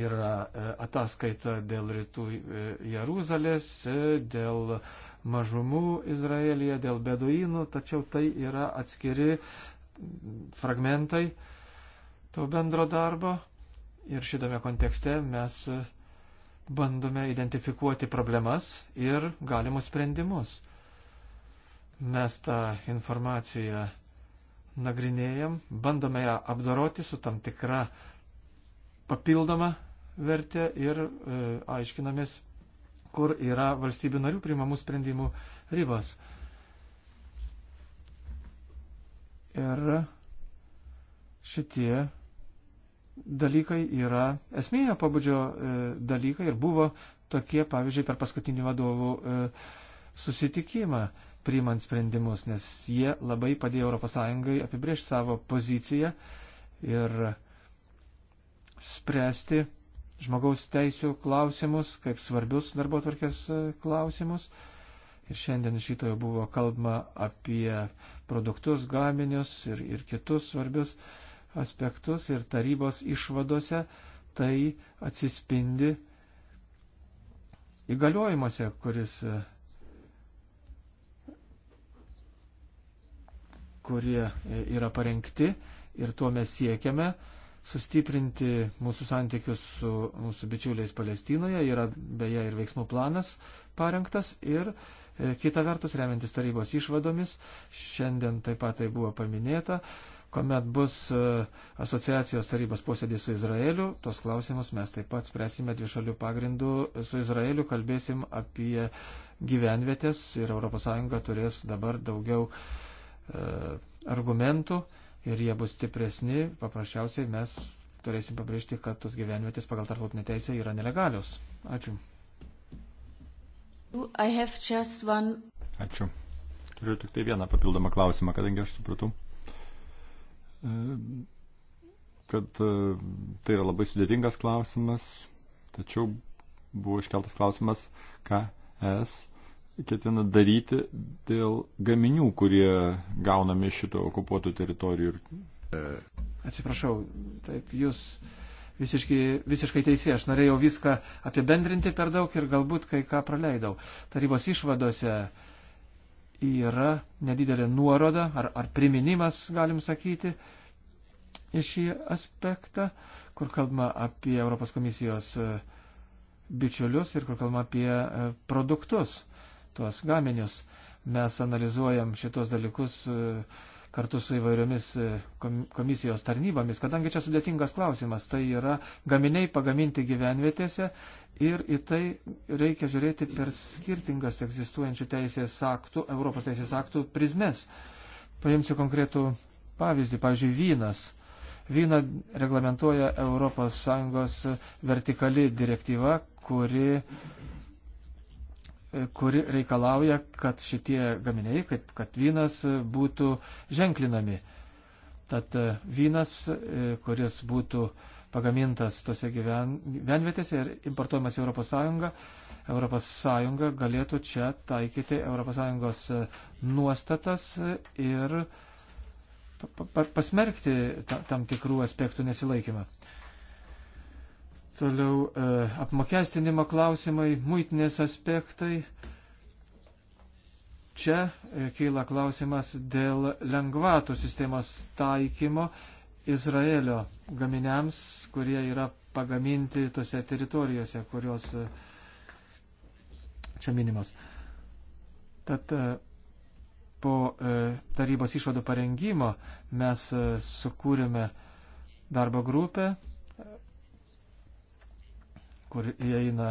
S2: Yra e, ataskaita dėl rytų e, Jeruzalės, dėl mažumų Izraelyje, dėl beduinų, tačiau tai yra atskiri fragmentai to bendro darbo. Ir šitame kontekste mes bandome identifikuoti problemas ir galimus sprendimus. Mes tą informaciją nagrinėjam, bandome ją apdoroti su tam tikra papildoma vertė ir e, aiškinamės, kur yra valstybių narių priimamų sprendimų ribos. Ir šitie dalykai yra esminio pabudžio e, dalykai ir buvo tokie, pavyzdžiui, per paskutinį vadovų e, susitikimą. E, priimant sprendimus, nes jie labai padėjo ES apibriežti savo poziciją ir spręsti žmogaus teisų klausimus, kaip svarbius darbo tvarkės e, klausimus. Ir šiandien šitoje buvo kalbama apie produktus, gaminius ir, ir kitus svarbius aspektus ir tarybos išvadose tai atsispindi įgaliojimuose, kuris e, kurie e, yra parengti ir tuo mes siekiame sustiprinti mūsų santykius su mūsų bičiuliais Palestinoje. Yra beje ir veiksmų planas parengtas ir e, kita vertus, remiantis tarybos išvadomis, šiandien taip pat tai buvo paminėta, kuomet bus e, asociacijos tarybos posėdis su Izraeliu, tos klausimus mes taip pat spręsime dvišalių pagrindų su Izraeliu, kalbėsim apie gyvenvietės ir ES turės dabar daugiau E, argumentų ir jie bus stipresni, paprasčiausiai mes turėsim pabrėžti, kad tos gyvenvietės pagal tarptautinę teisę yra nelegalios. Ačiū.
S1: One...
S3: Ačiū. Turiu tik tai vieną papildomą klausimą, kadangi aš supratau, e, kad e, tai yra labai sudėtingas klausimas, tačiau buvo iškeltas klausimas, ką es ketina daryti dėl gaminių, kurie gaunami šito okupuotų teritorijų.
S2: Atsiprašau, taip jūs visiškai, visiškai teisė, aš norėjau viską apibendrinti per daug ir galbūt kai ką praleidau. Tarybos išvadose yra nedidelė nuoroda ar, ar priminimas, galim sakyti, į šį aspektą, kur kalbama apie Europos komisijos e, bičiulius ir kur kalbama apie e, produktus tuos gaminius. Mes analizuojam šitos dalykus e, kartu su įvairiomis e, komisijos tarnybomis, kadangi čia sudėtingas klausimas, tai yra gaminiai pagaminti gyvenvietėse ir į tai reikia žiūrėti per skirtingas egzistuojančių teisės aktų, Europos teisės aktų prizmes. Paimsiu konkretų pavyzdį, pavyzdžiui, vynas. Vyną reglamentuoja ES vertikali direktyva, kuri kuri reikalauja, kad šitie gaminiai, kaip kad vynas, būtų ženklinami. Tad e, vynas, e, kuris būtų pagamintas tose gyvenvietėse ir importuojamas į ES, ES galėtų čia taikyti ES e, nuostatas ir pasmerkti tam tikrų aspektų nesilaikymą. Toliau e, apmokestinimo klausimai, muitinės aspektai. Čia e, keila klausimas dėl lengvatų sistemos taikymo Izraelio gaminiams, kurie yra pagaminti tose teritorijose, kurios e, čia minimos. Tad e, po e, tarybos išvadų parengimo mes e, sukūrėme darbo grupę kur įeina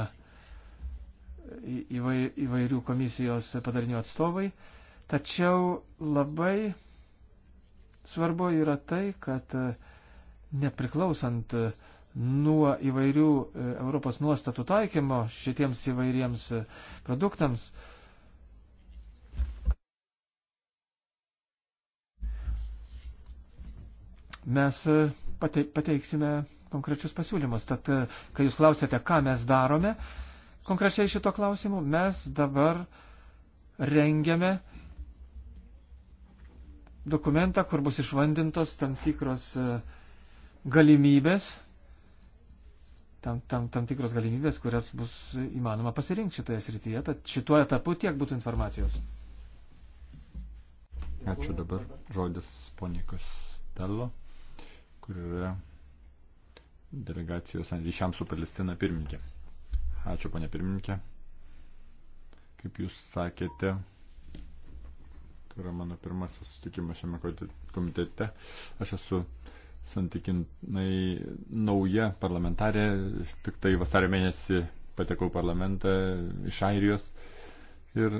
S2: įvairių komisijos padarinių atstovai. Tačiau labai svarbu yra tai, kad e, nepriklausant e, nuo įvairių e, Europos nuostatų taikymo šitiems įvairiems produktams, mes pateiksime konkrečius pasiūlymus. Tad, e, kai jūs klausėte, ką mes darome konkrečiai šito klausimu, mes dabar rengiame dokumentą, kur bus išvandintos tam tikros e, galimybės, tam, tam, tam tikros galimybės, kurias bus įmanoma pasirinkti šitoje srityje. Tad šituo etapu tiek būtų informacijos.
S3: Ačiū dabar žodis ponikus Stelo, kur yra delegacijos ryšiams su Palestina pirmininkė. Ačiū, ponė pirmininkė. Kaip jūs sakėte, tai yra mano pirmasis sutikimas šiame komitete. Aš esu santykinai nauja parlamentarė, tik tai vasario mėnesį patekau parlamentą iš Airijos ir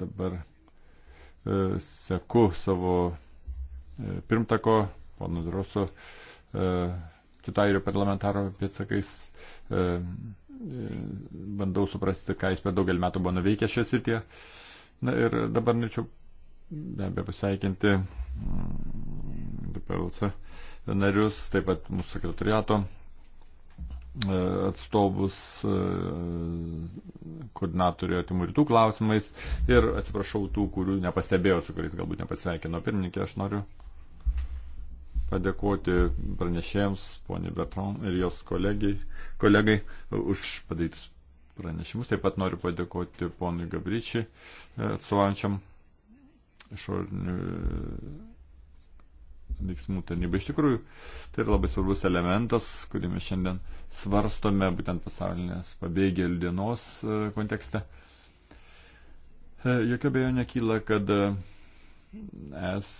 S3: dabar e, seku savo e, pirmtako, pono Droso, e, kitų airio parlamentaro pėtsakais. E, e, bandau suprasti, ką jis per daugelį metų buvo nuveikęs šią sritį. Na ir dabar norėčiau be abejo pasveikinti mm, DPLC narius, taip pat mūsų sekretariato e, atstovus, e, koordinatorių atimų rytų klausimais ir atsiprašau tų, kurių nepastebėjau, su kuriais galbūt nepasveikino pirmininkė, aš noriu padėkoti pranešėjams, poniai Bertron ir jos kolegai, kolegai už padarytus pranešimus. Taip pat noriu padėkoti ponui Gabričiui, e, atstovaujančiam išorinių e, veiksmų tarnybai. Iš tikrųjų, tai yra labai svarbus elementas, kurį mes šiandien svarstome būtent pasaulinės pabėgėlių dienos e, kontekste. Jokio bejo nekyla, kad es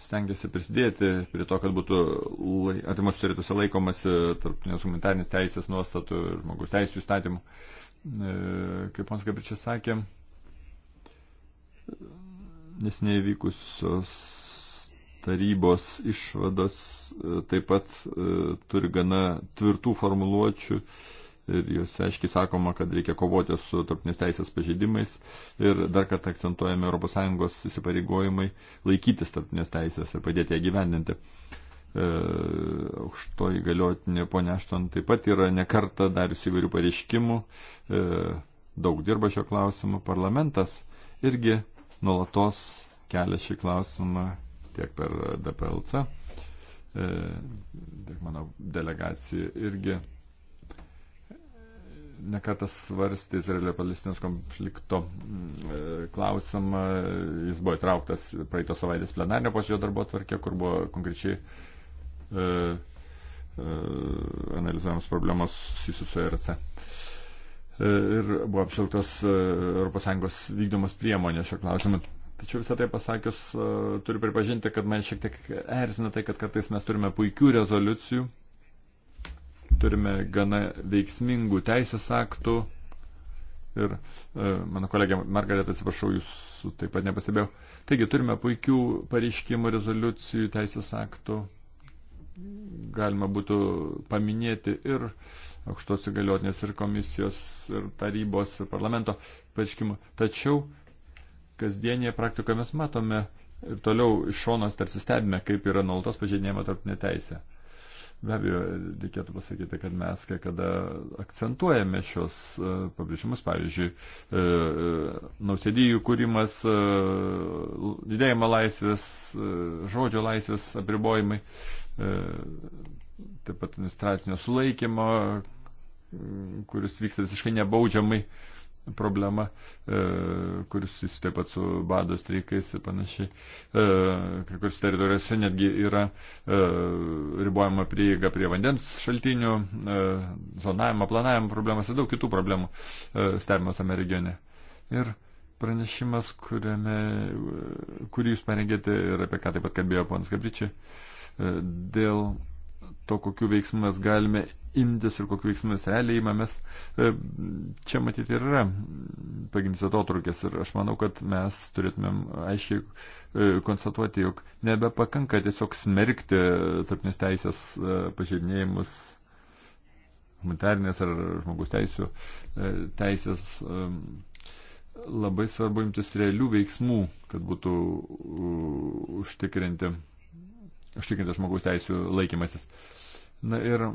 S3: stengiasi prisidėti prie to, kad būtų lai, atimuose rytuose laikomasi e, tarptautinės humanitarnės teisės nuostatų ir žmogaus teisų įstatymų. E, kaip pons Gabričias sakė, nesiniai vykusios tarybos išvadas e, taip pat e, turi gana tvirtų formuluočių. E, ir jūs aiškiai sakoma, kad reikia kovoti su tarpinės teisės pažeidimais ir dar kartą akcentuojame ES įsipareigojimai laikytis tarpinės teisės ir padėti ją gyvendinti. E, aukšto įgaliotinė ponia Ašton taip pat yra nekarta dariusi įvairių pareiškimų, e, daug dirba šio klausimu, parlamentas irgi nuolatos kelia šį klausimą tiek per DPLC, e, tiek mano delegacija irgi nekartas svarstė Izraelio palestinos konflikto mm, e, klausimą. Jis buvo įtrauktas praeito savaitės plenarnio posėdžio darbo tvarkė, kur buvo konkrečiai e, e, analizuojamos problemos susijusios su ERC. E, ir buvo apšiltos ES vykdomos priemonės šio klausimu. Tačiau visą tai pasakius, e, turiu pripažinti, kad man šiek tiek erzina tai, kad kartais mes turime puikių rezoliucijų, turime gana veiksmingų teisės aktų. Ir e, mano kolegė Margaret, atsiprašau, jūs taip pat nepastebėjau. Taigi turime puikių pareiškimų, rezoliucijų, teisės aktų. Galima būtų paminėti ir aukštos įgaliotinės, ir komisijos, ir tarybos, ir parlamento pareiškimų. Tačiau kasdienėje praktikoje mes matome ir toliau iš šonos tarsi stebime, kaip yra nuolatos pažeidinėjama tarptinė teisė. Be abejo, reikėtų pasakyti, kad mes kai kada akcentuojame šios e, pabrėžimus, pavyzdžiui, e, e, nausėdijų kūrimas, judėjimo laisvės, žodžio laisvės apribojimai, taip pat administracinio sulaikymo, kuris vyksta visiškai nebaudžiamai problema, e, kuris jis taip pat su bado streikais ir panašiai. E, kai kuriuose teritorijose netgi yra e, ribojama prieiga prie vandens šaltinių, zonavimo, planavimo problemas ir daug kitų problemų stebimos tame regione. Ir pranešimas, kuriame, kurį jūs parengėte ir apie ką taip pat kalbėjo ponas Gabričiai, dėl to, kokiu veiksmu mes galime imtis ir kokiu veiksmu mes realiai imamės, e, čia matyti ir yra pagrindinis atotrukis. Ir aš manau, kad mes turėtumėm aiškiai e, konstatuoti, jog nebepakanka tiesiog smerkti tarpinės teisės e, pažeidinėjimus humanitarnės ar žmogus teisų teisės labai svarbu imtis realių veiksmų, kad būtų užtikrinti užtikrinti žmogaus teisų laikymasis. Na ir e,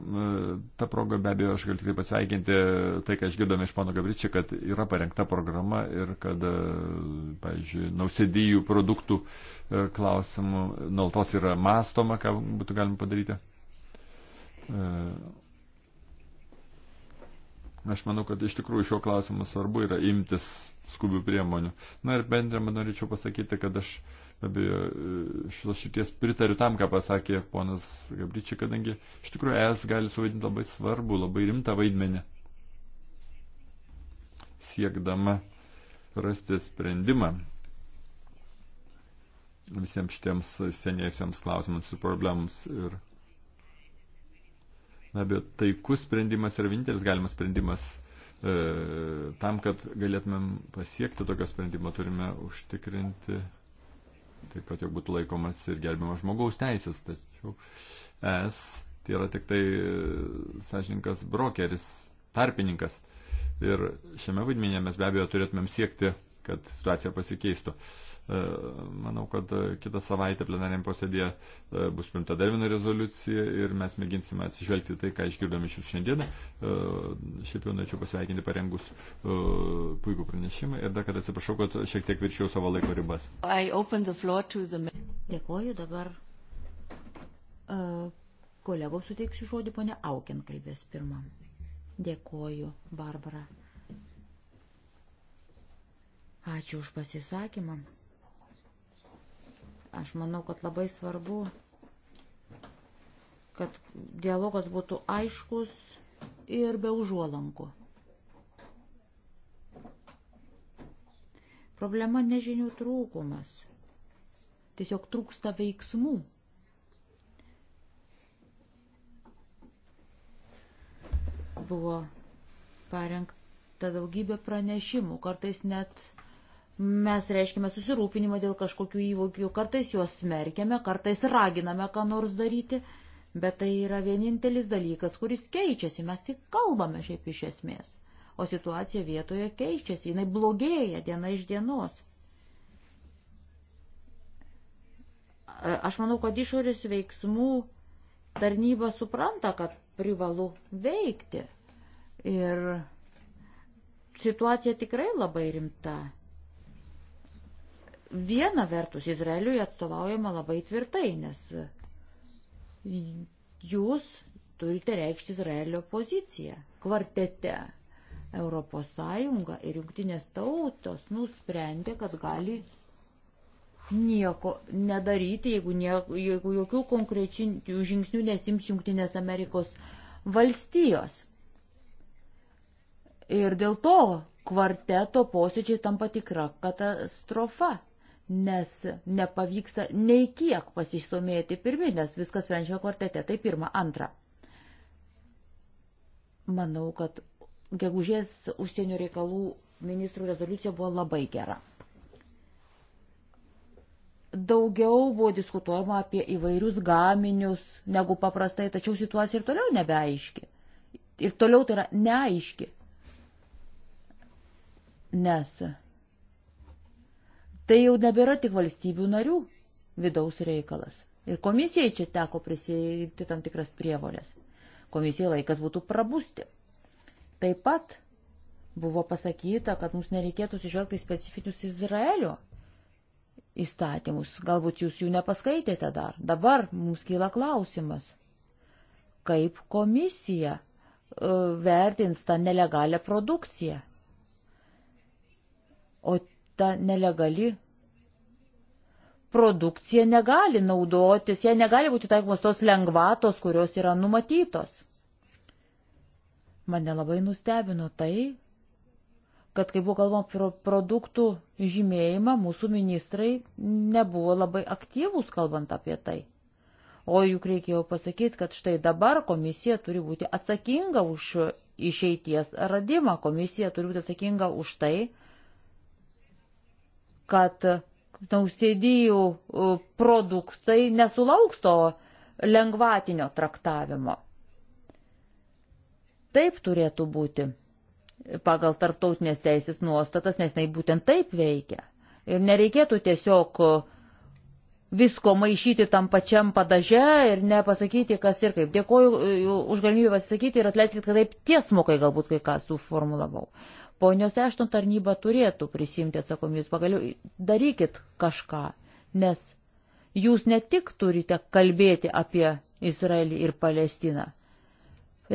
S3: ta proga be abejo aš galiu tik pasveikinti tai, ką išgirdome iš pono Gabričio, kad yra parengta programa ir kad, e, pavyzdžiui, nausėdijų produktų e, klausimų nuolatos yra mastoma, ką būtų galima padaryti. Aš manau, kad iš tikrųjų šio klausimu svarbu yra imtis skubių priemonių. Na ir bendrėm norėčiau pasakyti, kad aš uh, Be abejo, šios šities pritariu tam, ką pasakė ponas Gabričiai, kadangi iš tikrųjų ES gali suvaidinti labai svarbu, labai rimtą vaidmenį siekdama rasti sprendimą visiems šitiems senėjusiems klausimams ir problemams. Ir be abejo, taikus sprendimas yra vienintelis galimas sprendimas. E, tam, kad galėtumėm pasiekti tokio sprendimo, turime užtikrinti taip pat jau būtų laikomas ir gerbiamas žmogaus teisės, tačiau es tai yra tik tai e, sąžininkas brokeris, tarpininkas. Ir šiame vaidmenyje mes be abejo turėtumėm siekti, kad situacija pasikeistų. Uh, E, manau, kad e, kitą savaitę plenarėm posėdėje e, bus primta dar viena rezoliucija ir mes mėginsime atsižvelgti tai, ką išgirdome iš jūsų šiandieną. Šiaip jau norėčiau pasveikinti parengus puikų pranešimą ir dar kartą atsiprašau, kad šiek tiek viršiau savo laiko ribas.
S1: The... Dėkuoju dabar. Uh, kolegos suteiksiu žodį, ponia Aukin kalbės pirmą. Dėkoju, Barbara. Ačiū už pasisakymą. Aš manau, kad labai svarbu, kad dialogas būtų aiškus ir be užuolankų. Problema nežinių trūkumas. Tiesiog trūksta veiksmų. Buvo parengta daugybė pranešimų, kartais net Mes reiškime susirūpinimą dėl kažkokių įvokių, kartais juos smerkiame, kartais raginame ką nors daryti, bet tai yra vienintelis dalykas, kuris keičiasi, mes tik kalbame šiaip iš esmės, o situacija vietoje keičiasi, jinai blogėja diena iš dienos. Aš manau, kad išorės veiksmų tarnyba supranta, kad privalu veikti. Ir situacija tikrai labai rimta. Viena vertus, Izraeliui atstovaujama labai tvirtai, nes jūs turite reikšti Izraelio poziciją kvartete. Europos Sąjunga ir jungtinės tautos nusprendė, kad gali nieko nedaryti, jeigu, nie, jeigu jokių konkrečių žingsnių nesims Junktinės Amerikos valstijos. Ir dėl to kvarteto posėdžiai tampa tikra katastrofa nes nepavyksta nei kiek pasistumėti pirmin, nes viskas sprendžiama kvartete. Tai pirma. Antra. Manau, kad gegužės užsienio reikalų ministrų rezoliucija buvo labai gera. Daugiau buvo diskutuojama apie įvairius gaminius negu paprastai, tačiau situacija ir toliau nebeaiški. Ir toliau tai yra neaiški. Nes Tai jau nebėra tik valstybių narių vidaus reikalas. Ir komisijai čia teko prisijimti tam tikras prievolės. Komisijai laikas būtų prabusti. Taip pat buvo pasakyta, kad mums nereikėtų sižvelgti specifinius Izraelio įstatymus. Galbūt jūs jų nepaskaitėte dar. Dabar mums kyla klausimas, kaip komisija uh, vertins tą nelegalią produkciją. O ta nelegali produkcija negali naudotis, jie negali būti taikomos tos lengvatos, kurios yra numatytos. Mane labai nustebino tai, kad kai buvo kalbama pro produktų žymėjimą, mūsų ministrai nebuvo labai aktyvūs kalbant apie tai. O juk reikėjo pasakyti, kad štai dabar komisija turi būti atsakinga už išeities radimą, komisija turi būti atsakinga už tai, kad nausėdijų e, produktai nesulauks to lengvatinio traktavimo. Taip turėtų būti pagal tarptautinės teisės nuostatas, nes tai būtent taip veikia. Ir nereikėtų tiesiog visko maišyti tam pačiam padaže ir nepasakyti, kas ir kaip. Dėkoju e, už galimybę pasakyti ir atleiskit, kad taip tiesmukai galbūt kai ką suformulavau. Ponios Ešton tarnyba turėtų prisimti atsakomybės. Pagaliau darykit kažką, nes jūs ne tik turite kalbėti apie Izraelį ir Palestiną.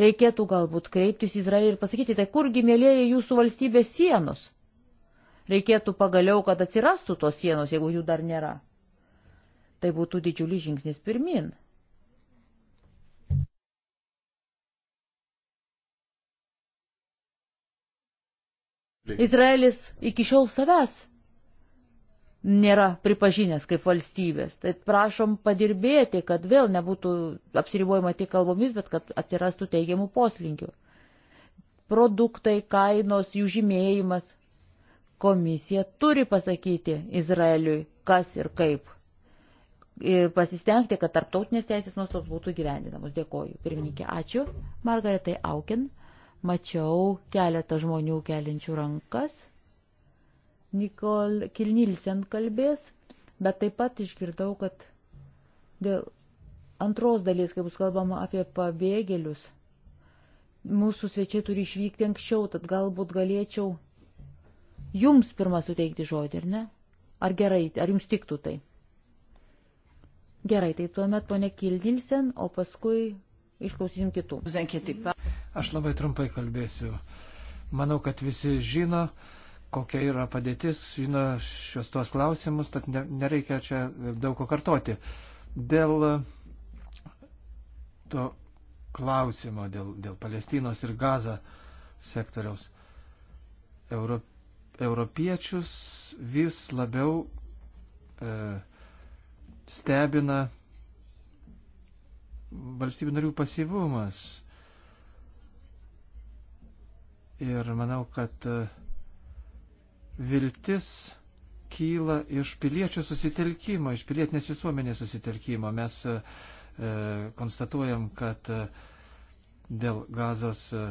S1: Reikėtų galbūt kreiptis į Izraelį ir pasakyti, tai kurgi mėlėjai jūsų valstybės sienos? Reikėtų pagaliau, kad atsirastų tos sienos, jeigu jų dar nėra. Tai būtų didžiulis žingsnis pirmin. Izraelis iki šiol savęs nėra pripažinęs kaip valstybės. Tai prašom padirbėti, kad vėl nebūtų apsiribojama tik kalbomis, bet kad atsirastų teigiamų poslinkių. Produktai, kainos, jų žymėjimas. Komisija turi pasakyti Izraeliui, kas ir kaip. Ir pasistengti, kad tarptautinės teisės nuostatos būtų gyvendinamos. Dėkoju. Pirmininkė, ačiū. Margaretai Aukin. Mačiau keletą žmonių keliančių rankas. Nikol Kilnilsen kalbės, bet taip pat išgirdau, kad dėl antros dalies, kai bus kalbama apie pabėgėlius, mūsų svečiai turi išvykti anksčiau, tad galbūt galėčiau jums pirmą suteikti žodį, ar ne? Ar gerai, ar jums tiktų tai? Gerai, tai tuomet ponė Kildilsen, o paskui išklausysim kitų.
S2: Aš labai trumpai kalbėsiu. Manau, kad visi žino, kokia yra padėtis, žino šios tuos klausimus, tad ne, nereikia čia daug ko kartoti. Dėl to klausimo, dėl, dėl Palestinos ir Gaza sektoriaus, Euro, europiečius vis labiau e, stebina valstybių narių pasivumas. Ir manau, kad e, viltis kyla iš piliečių susitelkimo, iš pilietinės visuomenės susitelkimo. Mes e, e konstatuojam, kad e, dėl gazos e,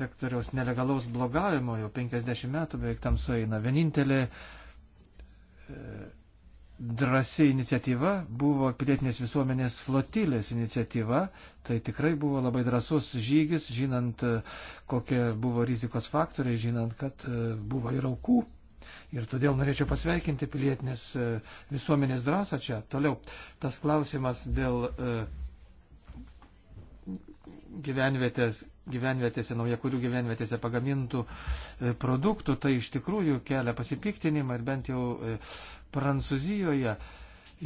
S2: sektoriaus nelegalaus blogavimo jau 50 metų beveik tam sueina. Vienintelė e, drąsi iniciatyva buvo pilietinės visuomenės flotilės iniciatyva. Tai tikrai buvo labai drąsus žygis, žinant, e, kokie buvo rizikos faktoriai, žinant, kad e, buvo ir aukų. Ir todėl norėčiau pasveikinti pilietinės e, visuomenės drąsą čia. Toliau, tas klausimas dėl gyvenvietės gyvenvietėse, naujakurių gyvenvietėse pagamintų produktų, tai iš tikrųjų kelia pasipiktinimą ir bent jau Prancūzijoje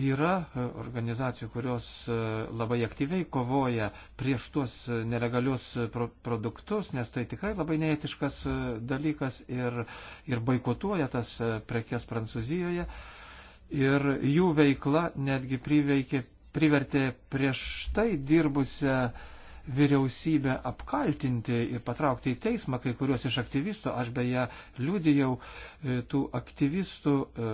S2: yra e, organizacijų, kurios e, labai aktyviai kovoja prieš tuos e, nelegalius pro produktus, nes tai tikrai labai neetiškas dalykas ir, ir boikotuoja tas prekes Prancūzijoje. Ir jų veikla netgi priveikė, privertė prieš tai dirbusią uh, vyriausybę apkaltinti ir patraukti į teismą kai kuriuos iš aktyvistų. Aš beje liūdėjau e, tų aktyvistų e,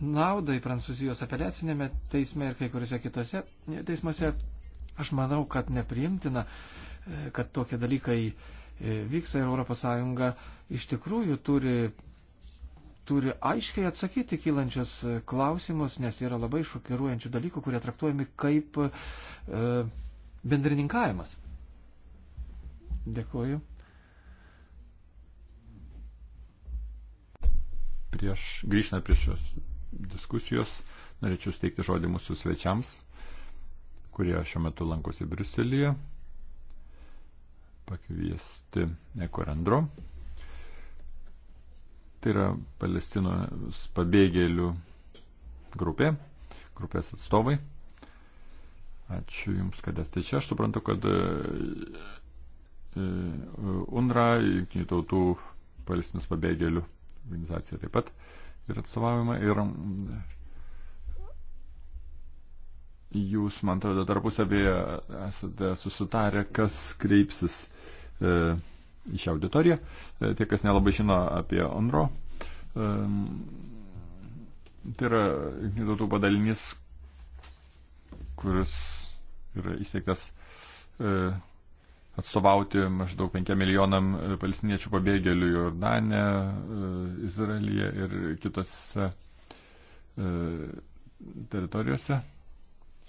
S2: naudai Prancūzijos apeliacinėme teisme ir kai kuriuose kitose teismuose. Aš manau, kad nepriimtina, e, kad tokie dalykai vyksta ir ES iš tikrųjų turi turi aiškiai atsakyti kylančius klausimus, nes yra labai šokiruojančių dalykų, kurie traktuojami kaip e, bendrininkavimas. Dėkuoju.
S3: Prieš grįžtant prie šios diskusijos, norėčiau steigti žodį mūsų svečiams, kurie šiuo metu lankosi Bruselėje, pakviesti Ekorendro. Tai yra Palestinos pabėgėlių grupė, grupės atstovai. Ačiū Jums, kad esate čia. Aš suprantu, kad e, e, UNRA, Junktinių tautų palestinos pabėgėlių organizacija taip pat yra atstovaujama. Ir mm, Jūs, man atrodo, tarpusavėje esate susitarę, kas kreipsis e, į šią auditoriją. Tie, kas nelabai žino apie UNRO. Tai yra Junktinių tautų padalinys, kuris yra įsteigtas e, atstovauti maždaug 5 milijonam e, palestiniečių pabėgėlių Jordanė, e, Izraelyje ir kitose teritorijose,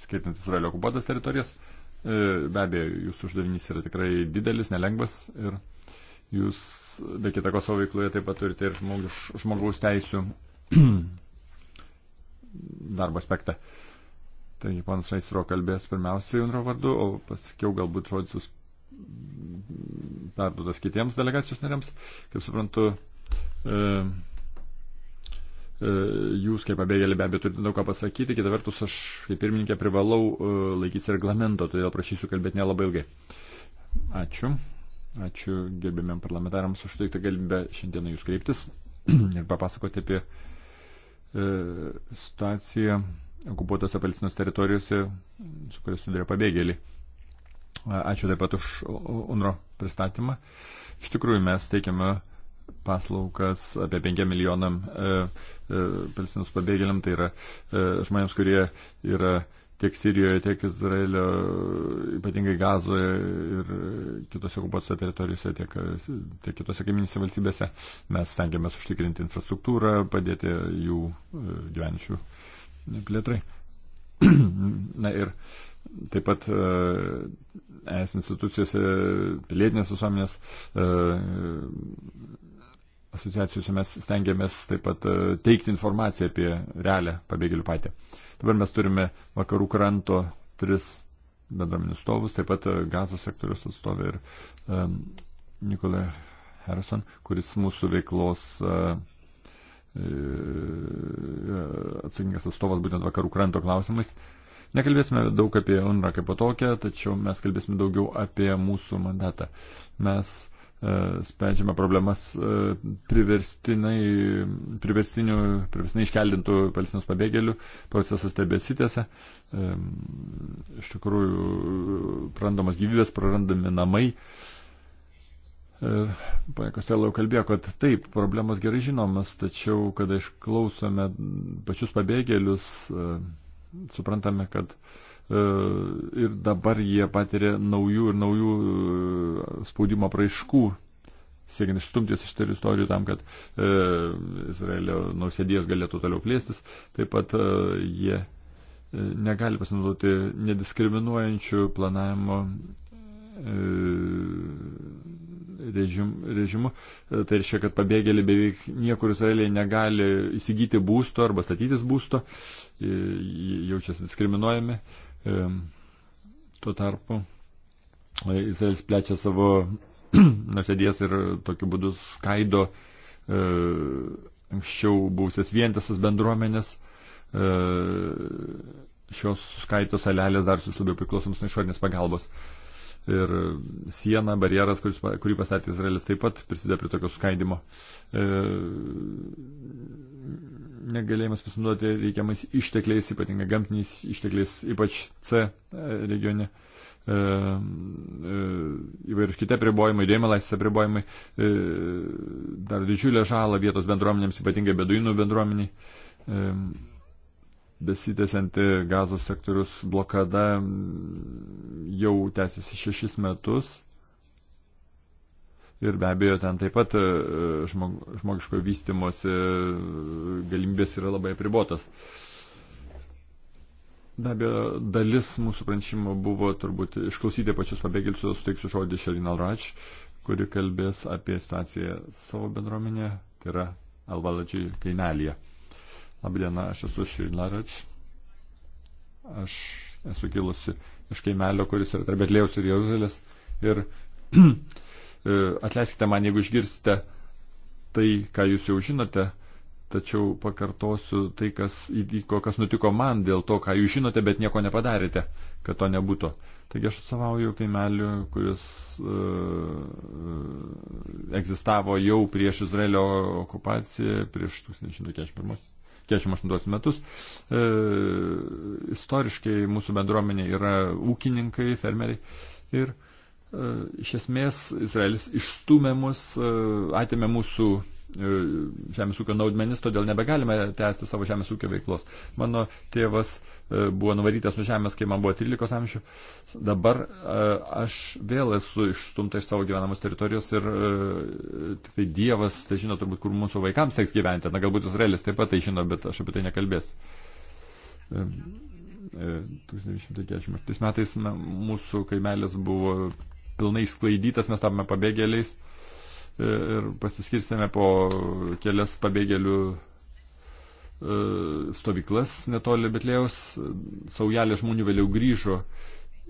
S3: skaitant Izraelio okupuotas teritorijas. Be abejo, jūsų uždavinys yra tikrai didelis, nelengvas ir jūs be kitako savo veikloje taip pat turite ir žmogus, žmogaus teisų darbo aspektą. Uh, Taigi, panas Raisro kalbės pirmiausiai Junro vardu, o paskiau galbūt žodis bus perduotas kitiems delegacijos nariams. Kaip suprantu, e, e, jūs kaip pabėgėlį be abejo turite daug ką pasakyti, kita vertus aš kaip pirmininkė privalau e, laikytis reglamento, todėl prašysiu kalbėti nelabai ilgai. Ačiū. Ačiū gerbėmiam parlamentarams už tai, kad galimybę šiandieną jūs kreiptis ir papasakoti apie e, situaciją okupuotose Palestinos teritorijose, su kuriais sudarė pabėgėliai. Ačiū taip pat už UNRO pristatymą. Iš tikrųjų, mes teikiame paslaugas apie 5 milijonam e, e, palestinos pabėgėliam, tai yra e, žmonėms, kurie yra tiek Sirijoje, tiek Izraelio, ypatingai Gazoje ir kitose okupuotose teritorijose, tiek, tiek kitose kaiminėse valstybėse. Mes stengiamės užtikrinti infrastruktūrą, padėti jų e, gyvenčių plėtrai. Na ir taip pat e, es institucijose, pilietinės visuomenės e, asociacijose mes stengiamės taip pat e, teikti informaciją apie realią pabėgėlių patį. Dabar mes turime vakarų kranto tris bendraminius stovus, taip pat gazos sektorius atstovė ir um, Nikolai Harrison, kuris mūsų veiklos uh, E, e, atsakingas atstovas būtent vakarų kranto klausimais. Nekalbėsime daug apie UNRWA kaip tokią, tačiau mes kalbėsime daugiau apie mūsų mandatą. Mes e, sprendžiame problemas priverstinai, priverstinių, priverstinai iškeldintų palestinos pabėgėlių, procesas tebesitėse, iš tikrųjų prarandamas gyvybės, prarandami namai. E, Pane Kostelau kalbėjo, kad taip, problemos gerai žinomas, tačiau, kada išklausome pačius pabėgėlius, e, suprantame, kad e, ir dabar jie patiria naujų ir naujų spaudimo praaiškų, siekiant išstumtis iš teritorijų tam, kad Izraelio nausėdijos galėtų toliau plėstis. Taip pat jie negali pasinaudoti nediskriminuojančių planavimo režim, režimu. E, tai reiškia, kad pabėgėliai beveik niekur Izraelėje negali įsigyti būsto arba statytis būsto, e, jaučiasi diskriminuojami. E, tuo tarpu Izraelis plečia savo nusėdės ir tokiu būdu skaido anksčiau buvusias vientisas bendruomenės šios skaitos alelės dar sus labiau priklausomus nuo išorinės pagalbos. E, ir siena, barjeras, kuris, kurį pastatė Izraelis, taip pat prisideda prie tokio skaidimo. E, negalėjimas pasinaudoti reikiamais ištekliais, ypatingai gamtiniais ištekliais, ypač C e, regione. E, e, įvairius kiti apribojimai, judėjimo laisvės apribojimai e, dar didžiulę žalą vietos bendruomenėms, ypatingai beduinų bendruomeniai. E, besitėsianti gazos sektorius blokada jau tęsiasi šešis metus. Ir be abejo, ten taip pat e, žmog, žmogiško vystimosi e, galimybės yra labai apribotos. Be abejo, dalis mūsų pranešimų buvo turbūt išklausyti pačius pabėgėlius, suteiksiu žodį Šelina Rač, kuri kalbės apie situaciją savo bendruomenėje, tai yra Alvaladžiai kaimelėje. Labdiena, aš esu Šilnarač. Aš esu kilusi iš kaimelio, kuris yra tarp Betlėjaus ir Jeruzalės. Ir e, atleiskite man, jeigu išgirsite tai, ką jūs jau žinote, tačiau pakartosiu tai, kas įvyko, kas nutiko man dėl to, ką jūs žinote, bet nieko nepadarėte, kad to nebūtų. Taigi aš atstovauju kaimeliu, kuris uh, egzistavo jau prieš Izraelio okupaciją, prieš 1941 48 metus. E, istoriškai mūsų bendruomenė yra ūkininkai, fermeriai. Ir e, iš esmės Izraelis išstumė mus, e, atėmė mūsų E, žemės ūkio naudmenis, todėl nebegalime tęsti savo žemės ūkio veiklos. Mano tėvas e, buvo nuvarytas nuo žemės, kai man buvo 13 amžių. Dabar e, aš vėl esu išstumta iš savo gyvenamos teritorijos ir tik tai Dievas, tai žino turbūt, kur mūsų vaikams teks gyventi. Na, galbūt Izraelis taip pat tai žino, bet aš apie tai nekalbėsiu. 1948 metais mūsų kaimelis buvo pilnai sklaidytas, mes tapome pabėgėliais ir pasiskirstėme po kelias pabėgėlių e, stovyklas netoli Betlėjaus. Saujelė žmonių vėliau grįžo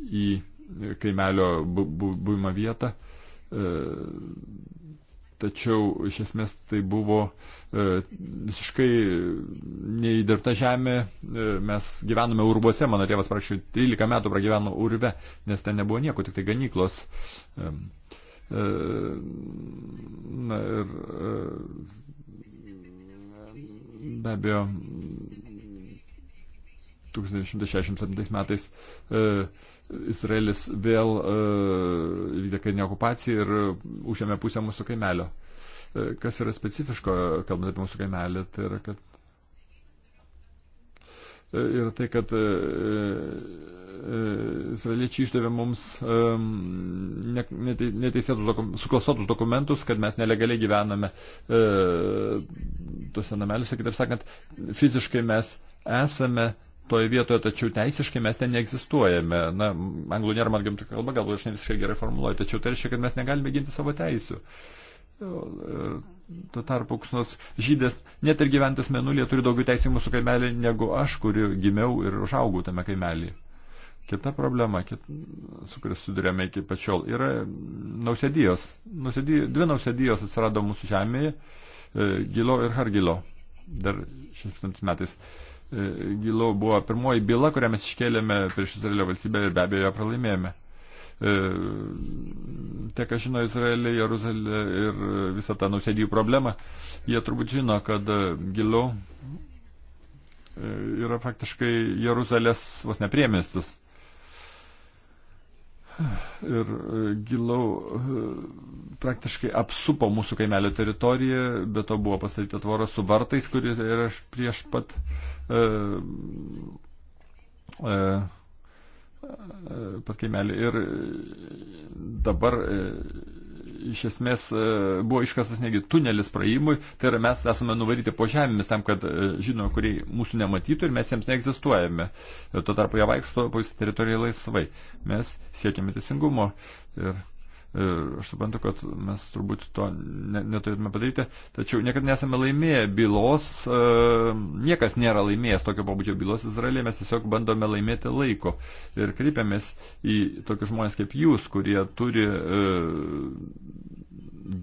S3: į kaimelio buvimą vietą. E, tačiau iš esmės tai buvo e, visiškai neįdirbta žemė, e, mes gyvenome urbuose, mano tėvas praktiškai 13 metų pragyveno urve, nes ten nebuvo nieko, tik tai ganyklos. E, E, na ir e, be abejo, 1967 metais e, Izraelis vėl įvykdė karinę okupaciją ir užėmė pusę mūsų kaimelio. Kas yra specifiško, kalbant apie mūsų kaimelį, tai yra, kad E, yra tai, kad e, e, izraeliečiai išdavė mums neteisėtus, suklastotus dokumentus, kad mes nelegaliai gyvename tuose nameliuose. Kitaip sakant, fiziškai mes esame toje vietoje, tačiau teisiškai mes ten neegzistuojame. Na, anglų nėra man gimtų kalba, galbūt aš ne visiškai gerai formuluoju, tačiau tai reiškia, kad mes negalime ginti savo teisų. Uh, Tuo tarpu koks nors žydas, net ir gyventas menulėje, turi daugiau teisė mūsų kaimelį negu aš, kuri gimiau ir užaugau tame kaimelį. Kita problema, kit, su kuria sudurėme iki pačiol, yra nausėdijos. Nausėdijos dvi nausėdijos atsirado mūsų žemėje e, - Gilo ir Hargilo. Dar 600 metais. E, Gilo buvo pirmoji byla, kurią mes iškėlėme prieš Izraelio valstybę ir be abejo ją pralaimėjome. E, tiek aš žinau Izraelį, Jeruzalę ir visą tą nusėdijų problemą, jie turbūt žino, kad e, giliau e, yra faktiškai Jeruzalės vos nepriemestis. Ir gilau praktiškai apsupo mūsų kaimelio teritoriją, bet to buvo pastatyta tvora su vartais, kuris yra prieš pat e, e, pas kaimelį. Ir dabar e, iš esmės e, buvo iškastas negi tunelis praėjimui, tai yra mes esame nuvaryti po žemėmis tam, kad e, žino, kurie mūsų nematytų ir mes jiems neegzistuojame. Tuo tarpu jie vaikšto po visą teritoriją laisvai. Mes siekiame teisingumo ir Aš suprantu, kad mes turbūt to neturėtume padaryti, tačiau niekada nesame laimėję bylos, e, niekas nėra laimėjęs tokio pabudžio bylos Izraelėje, mes tiesiog bandome laimėti laiko ir kreipiamės į tokius žmonės kaip jūs, kurie turi e,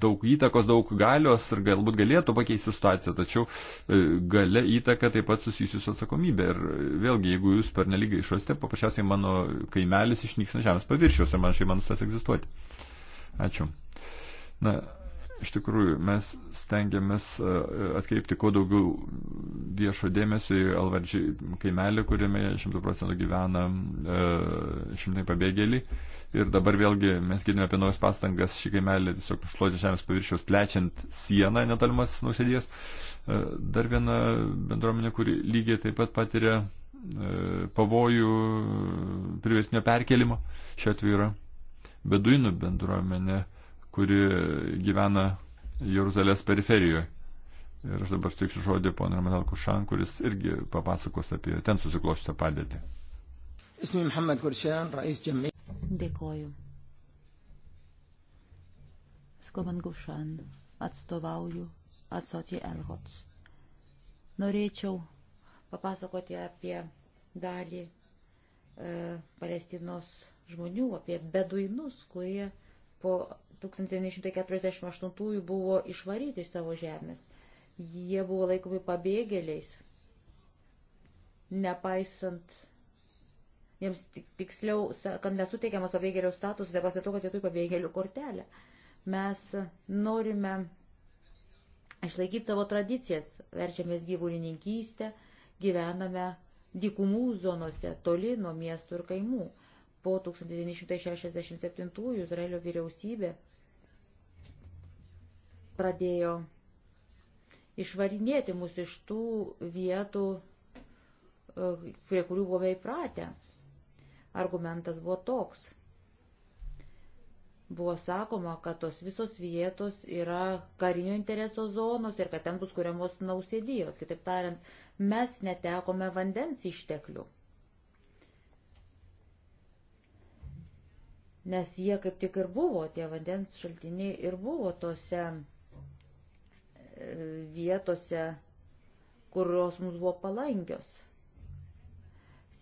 S3: daug įtakos, daug galios ir galbūt galėtų pakeisti situaciją, tačiau e, gale įtaka taip pat susijusi su atsakomybė. Ir vėlgi, jeigu jūs per neligą išrasite, paprasčiausiai mano kaimelis išnyks nuo žemės paviršiaus ir man šeima nustos egzistuoti. Ačiū. Na, iš tikrųjų, mes stengiamės e, atkreipti kuo daugiau viešo dėmesio į Alvardžį kaimelį, kuriame 100 procentų gyvena e, šimtai pabėgėliai. Ir dabar vėlgi mes girdime apie naujas pastangas šį kaimelį tiesiog užkloti žemės paviršiaus, plečiant sieną netolimas nusėdės. E, dar viena bendruomenė, kuri lygiai taip pat patiria pavojų priversnio perkelimo, šiuo atveju yra beduinų bendruomenė, kuri gyvena Jeruzalės periferijoje. Ir aš dabar suteiksiu žodį ponui Ramanal Kušan, kuris irgi papasakos apie ten susiklošę padėtį.
S1: Dėkoju. Skoman Gušan, atstovauju asocijai Elhots. Norėčiau papasakoti apie dalį e, Palestinos žmonių, apie beduinus, kurie po 1948 buvo išvaryti iš savo žemės. Jie buvo laikomi pabėgėliais, nepaisant, jiems tiksliau, kad nesuteikiamas pabėgėlio status, nepaisant to, kad jie turi pabėgėlių kortelę. Mes norime išlaikyti savo tradicijas, verčiamės gyvulininkystę, gyvename dykumų zonose, toli nuo miestų ir kaimų. Po 1967 Izraelio vyriausybė pradėjo išvarinėti mus iš tų vietų, e, prie kurių buvome įpratę. Argumentas buvo toks. Buvo sakoma, kad tos visos vietos yra karinio intereso zonos ir kad ten bus kuriamos nausėdijos. Kitaip tariant, mes netekome vandens išteklių. nes jie kaip tik ir buvo, tie vandens šaltiniai ir buvo tose e, vietose, kurios mums buvo palankios.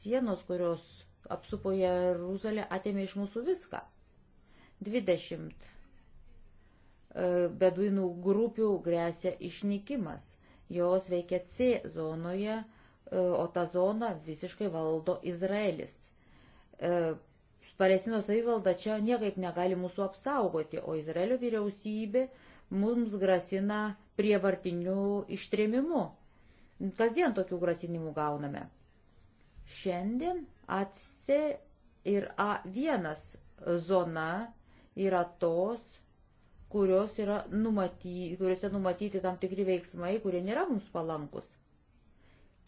S1: Sienos, kurios apsupo Jeruzalę, atėmė iš mūsų viską. 20 e, beduinų grupių grėsia išnykimas. Jos veikia C zonoje, e, o tą zoną visiškai valdo Izraelis Palestinos savivalda čia niekaip negali mūsų apsaugoti, o Izraelio vyriausybė mums grasina prievartiniu ištrėmimu. Kasdien tokių grasinimų gauname. Šiandien AC ir A1 zona yra tos, kurios yra numaty, kuriuose numatyti tam tikri veiksmai, kurie nėra mums palankus.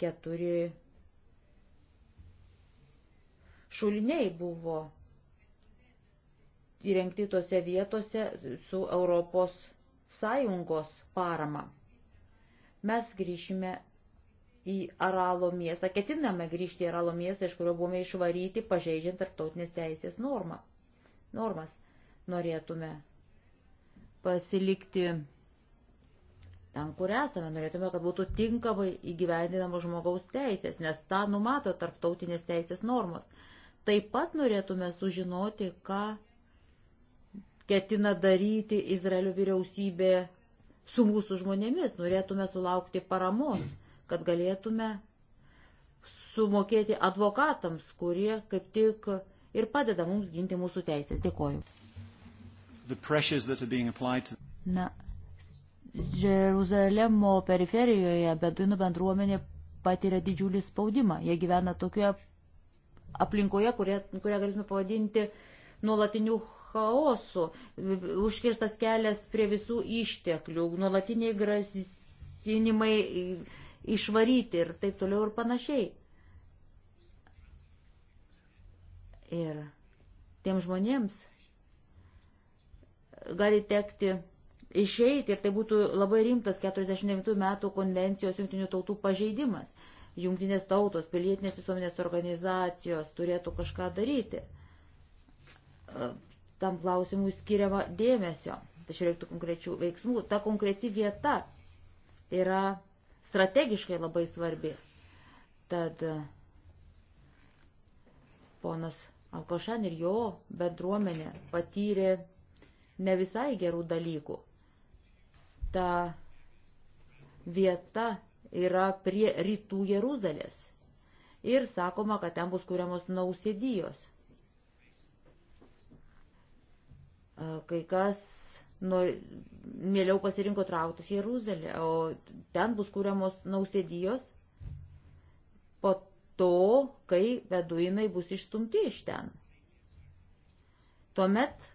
S1: Keturi šuliniai buvo įrengti tose vietose su Europos Sąjungos parama. Mes grįšime į Aralo miestą, ketiname grįžti į Aralo miestą, iš kurio buvome išvaryti, pažeidžiant tarptautinės teisės normą. normas. Norėtume pasilikti ten, kur esame, norėtume, kad būtų tinkamai įgyvendinamos žmogaus teisės, nes tą numato tarptautinės teisės normos. Taip pat norėtume sužinoti, ką ketina daryti Izraelio vyriausybė su mūsų žmonėmis. Norėtume sulaukti paramos, kad galėtume sumokėti advokatams, kurie kaip tik ir padeda mums ginti mūsų teisės. Dėkoju. Na, Jeruzalemo periferijoje beduinų bendruomenė patiria didžiulį spaudimą. Jie gyvena tokioje aplinkoje, kurią, kurią galime pavadinti nuolatiniu chaosu, užkirstas kelias prie visų išteklių, nuolatiniai grasinimai išvaryti ir taip toliau ir panašiai. Ir tiem žmonėms gali tekti išeiti ir tai būtų labai rimtas 49 metų konvencijos jungtinių tautų pažeidimas. Jungtinės tautos, pilietinės visuomenės organizacijos turėtų kažką daryti tam klausimui skiriama dėmesio. Tačiau reiktų konkrečių veiksmų. Ta konkreti vieta yra strategiškai labai svarbi. Tad ponas Alkošan ir jo bendruomenė patyrė ne visai gerų dalykų. Ta vieta yra prie rytų Jeruzalės. Ir sakoma, kad ten bus kuriamos nausėdijos. Kai kas nu, mėliau pasirinko trauktis į Jeruzalę, o ten bus kūriamos nausėdijos po to, kai beduinai bus išstumti iš ten. Tuomet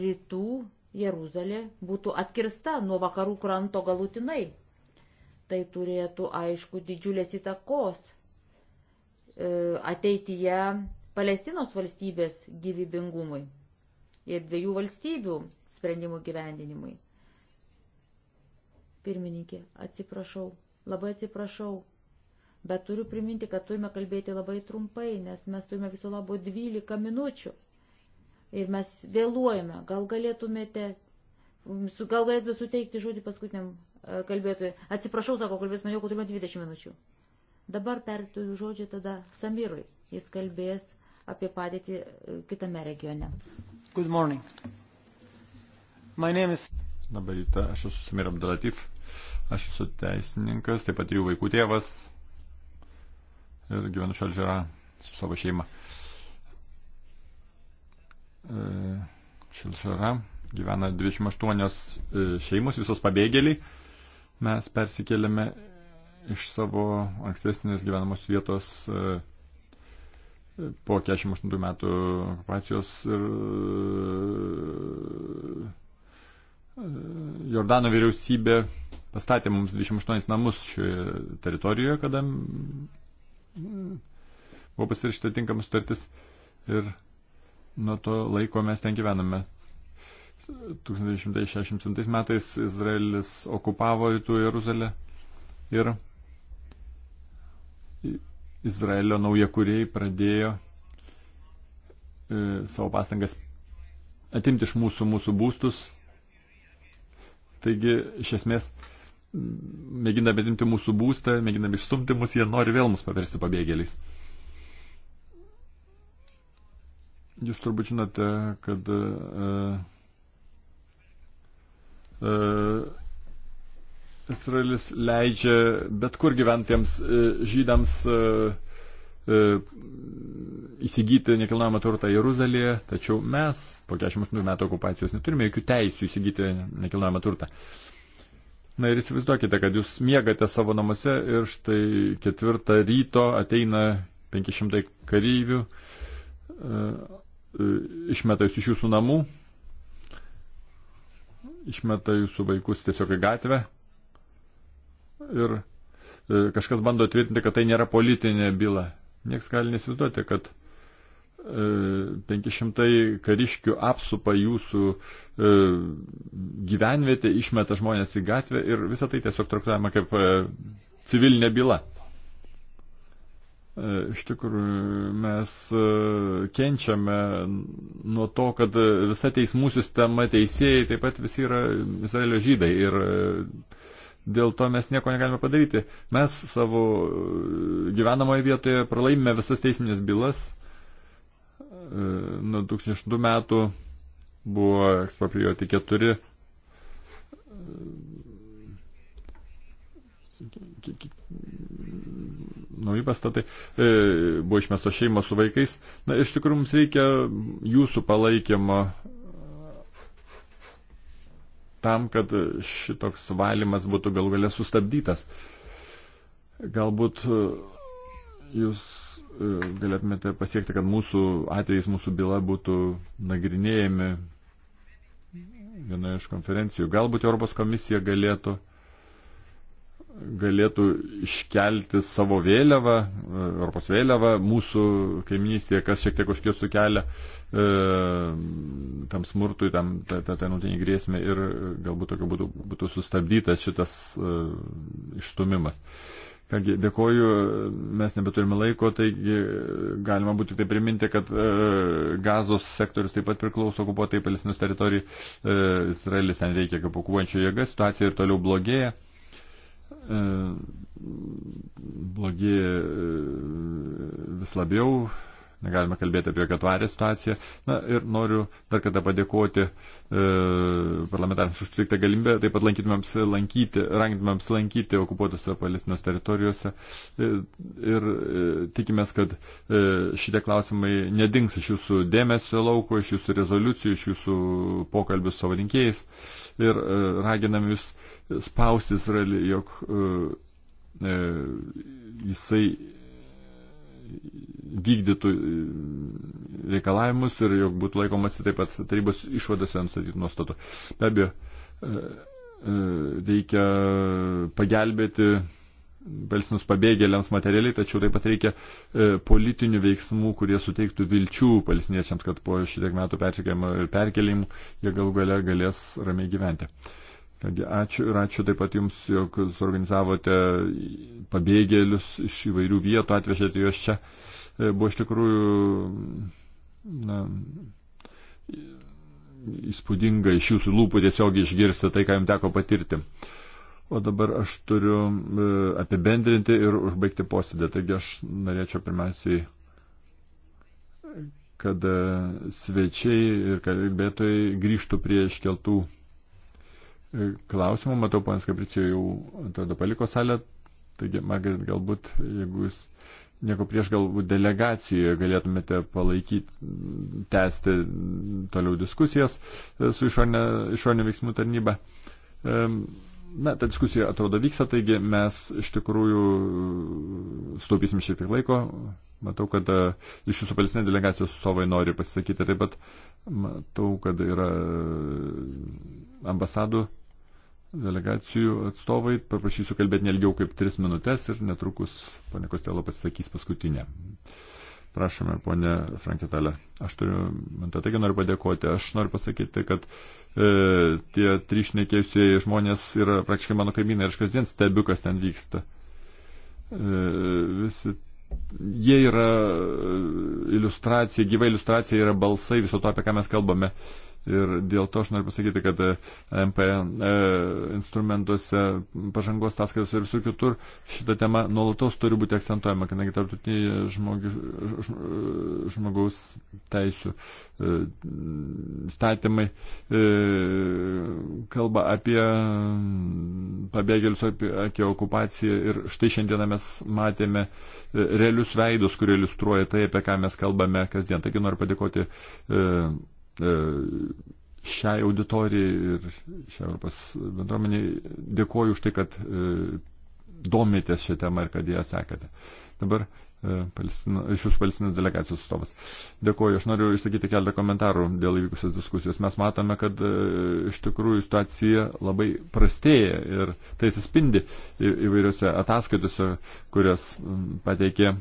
S1: rytų Jeruzalė būtų atkirsta nuo vakarų kranto galutinai. Tai turėtų, aišku, didžiulės įtakos e, ateityje Palestinos valstybės gyvybingumui ir dviejų valstybių sprendimų gyvendinimui. Pirmininkė, atsiprašau, labai atsiprašau, bet turiu priminti, kad turime kalbėti labai trumpai, nes mes turime viso labo 12 minučių ir mes vėluojame. Gal galėtumėte, gal galėtume suteikti žodį paskutiniam e, kalbėtojui. Atsiprašau, sako kalbės, maniau, kad turime 20 minučių. Dabar pertuju žodžią tada Samirui. Jis kalbės apie padėtį e, kitame regione. Good morning.
S3: My name is... Labai ryta, aš esu Samir Abdulatif, aš esu teisininkas, taip pat jų vaikų tėvas ir gyvenu Šalžera su savo šeima. E, Šalžera gyvena 28 e, šeimos, visos pabėgėliai. Mes persikėlėme iš savo ankstesnės gyvenamos vietos e, po 48 metų okupacijos ir e, Jordano vyriausybė pastatė mums 28 namus šioje teritorijoje, kada mm, buvo pasirašyta tinkamas sutartis ir nuo to laiko mes ten gyvename. 1967 metais Izraelis okupavo rytų Jeruzalę ir Izraelio naujakuriai pradėjo e, savo pastangas atimti iš mūsų mūsų būstus. Taigi, iš esmės, mėgindami atimti mūsų būstą, mėgindami išstumti mus, jie nori vėl mus paversti pabėgėliais. Jūs turbūt žinote, kad e, e, Izraelis leidžia bet kur gyventiems e, žydams e, e, įsigyti nekilnojamą turtą Jeruzalėje, tačiau mes po 48 metų okupacijos neturime jokių teisių įsigyti nekilnojamą turtą. Na ir įsivaizduokite, kad jūs miegate savo namuose ir štai ketvirtą ryto ateina 500 karyvių, išmeta jūs iš jūsų namų, išmeta jūsų vaikus tiesiog į gatvę ir e, kažkas bando tvirtinti, kad tai nėra politinė byla. Niekas gali nesivaizduoti, kad 500 e, kariškių apsupa jūsų e, gyvenvietę, išmeta žmonės į gatvę ir visą tai tiesiog traktuojama kaip civilinė byla. Iš tikrųjų, mes kenčiame nuo to, kad visa teismų sistema, teisėjai, taip pat visi yra Izraelio žydai. Ir dėl to mes nieko negalime padaryti. Mes savo e, gyvenamoje vietoje pralaimime visas teisinės bylas. E, nuo 2002 metų buvo ekspropriuoti keturi e, nauji pastatai, buvo išmestos šeimos su vaikais. Na, iš tikrųjų, mums reikia jūsų palaikymo, tam, kad šitoks valymas būtų gal galia sustabdytas. Galbūt e, jūs e, galėtumėte pasiekti, kad mūsų atvejais, mūsų byla būtų nagrinėjami vienoje iš konferencijų. Galbūt Europos komisija galėtų uh, galėtų iškelti savo vėliavą, e, Europos vėliavą mūsų kaiminystėje, kas šiek tiek užkirstų kelią e, tam smurtui, tam tą ta, ta, nutinį grėsmę ir galbūt tokiu būtų, būtų sustabdytas šitas e, išstumimas. Kągi, dėkoju, mes nebeturime laiko, taigi galima būtų tik tai priminti, kad e, gazos sektorius taip pat priklauso okupuotai palestinos teritorijai, e, Izraelis ten veikia kaip okupuojančio jėga, situacija ir toliau blogėja. E, blogėja e, vis labiau, negalime kalbėti apie jokią tvarę situaciją. Na ir noriu dar kartą padėkoti e, parlamentarams už suteiktą galimybę, taip pat lankytumėms lankyti, rankintumėms lankyti okupuotose palestinos teritorijose e, ir e, tikimės, kad e, šitie klausimai nedings iš jūsų dėmesio lauko, iš jūsų rezoliucijų, iš jūsų pokalbių su savo rinkėjais ir e, raginam jūs spausti Izraelį, jog e, e, jisai vykdytų e, reikalavimus ir jog būtų laikomasi taip pat tarybos išvadose nustatytų nuostatų. Be abejo, e, e, reikia pagelbėti belsinus pabėgėliams materialiai, tačiau taip pat reikia politinių veiksmų, kurie suteiktų vilčių palestiniečiams, kad po šitiek metų persikėjimo ir perkelėjimų jie gal gale galės ramiai gyventi. Uh, Kągi, ačiū ir ačiū taip pat Jums, jog suorganizavote pabėgėlius iš įvairių vietų, atvežėte juos čia. E, buvo iš tikrųjų na, įspūdinga iš Jūsų lūpų tiesiog išgirsti tai, ką Jums teko patirti. O dabar aš turiu e, apibendrinti ir užbaigti posėdį. Taigi aš norėčiau pirmiausiai kad e, svečiai ir kalbėtojai grįžtų prie iškeltų E, klausimų. Matau, ponas Kapričiai jau, atrodo, paliko salę. Taigi, Margaret, galbūt, jeigu jūs nieko prieš, galbūt delegacijoje galėtumėte palaikyti, tęsti toliau diskusijas e, su išorinio veiksmų tarnyba. E, na, ta diskusija atrodo vyksta, taigi mes iš tikrųjų staupysim šiek tiek laiko, Matau, kad e, iš jūsų palestinė delegacijos sovai nori pasisakyti. Taip pat matau, kad yra e, ambasadų delegacijų atstovai. Paprašysiu kalbėti nelgiau kaip 3 minutės ir netrukus ponė Kostelo pasisakys paskutinė. Prašome, ponė Franketelė. Aš turiu, man to taigi noriu padėkoti. Aš noriu pasakyti, kad e, tie trišnekėjusieji žmonės yra praktiškai mano kaimynai ir aš kasdien stebiu, kas ten vyksta. E, visi Jie yra e, iliustracija, gyva iliustracija yra balsai viso to, apie ką mes kalbame. Uh, Ir dėl to aš noriu pasakyti, kad e, MP e, instrumentuose, pažangos taskaitos ir visur kitur šita tema nuolatos turi būti akcentuojama, kadangi tarptautiniai žmogi, žmogaus teisų e, statymai kalba apie pabėgėlius, apie, apie okupaciją ir štai šiandieną mes matėme realius veidus, kurie iliustruoja tai, apie ką mes kalbame kasdien. Taigi noriu padėkoti E, šiai auditorijai ir šiai Europos bendruomeniai dėkoju už tai, kad e, domitės šią temą ir kad ją sekate. Dabar e, Palestina, iš jūsų Palestinos delegacijos atstovas. Dėkuoju, aš noriu išsakyti keletą komentarų dėl įvykusios diskusijos. Mes matome, kad iš tikrųjų situacija labai prastėja ir tai atsispindi įvairiose ataskaitose, kurias pateikė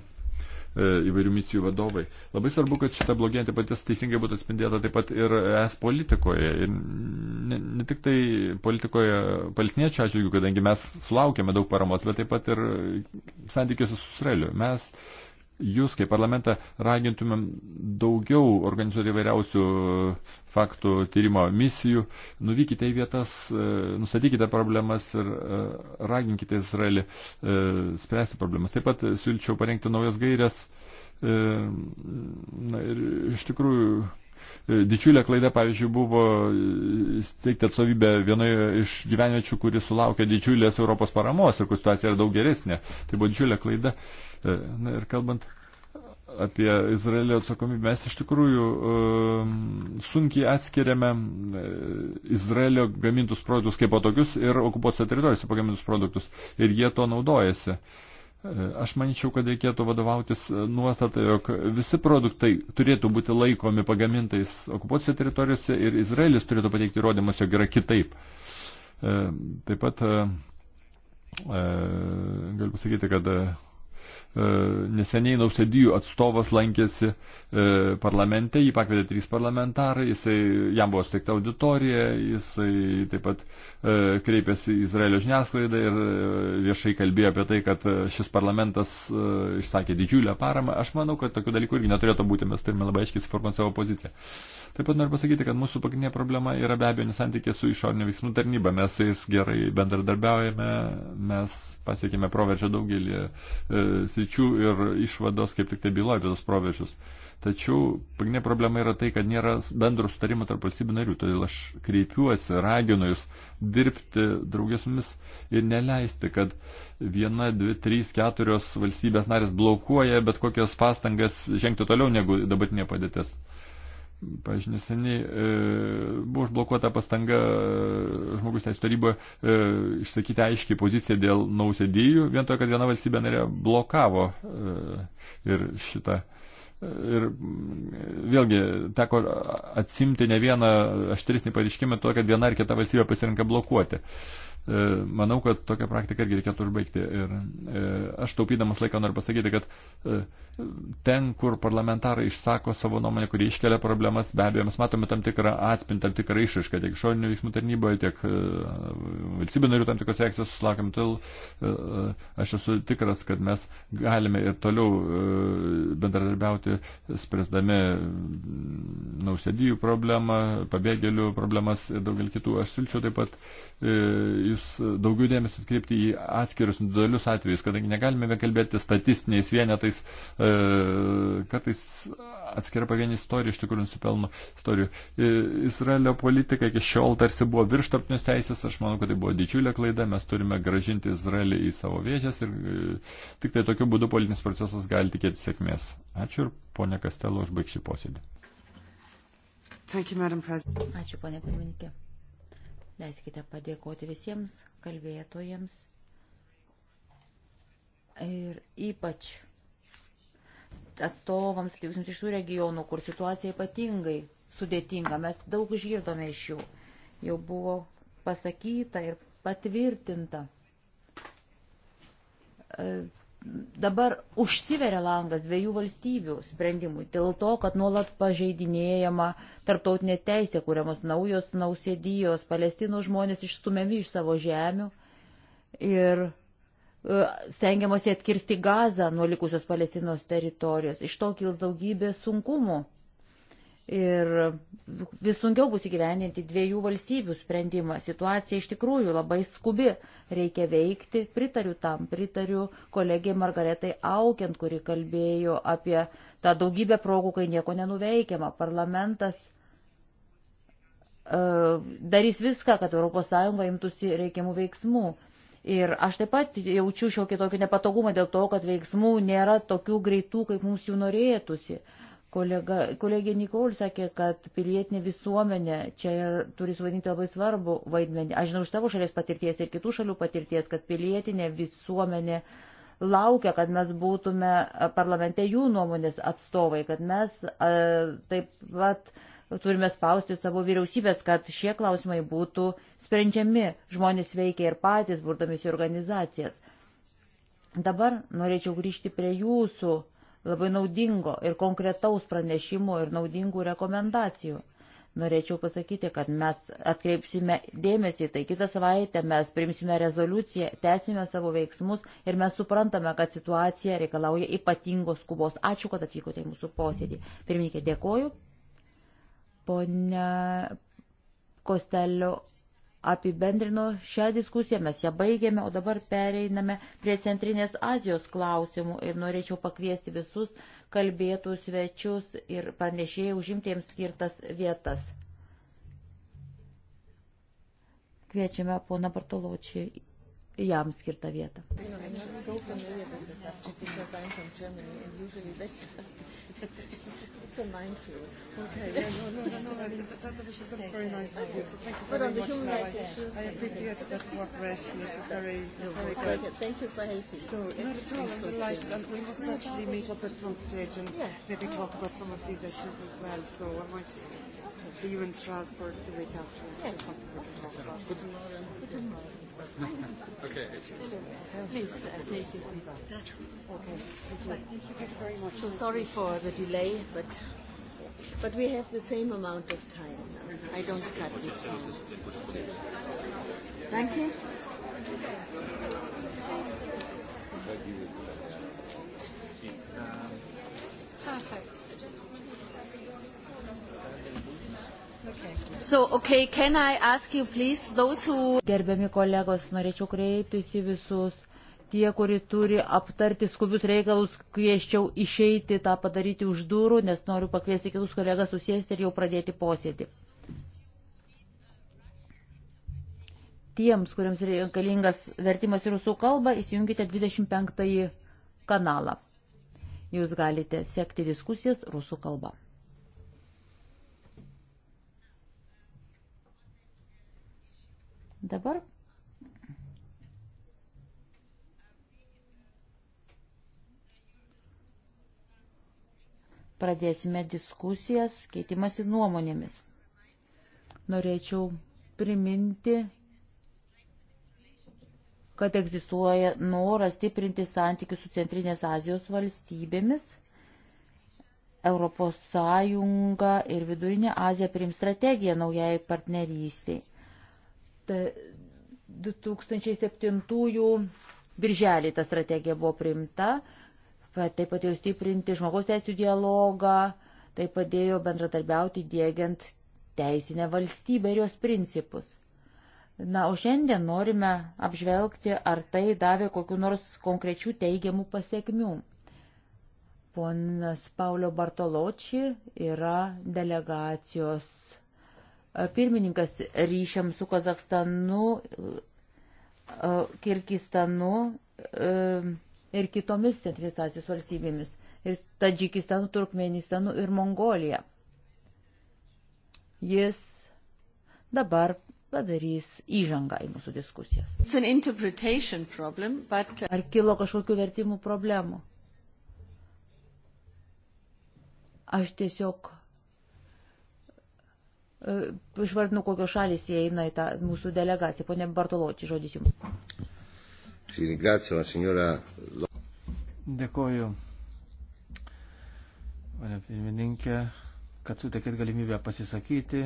S3: E, įvairių misijų vadovai. Labai svarbu, kad šita blogėjanti patys teisingai būtų atspindėta taip pat ir es politikoje. Ir ne, ne tik tai politikoje palestiniečių atžvilgių, kadangi mes sulaukėme daug paramos, bet taip pat ir santykiuose su Izraeliu. Mes uh, jūs kaip parlamentą ragintumėm daugiau organizuoti įvairiausių e, faktų tyrimo misijų, nuvykite į vietas, e, nustatykite problemas ir e, raginkite Izraelį spręsti problemas. Taip pat siūlyčiau parengti naujas gairias. Na, ir iš tikrųjų Didžiulė klaida, pavyzdžiui, buvo steigti atsovybę vienoje iš gyvenviečių, kuri sulaukė didžiulės Europos paramos ir kur situacija yra daug geresnė. Tai buvo didžiulė klaida. E, E, na ir kalbant apie Izraelio atsakomybę, mes iš tikrųjų um, sunkiai atskiriame e, Izraelio gamintus produktus kaip tokius ir okupuotose teritorijose pagamintus produktus. Ir jie to naudojasi. E, aš manyčiau, kad reikėtų vadovautis nuostatą, jog visi produktai turėtų būti laikomi pagamintais okupuotose teritorijose ir Izraelis turėtų pateikti įrodymus, jog yra kitaip. Taip pat galiu pasakyti, kad E, neseniai nausėdijų atstovas lankėsi e, parlamente, jį pakvietė trys parlamentarai, jisai, jam buvo suteikta auditorija, jisai taip pat e, kreipėsi į Izraelio žiniasklaidą ir viešai kalbėjo apie tai, kad šis parlamentas išsakė didžiulę paramą. Aš manau, kad tokių dalykų irgi neturėtų būti, mes turime labai aiškiai suformuoti savo poziciją. Taip pat noriu pasakyti, kad mūsų pagrindinė problema yra be abejo nesantykė su išorinio veiksmų tarnyba. Mes jais gerai bendradarbiaujame, mes pasiekime proveržę daugelį e, sričių ir išvados kaip tik tai byloja apie tos proveržius. Tačiau pagrindinė problema yra tai, kad nėra bendro sutarimo tarp valstybių narių. Todėl aš kreipiuosi, raginu jūs dirbti draugės mumis ir neleisti, kad viena, dvi, trys, keturios valstybės narės blokuoja bet kokias pastangas žengti toliau negu dabartinė padėtis. Uh, Pavyzdžiui, neseniai e, buvo užblokuota pastanga e, žmogus teisų taryboje e, išsakyti aiškiai poziciją dėl nausėdijų, vien to, kad viena valstybė narė blokavo e, ir šitą. E, ir mm, vėlgi teko atsimti ne vieną aštresnį pareiškimą to, kad viena ar kita valstybė pasirinka blokuoti. E, E, manau, kad tokią praktiką irgi reikėtų užbaigti. Ir e, aš taupydamas laiką noriu pasakyti, kad e, ten, kur parlamentarai išsako savo nuomonę, kurie iškelia problemas, be abejo, mes matome tam tikrą atspintį, tam tikrą išraišką tiek išorinių veiksmų tarnyboje, tiek valstybių narių tam tikros reakcijos susilaukiam. Todėl aš esu tikras, kad mes galime ir toliau bendradarbiauti, spręsdami nausėdijų problemą, pabėgėlių problemas ir daugelį kitų. Aš siūlyčiau taip pat atvejus, e, daugiau dėmesio atkreipti į atskirius individualius atvejus, kadangi negalime kalbėti statistiniais vienetais, e, kartais atskira pavienį istoriją iš tikrųjų nusipelno istorijų. E, Izraelio politika iki šiol tarsi buvo virš tarptautinės teisės, aš manau, kad tai buvo didžiulė klaida, mes turime gražinti Izraelį į savo vėžės ir e, tik tai tokiu būdu politinis procesas gali tikėti sėkmės. Ačiū ir ponia Kastelo užbaigšį posėdį.
S1: Ačiū, ponė pirmininkė. Leiskite padėkoti visiems kalbėtojams ir ypač atstovams atvykusiems iš tų regionų, kur situacija ypatingai sudėtinga. Mes daug išgirdome iš jų. Jau buvo pasakyta ir patvirtinta dabar užsiveria langas dviejų valstybių sprendimui dėl to, kad nuolat pažeidinėjama tarptautinė teisė, kuriamos naujos nausėdijos, palestinos žmonės išstumiami iš savo žemių ir e, stengiamasi atkirsti gazą nuo likusios palestinos teritorijos. Iš to kils daugybė sunkumų. Ir vis sunkiau bus įgyveninti dviejų valstybių sprendimą. Situacija iš tikrųjų labai skubi. Reikia veikti. Pritariu tam, pritariu kolegijai Margaretai Aukiant, kuri kalbėjo apie tą daugybę progų, kai nieko nenuveikiama. Parlamentas e, darys viską, kad ES imtųsi reikiamų veiksmų. Ir aš taip pat jaučiu šiokį tokį nepatogumą dėl to, kad veiksmų nėra tokių greitų, kaip mums jų norėtųsi. Kolega, kolegė Nikol sakė, kad pilietinė visuomenė čia ir turi suvaidinti labai svarbu vaidmenį. Aš žinau iš tavo šalies patirties ir kitų šalių patirties, kad pilietinė visuomenė laukia, kad mes būtume parlamente jų nuomonės atstovai, kad mes a, taip pat turime spausti savo vyriausybės, kad šie klausimai būtų sprendžiami. Žmonės veikia ir patys, burdamis į organizacijas. Dabar norėčiau grįžti prie jūsų labai naudingo ir konkretaus pranešimo ir naudingų rekomendacijų. Norėčiau pasakyti, kad mes atkreipsime dėmesį, tai kitą savaitę mes primsime rezoliuciją, tęsime savo veiksmus ir mes suprantame, kad situacija reikalauja ypatingos skubos. Ačiū, kad atvykote į mūsų posėdį. Pirmininkė, dėkoju. Pone Kostelio apibendrino šią diskusiją, mes ją baigėme, o dabar pereiname prie Centrinės Azijos klausimų ir norėčiau pakviesti visus kalbėtų svečius ir pranešėjai užimtiems skirtas vietas. Kviečiame poną Bartoločią jam skirtą vietą. it's a minefield. Okay, yeah, no, no, no, no, I mean, that, that was just a very nice idea. So thank you very but on the much. Human rights I, I appreciate that work, Rashni. It's very, it's very good. Thank you for helping. So, not at all, I'm delighted. And we must actually meet up at some stage and yeah.
S2: maybe talk about some of these issues as well. So I might see you in Strasbourg the week after yes. or something we can talk about. Good morning. Good morning okay. Please uh, take it.
S1: Okay. Thank you very much. So sorry for the delay, but but we have the same amount of time. I don't cut this time. Thank you. Perfect.
S2: So, okay,
S1: you, please, who... Gerbiami kolegos, norėčiau kreiptis į visus. Tie, kurie turi aptarti skubius reikalus, kvieščiau išeiti tą padaryti už durų, nes noriu pakviesti kitus kolegas susėsti ir jau pradėti posėdį. Tiems, kuriems reikalingas vertimas į rusų kalbą, įsijungite 25 kanalą. Jūs galite sekti diskusijas rusų kalba. Dabar pradėsime diskusijas, keitimasi nuomonėmis. Norėčiau priminti, kad egzistuoja noras stiprinti santykius su Centrinės Azijos valstybėmis. Europos Sąjunga ir Vidurinė Azija priim strategiją naujai partnerystiai. 2007 birželį ta strategija buvo priimta, taip pat jau stiprinti žmogaus teisų dialogą, tai padėjo bendradarbiauti dėgiant teisinę valstybę ir jos principus. Na, o šiandien norime apžvelgti, ar tai davė kokiu nors konkrečių teigiamų pasiekmių. Ponas Paulio Bartoloči yra delegacijos pirmininkas ryšiam su Kazakstanu, e, Kirgistanu e, ir kitomis Centristazijos valstybėmis - ir Tadžikistanu, Turkmenistanu ir Mongolija. Jis dabar padarys įžangą į mūsų diskusijas. Problem, but... Uh, Ar kilo kažkokių vertimų problemų? Aš tiesiog išvardinu, kokios šalis įeina į tą mūsų delegaciją. Pone Bartoločiai, žodis jums.
S2: Dėkoju, mane pirmininkė, kad sutekėt galimybę pasisakyti,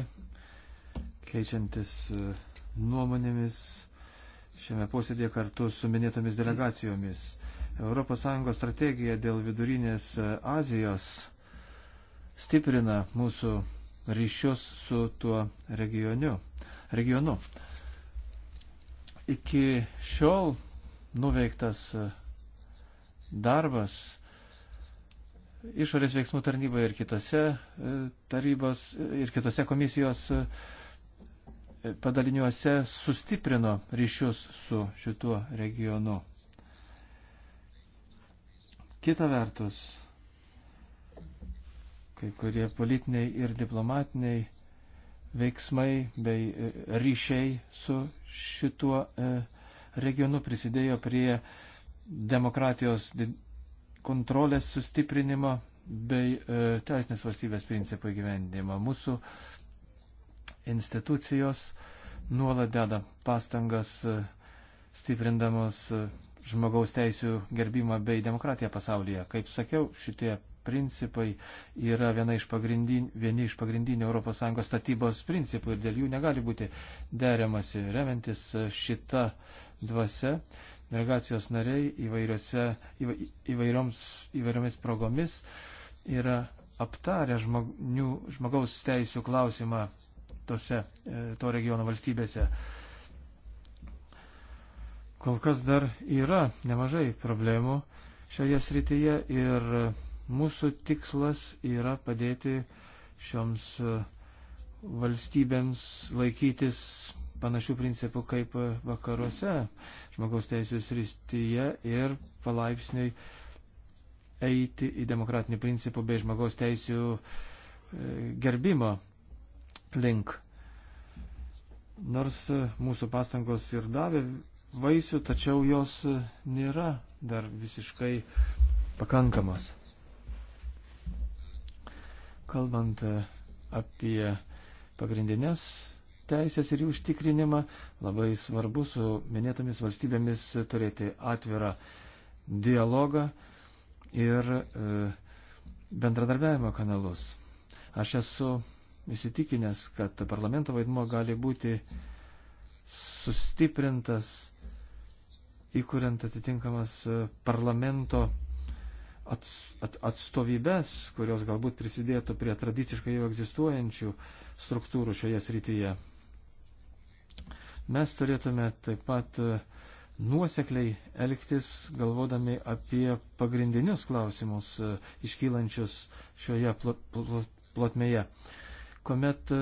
S2: keičiantis e, nuomonėmis šiame posėdėje kartu su minėtomis delegacijomis. ES strategija dėl vidurinės e, Azijos stiprina mūsų ryšius su tuo regioniu, regionu. Iki šiol nuveiktas e, darbas išorės veiksmų tarnyboje ir kitose e, tarybos e, ir kitose komisijos padaliniuose sustiprino ryšius su šituo regionu. Kita vertus, kai kurie politiniai ir diplomatiniai veiksmai bei e, ryšiai su šituo e, regionu prisidėjo prie demokratijos kontrolės sustiprinimo bei e, teisinės valstybės principų įgyvendinimo. Mūsų institucijos nuolat deda pastangas stiprindamos žmogaus teisų gerbimą bei demokratiją pasaulyje. Kaip sakiau, šitie principai yra viena iš vieni iš pagrindinių ES statybos principų ir dėl jų negali būti deriamasi. Remiantis šita dvasia, delegacijos nariai įvairioms, įvairiomis progomis yra aptarę žmonių, žmogaus teisų klausimą tose, e, to regiono valstybėse. Kol kas dar yra nemažai problemų šioje srityje ir Mūsų tikslas yra padėti šioms e, valstybėms laikytis panašių principų kaip e, vakaruose žmogaus teisų srityje ir palaipsniui eiti į demokratinių principų bei žmogaus teisų e, gerbimo link. Nors mūsų pastangos ir davė vaisių, tačiau jos nėra dar visiškai pakankamas. Kalbant e, apie pagrindinės teisės ir jų užtikrinimą, labai svarbu su minėtomis valstybėmis turėti atvirą dialogą ir e, bendradarbiavimo kanalus. Aš esu įsitikinęs, kad parlamento vaidmo gali būti sustiprintas įkuriant atitinkamas e, parlamento ats, at, atstovybės, kurios galbūt prisidėtų prie tradiciškai jau egzistuojančių struktūrų šioje srityje. Mes turėtume taip pat e, nuosekliai elgtis, galvodami apie pagrindinius klausimus e, iškylančius šioje plotmėje. Komet e,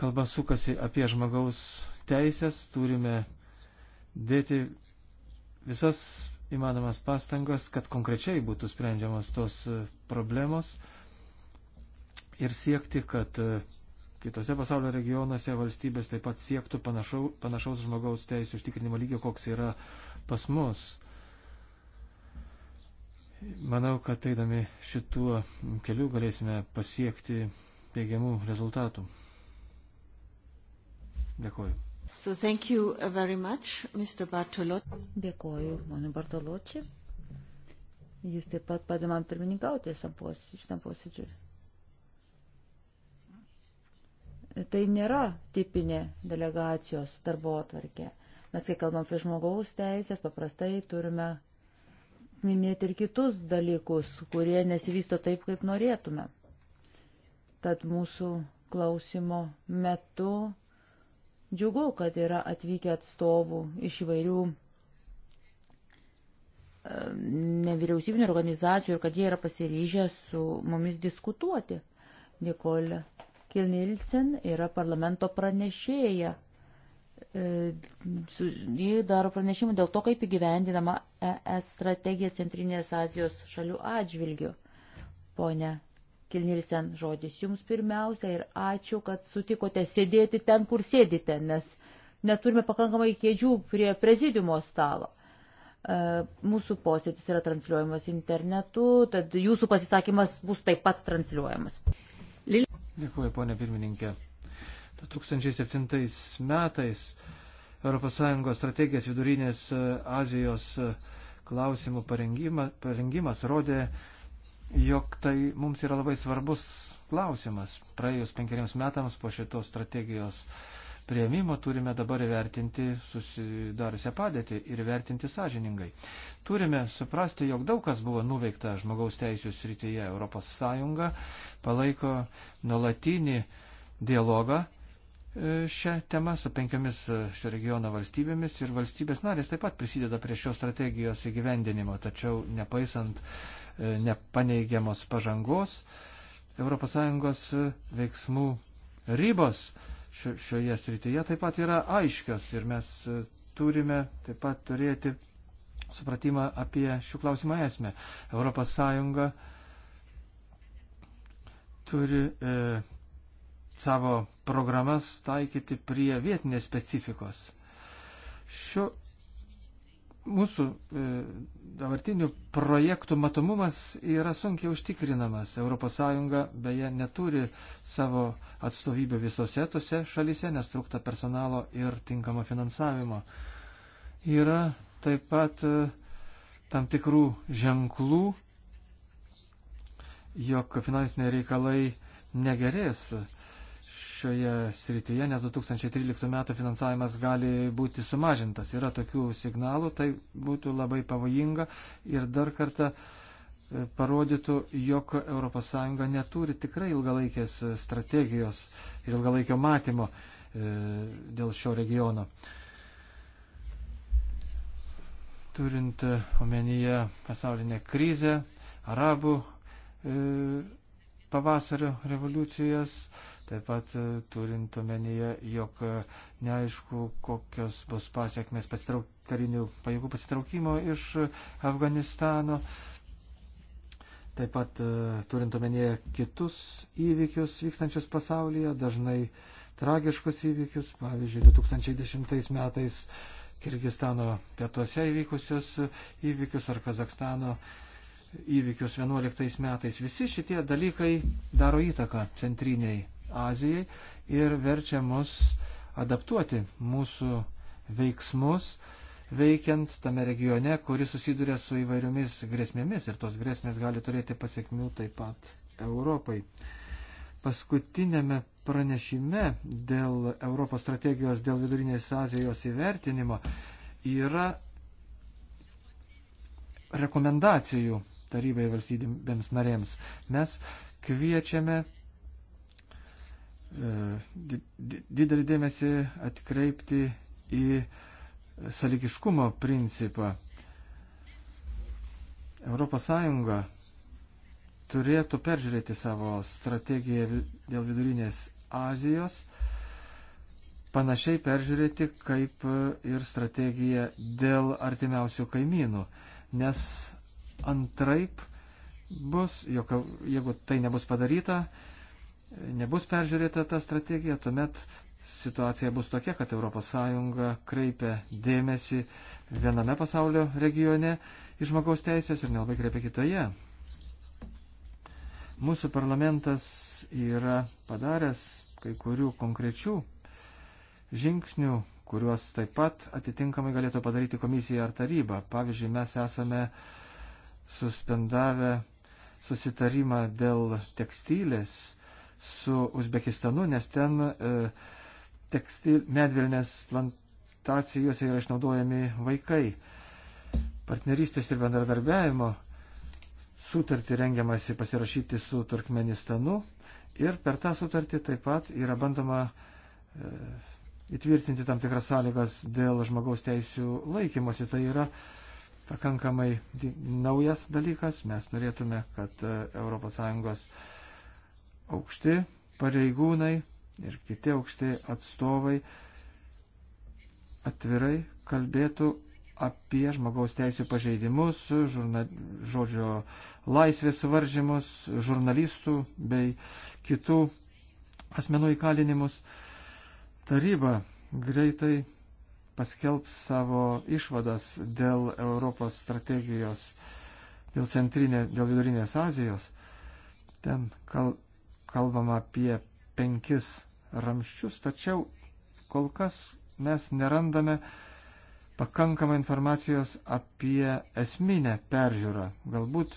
S2: kalba sukasi apie žmogaus teisės, turime dėti visas įmanomas pastangas, kad konkrečiai būtų sprendžiamos tos e, problemos ir siekti, kad e, kitose pasaulio regionuose valstybės taip pat siektų panašau, panašaus žmogaus teisų užtikrinimo lygio, koks yra pas mus. Manau, kad eidami šituo keliu galėsime pasiekti teigiamų rezultatų. Dėkuoju.
S1: So thank you uh, very much, Mr. Bartolot. Dėkoju, mano Bartoločiai. Jis taip pat padė man pirmininkauti šitam posėdžiui. Tai nėra tipinė delegacijos darbo atvarkė. Mes, kai kalbam apie žmogaus teisės, paprastai turime minėti ir kitus dalykus, kurie nesivysto taip, kaip norėtume. Tad mūsų klausimo metu Džiugu, kad yra atvykę atstovų iš įvairių nevyriausybinio organizacijų ir kad jie yra pasiryžę su mumis diskutuoti. Nikolė Kilnilsen yra parlamento pranešėja. E, ji daro pranešimą dėl to, kaip įgyvendinama ES strategija Centrinės Azijos šalių atžvilgių. Pone Kilnilsen žodis jums pirmiausia ir ačiū, kad sutikote sėdėti ten, kur sėdite, nes neturime pakankamai kėdžių prie prezidiumo stalo. E, mūsų posėdis yra transliuojamas internetu, tad jūsų pasisakymas bus taip pat transliuojamas.
S2: Dėkuoju, ponė pirmininkė. 2007 metais ES strategijos vidurinės e, Azijos e, klausimų parengimas, parengimas rodė, jog tai mums yra labai svarbus klausimas. Praėjus penkeriems metams po šitos strategijos prieimimo turime dabar įvertinti susidariusią padėtį ir įvertinti sąžiningai. Turime suprasti, jog daug kas buvo nuveikta žmogaus teisų srityje. Europos Sąjunga palaiko nuolatinį dialogą e, šią temą su penkiomis e, šio regiono valstybėmis ir valstybės narės taip pat prisideda prie šios strategijos įgyvendinimo, tačiau nepaisant uh, E, nepaneigiamos pažangos. ES e, veiksmų ribos šioje srityje taip pat yra aiškios ir mes e, turime taip pat turėti supratimą apie šių klausimą esmę. ES turi e, savo programas taikyti prie vietinės specifikos. Šiuo mūsų e, dabartinių projektų matomumas yra sunkiai užtikrinamas. ES beje neturi savo atstovybių visose tose šalise, nes trūkta personalo ir tinkamo finansavimo. Yra taip pat e, tam tikrų ženklų, jog finansiniai reikalai negerės šioje srityje, nes 2013 metų finansavimas gali būti sumažintas. Yra tokių signalų, tai būtų labai pavojinga ir dar kartą e, parodytų, jog ES neturi tikrai ilgalaikės strategijos ir ilgalaikio matymo e, dėl šio regiono. Turint e, omenyje pasaulinę krizę, arabų pavasario revoliucijas, Taip pat e, turint omenyje, jog e, neaišku, kokios bus pasiekmes pasitrauk, karinių pajėgų pasitraukimo iš e, Afganistano. Taip pat turint omenyje kitus įvykius vykstančius pasaulyje, dažnai tragiškus įvykius, pavyzdžiui, 2010 metais Kirgistano pietuose įvykusius įvykius ar Kazakstano įvykius 11 metais. Visi šitie dalykai daro įtaką centriniai Azijai ir verčia mus adaptuoti mūsų veiksmus, veikiant tame regione, kuris susiduria su įvairiomis grėsmėmis ir tos grėsmės gali turėti pasiekmių taip pat Europai. Paskutinėme pranešime dėl Europos strategijos dėl vidurinės Azijos įvertinimo yra rekomendacijų tarybai valstybėms narėms. Mes kviečiame E, didelį dėmesį atkreipti į saligiškumo principą. ES turėtų peržiūrėti savo strategiją dėl vidurinės Azijos, panašiai peržiūrėti kaip ir strategiją dėl artimiausių kaimynų, nes antraip bus, jog, jeigu tai nebus padaryta, nebus peržiūrėta ta strategija, tuomet situacija bus tokia, kad ES kreipia dėmesį viename pasaulio regione į žmogaus teisės ir nelabai kreipia kitoje. Mūsų parlamentas yra padaręs kai kurių konkrečių žingsnių, kuriuos taip pat atitinkamai galėtų padaryti komisija ar taryba. Pavyzdžiui, mes esame suspendavę susitarimą dėl tekstilės su Uzbekistanu, nes ten e, tekstil, medvilnės plantacijose yra išnaudojami vaikai. Partnerystės ir bendradarbiavimo sutartį rengiamasi pasirašyti su Turkmenistanu ir per tą sutartį taip pat yra bandoma e, įtvirtinti tam tikras sąlygas dėl žmogaus teisų laikymosi. Tai yra pakankamai naujas dalykas. Mes norėtume, kad ES aukšti pareigūnai ir kiti aukšti atstovai atvirai kalbėtų apie žmogaus teisų pažeidimus, žurna, žodžio laisvės suvaržymus, žurnalistų bei kitų asmenų įkalinimus. Taryba greitai paskelbs savo išvadas dėl Europos strategijos, dėl centrinė, dėl vidurinės Azijos. Ten kal, kalbama apie penkis ramščius, tačiau kol kas mes nerandame pakankamą informacijos apie esminę peržiūrą. Galbūt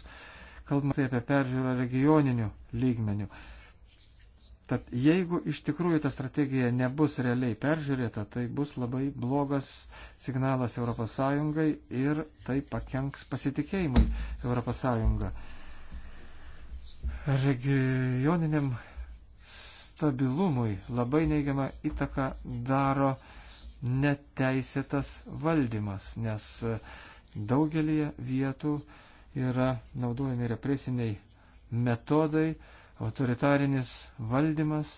S2: kalbame tai apie peržiūrą regioninių lygmenių. Tad jeigu iš tikrųjų ta strategija nebus realiai peržiūrėta, tai bus labai blogas signalas ES ir tai pakenks pasitikėjimui ES regioniniam stabilumui labai neigiamą įtaką daro neteisėtas valdymas, nes daugelį vietų yra naudojami represiniai metodai, autoritarinis valdymas.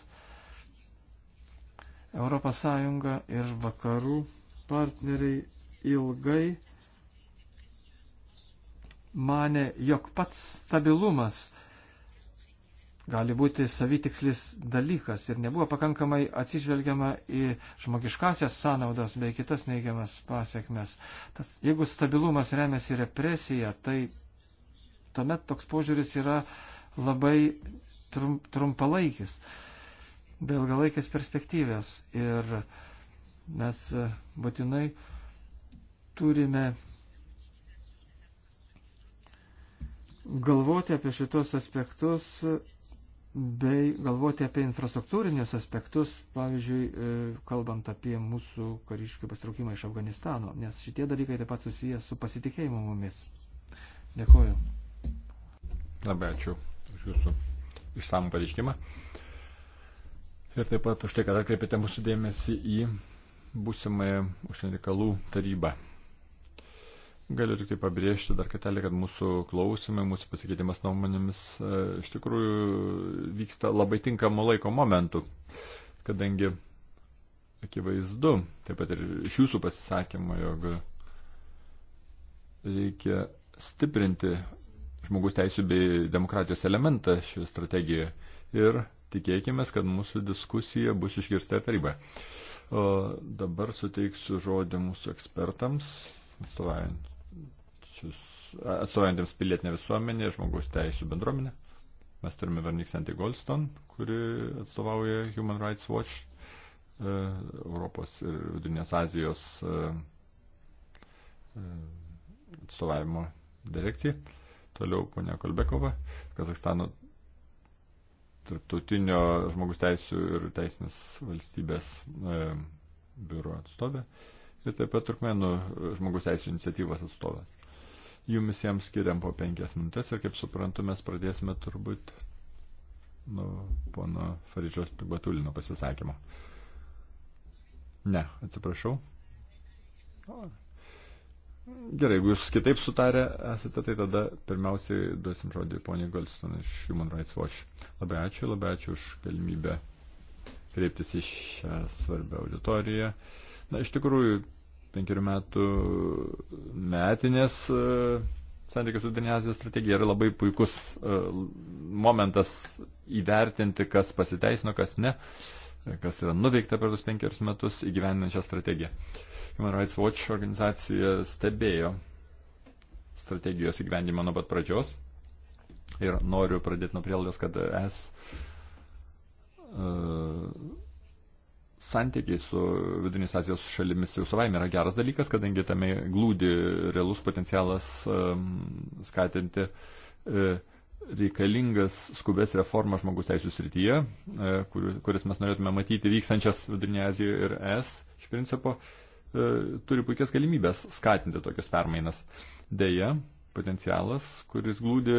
S2: ES ir vakarų partneriai ilgai mane, jog pats stabilumas gali būti savitikslis dalykas ir nebuvo pakankamai atsižvelgiama į žmogiškasias sąnaudas bei kitas neigiamas pasiekmes. Tas, jeigu stabilumas remiasi represija, tai tuomet toks požiūris yra labai trum, trumpalaikis, be ilgalaikės perspektyvės. Ir mes e, būtinai turime galvoti apie šitos aspektus bei galvoti apie infrastruktūrinius aspektus, pavyzdžiui, e, kalbant apie mūsų kariškių pastraukimą iš Afganistano, nes šitie dalykai taip pat susiję su pasitikėjimu mumis. Dėkuoju.
S3: Labai ačiū už Jūsų išsamų pareiškimą. Ir taip pat už tai, kad atkreipėte mūsų dėmesį į būsimąją užsienio reikalų tarybą. Galiu tik tai pabrėžti dar kartelį, kad mūsų klausimai, mūsų pasikeitimas nuomonėmis e, iš tikrųjų vyksta labai tinkamu laiko momentu, kadangi akivaizdu, taip pat ir iš jūsų pasisakymo, jog reikia stiprinti žmogus teisų bei demokratijos elementą šioje strategijoje ir tikėkime, kad mūsų diskusija bus išgirsta taryba. O dabar suteiksiu žodį mūsų ekspertams, atstovaujant atstovantiems pilietinę visuomenę, žmogaus teisų bendruomenę. Mes turime Verniks Anti Goldstone, kuri atstovauja Human Rights Watch, e, Europos ir Vidurinės Azijos e, e, atstovavimo direkcijai. Toliau ponia Kolbekova, Kazakstano tarptautinio žmogus teisų ir teisinės valstybės e, biuro atstovė ir taip pat Turkmenų žmogus teisų iniciatyvos atstovas jum visiems skiriam po penkias minutės ir kaip suprantu, mes pradėsime turbūt nuo pono Faridžios Batulino pasisakymo. Ne, atsiprašau. O. Gerai, jeigu jūs kitaip sutarę esate, tai tada pirmiausiai duosim žodį poniai Goldstone iš Human Rights Watch. Labai ačiū, labai ačiū už galimybę kreiptis į šią svarbę auditoriją. Na, iš tikrųjų, penkerių metų metinės e, santykių su Vidurinė Azijos strategija yra labai puikus e, momentas įvertinti, kas pasiteisino, kas ne, kas yra nuveikta per tuos penkerius metus įgyvendinant šią strategiją. Human Rights Watch organizacija stebėjo strategijos įgyvendimą nuo pat pradžios ir noriu pradėti nuo prielaidos, kad es uh, santykiai su Vidurinės Azijos šalimis jau savaime yra geras dalykas, kadangi tame glūdi realus potencialas skatinti e, reikalingas skubės reformas žmogus teisų srityje, e, kur, kuris mes norėtume matyti vykstančias Vidurinėje Azijoje ir ES, iš principo, e, turi puikias galimybės skatinti tokius permainas. Deja, potencialas, kuris glūdi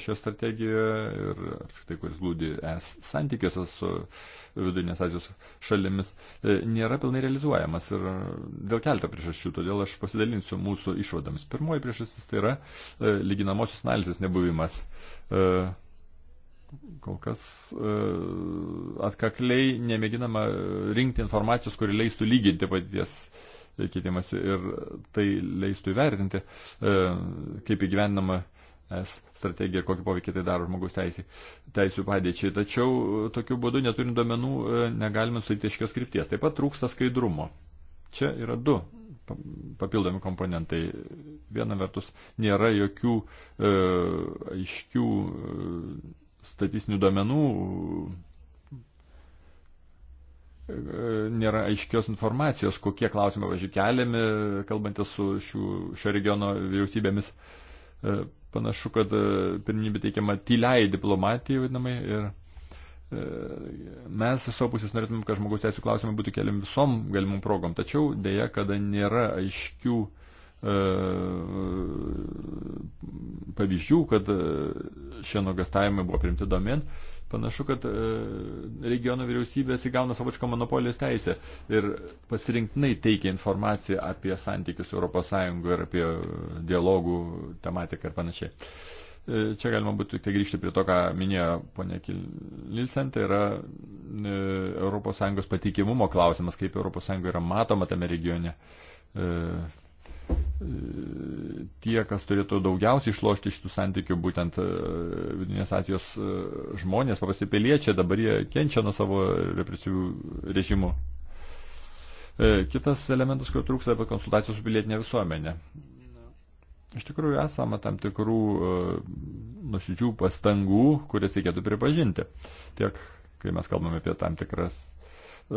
S3: šioje strategijoje ir apskritai, kuris glūdi es santykiuose su Vidurinės Azijos šalimis, e, nėra pilnai realizuojamas ir dėl keletą priežasčių, todėl aš pasidalinsiu mūsų išvadams. Pirmoji priežastis tai yra e, lyginamosios analizės nebuvimas. E, kol kas atkakliai nemėginama rinkti informacijos, kuri leistų lyginti paties keitimasi ir tai leistų įvertinti, e, kaip įgyvendinama es strategija, kokį poveikį tai daro žmogaus teisė, teisų padėčiai. Tačiau tokiu būdu, neturint domenų, e, negalime sudaryti aiškios krypties. Taip pat trūksta skaidrumo. Čia yra du papildomi komponentai. Viena vertus, nėra jokių e, aiškių e, statistinių domenų, nėra aiškios informacijos, kokie klausimai, važiuoju, keliami, kalbantis su šių, šio regiono vyriausybėmis. E, panašu, kad e, pirminybė teikiama tyliai diplomatijai vadinamai ir e, mes iš savo pusės norėtumėm, kad žmogaus teisų klausimai būtų keliami visom galimom progom, tačiau dėja, kada nėra aiškių uh, E, pavyzdžių, kad e, šie nuogastavimai buvo primti domen. Panašu, kad e, regiono vyriausybės įgauna savočką monopolijos teisę ir pasirinktinai teikia informaciją apie santykius ES ir apie dialogų tematiką ir panašiai. Čia galima būtų tik tai grįžti prie to, ką minėjo ponia Nilsen, tai yra ES patikimumo klausimas, kaip ES yra matoma tame regione tie, kas turėtų daugiausiai išlošti iš tų santykių, būtent e, Vidinės Azijos e, žmonės, paprastai piliečiai, dabar jie kenčia nuo savo represyvių režimų. E, kitas elementas, kurio trūksta, yra tai konsultacijos su pilietinė visuomenė. Iš tikrųjų, esama tam tikrų nuoširdžių pastangų, kurias reikėtų pripažinti. Tiek, kai mes kalbame apie tam tikras E,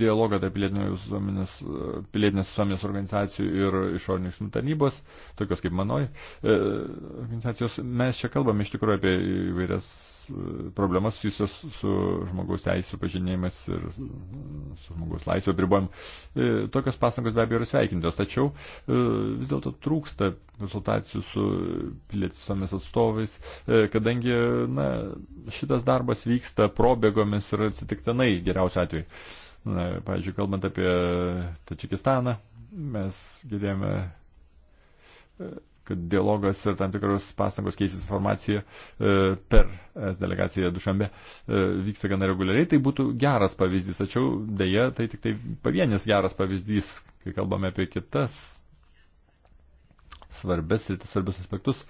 S3: dialogą tarp pilietinės visuomenės organizacijų ir išorinių veiksmų tarnybos, tokios kaip manoji e, organizacijos. Mes čia kalbame iš tikrųjų apie įvairias problemas susijusios su žmogaus teisų pažinėjimas ir su žmogaus laisvė apribojimu. E, tokios pastangos be abejo yra sveikintos, tačiau e, vis dėlto trūksta konsultacijų su pilietisomis atstovais, e, kadangi na, šitas darbas vyksta probėgomis ir atsitiktinai geriausiu atveju. Na, pavyzdžiui, kalbant apie Tačikistaną, mes girdėjome kad dialogas ir tam tikros pastangos keistis informaciją e, per S delegaciją Dušambe e, vyksta gana reguliariai, tai būtų geras pavyzdys, tačiau dėja tai tik tai pavienis geras pavyzdys, kai kalbame apie kitas svarbes ir svarbius aspektus,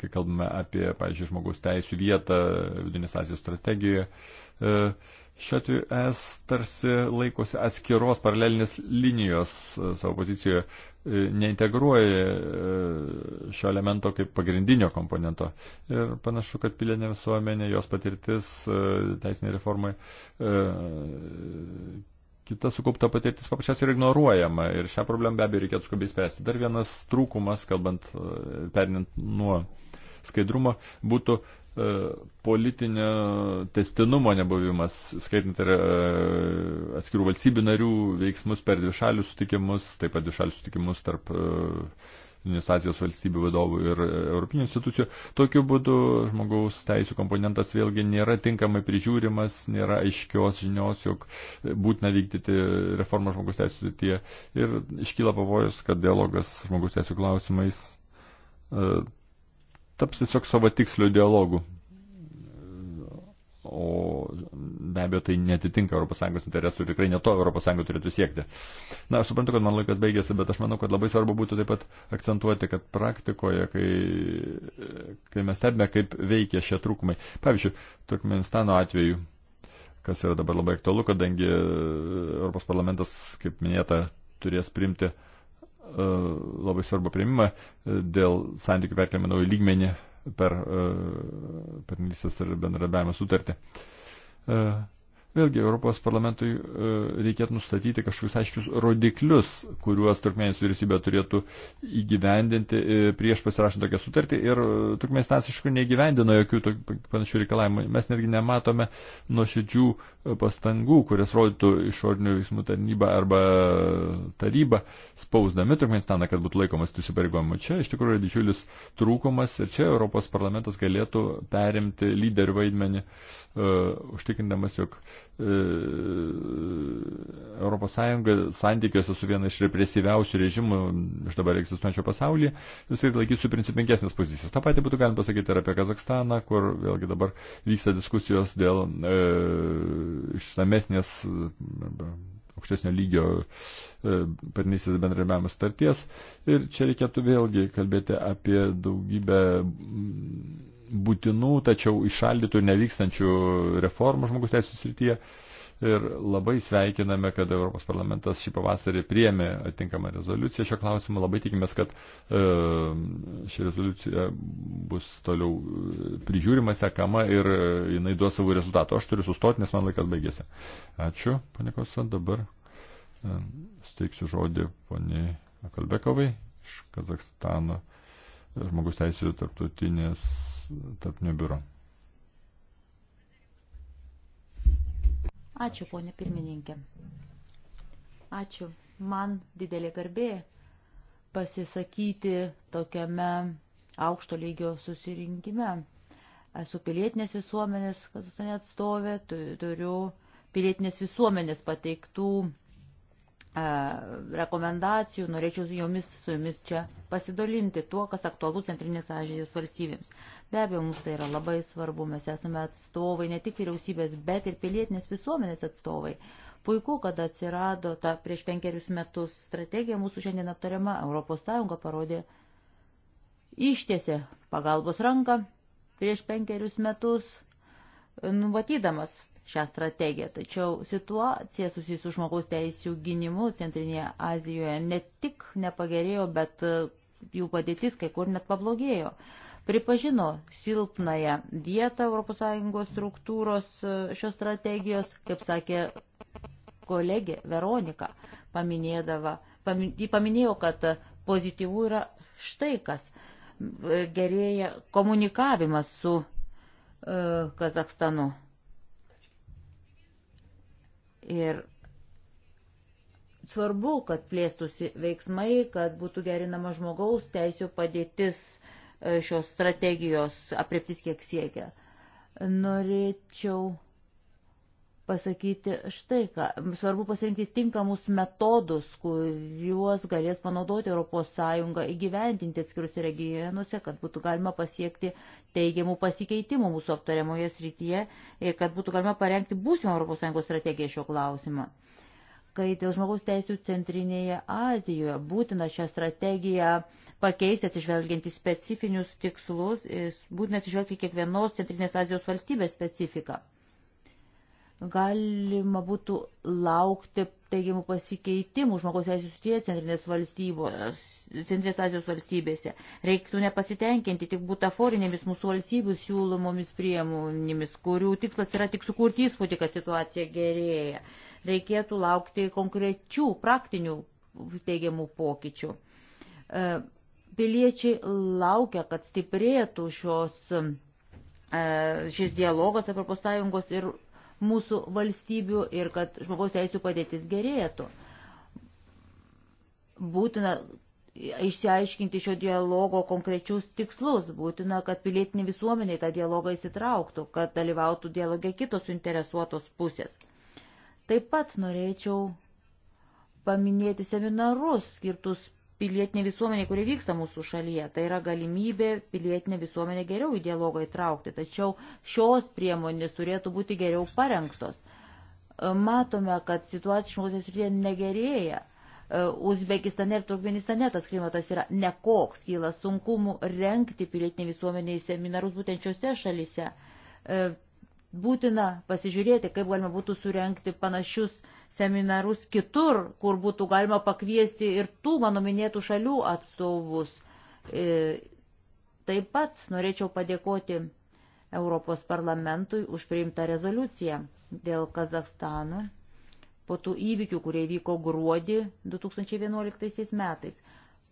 S3: kai kalbame apie, pavyzdžiui, žmogaus teisų vietą vidinės Azijos strategijoje. E, šiuo atveju es tarsi laikosi atskiros paralelinės linijos savo pozicijoje, E, neintegruoja e, šio elemento kaip pagrindinio komponento. Ir panašu, kad pilinė visuomenė, jos patirtis, e, teisiniai reformai, kita sukaupta patirtis paprasčiausiai yra ignoruojama. Ir šią problemą be abejo reikėtų skubiai spręsti. Dar vienas trūkumas, kalbant, perinant nuo skaidrumo, būtų E, politinio testinumo nebuvimas, skaitant ir e, atskirų valstybių narių veiksmus per dvišalių sutikimus, taip pat dvišalių sutikimus tarp administracijos e, valstybių vadovų ir europinių institucijų. Tokiu būdu žmogaus teisų komponentas vėlgi nėra tinkamai prižiūrimas, nėra aiškios žinios, jog būtina vykdyti reformą žmogaus teisų srityje ir iškyla pavojus, kad dialogas žmogaus teisų klausimais taps tiesiog savo tikslių dialogų. O be abejo, tai netitinka ES interesų ir tikrai ne to ES turėtų siekti. Na, aš suprantu, kad man laikas baigėsi, bet aš manau, kad labai svarbu būtų taip pat akcentuoti, kad praktikoje, kai, kai mes stebime, kaip veikia šie trūkumai. Pavyzdžiui, Turkmenistano atveju, kas yra dabar labai aktualu, kadangi Europos parlamentas, kaip minėta, turės primti uh, E, labai svarbu prieimimą e, dėl santykių vertinimo naujo lygmenį per e, partnerystės ir bendradarbiavimo sutartį. Vėlgi, Europos parlamentui reikėtų nustatyti kažkokius aiškius rodiklius, kuriuos Turkmenijos vyriausybė turėtų įgyvendinti prieš pasirašant tokią sutartį. Ir Turkmenistanas, aišku, neįgyvendino jokių panašių reikalavimų. Mes netgi nematome nuoširdžių uh, pastangų, kuris rodytų išorinių veiksmų tarnybą arba tarybą, spausdami Turkmenistaną, kad būtų laikomas tų įsipareigojimų. Čia iš tikrųjų yra didžiulis trūkumas ir čia Europos parlamentas galėtų perimti lyderių vaidmenį, uh, užtikrindamas, jog ES santykiuose su viena iš represyviausių režimų iš dabar egzistuojančio pasaulyje, visai laikysiu principingesnės pozicijos. Ta pati būtų galima pasakyti ir apie Kazakstaną, kur vėlgi dabar vyksta diskusijos dėl e, išsamesnės aukštesnio lygio e, partnerystės bendradarbiavimo starties. Ir čia reikėtų vėlgi kalbėti apie daugybę būtinų, tačiau išaldytų ir nevykstančių reformų žmogus teisų srityje. Ir labai sveikiname, kad Europos parlamentas šį pavasarį priėmė atinkamą rezoliuciją šio klausimu. Labai tikimės, kad e, ši rezoliucija bus toliau e, prižiūrima, sekama ir e, jinai duos savo rezultatų. Aš turiu sustoti, nes man laikas baigėsi. Ačiū, ponė Kosan. Dabar steiksiu žodį ponė Kalbekovai iš Kazakstano žmogus teisėjų tarptautinės tarpinio biuro.
S1: Ačiū, ponė pirmininkė. Ačiū. Man didelė garbė pasisakyti tokiame aukšto lygio susirinkime. Esu pilietinės visuomenės, kas atstovė, turiu pilietinės visuomenės pateiktų E, rekomendacijų, norėčiau jomis su jumis čia pasidalinti tuo, kas aktualu Centrinės Azijos valstybėms. Be abejo, mums tai yra labai svarbu, mes esame atstovai ne tik vyriausybės, bet ir pilietinės visuomenės atstovai. Puiku, kad atsirado ta prieš penkerius metus strategija mūsų šiandien aptariama, ES parodė ištiesė pagalbos ranką prieš penkerius metus, numatydamas šią strategiją. Tačiau situacija susijusi su žmogaus teisų gynimu Centrinėje Azijoje ne tik nepagerėjo, bet e, jų padėtis kai kur net pablogėjo. Pripažino silpnąją vietą ES struktūros e, šios strategijos, kaip sakė kolegė Veronika, paminėdava, pamin, paminėjo, kad pozityvų yra štai kas e, gerėja komunikavimas su e, Kazakstanu. Ir svarbu, kad plėstusi veiksmai, kad būtų gerinama žmogaus teisų padėtis e, šios strategijos apriptis kiek siekia. Norėčiau pasakyti štai ką. Svarbu pasirinkti tinkamus metodus, kuriuos galės panaudoti ES įgyventinti atskiriuose regionuose, kad būtų galima pasiekti teigiamų pasikeitimų mūsų aptariamoje srityje ir kad būtų galima parengti būsimą ES strategiją šio klausimą. Kai dėl žmogaus teisų centrinėje Azijoje būtina šią strategiją pakeisti atsižvelgiant į specifinius tikslus ir būtina atsižvelgti kiekvienos centrinės Azijos valstybės specifiką galima būtų laukti teigiamų pasikeitimų žmogaus teisų sutie centrinės valstybės, centrinės Azijos valstybėse. Reiktų nepasitenkinti tik butaforinėmis mūsų valstybių siūlomomis priemonėmis, kurių tikslas yra tik sukurti įspūdį, kad situacija gerėja. Reikėtų laukti konkrečių praktinių teigiamų pokyčių. E, piliečiai laukia, kad stiprėtų šios, e, šis dialogas Europos Sąjungos ir mūsų valstybių ir kad žmogaus teisų padėtis gerėtų. Būtina išsiaiškinti šio dialogo konkrečius tikslus, būtina, kad pilietinė visuomenė į tą dialogą įsitrauktų, kad dalyvautų dialogė kitos suinteresuotos pusės. Taip pat norėčiau paminėti seminarus skirtus pilietinė visuomenė, kuri vyksta mūsų šalyje. Tai yra galimybė pilietinę visuomenę geriau į dialogą įtraukti, tačiau šios priemonės turėtų būti geriau parengtos. E, matome, kad situacija žmogaus srityje negerėja. E, Uzbekistane ir Turkmenistane tas klimatas yra nekoks, kyla sunkumų renkti pilietinį visuomenį į seminarus būtent šiuose šalise. E, Būtina pasižiūrėti, kaip galima būtų surenkti panašius uh, seminarus kitur, kur būtų galima pakviesti ir tų mano minėtų šalių atstovus. E, taip pat norėčiau padėkoti Europos parlamentui už priimtą rezoliuciją dėl Kazakstano po tų įvykių, kurie vyko gruodį 2011 metais.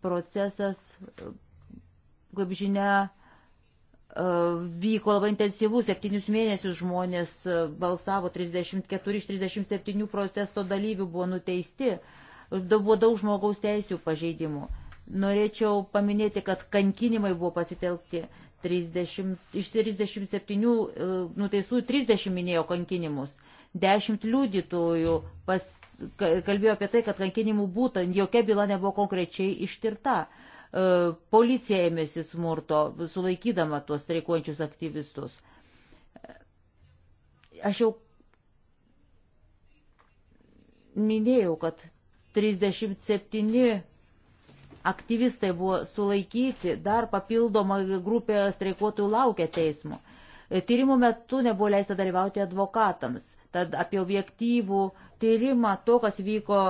S1: Procesas, kaip žinia, E, vyko labai intensyvus, septynius mėnesius žmonės e, balsavo, 34 iš 37 protesto dalyvių buvo nuteisti, buvo daug žmogaus teisų pažeidimų. Norėčiau paminėti, kad kankinimai buvo pasitelkti. 30, iš 37 nuteistų 30 minėjo kankinimus. 10 liudytojų pas, kalbėjo apie tai, kad kankinimų būtent jokia byla nebuvo konkrečiai ištirta. Uh, E, policija ėmėsi smurto, sulaikydama tuos streikuojančius aktyvistus. Aš jau minėjau, kad 37 aktyvistai buvo sulaikyti, dar papildoma grupė streikuotojų laukia teismo. E, tyrimų metu nebuvo leista dalyvauti advokatams. Tad apie objektyvų tyrimą to, kas vyko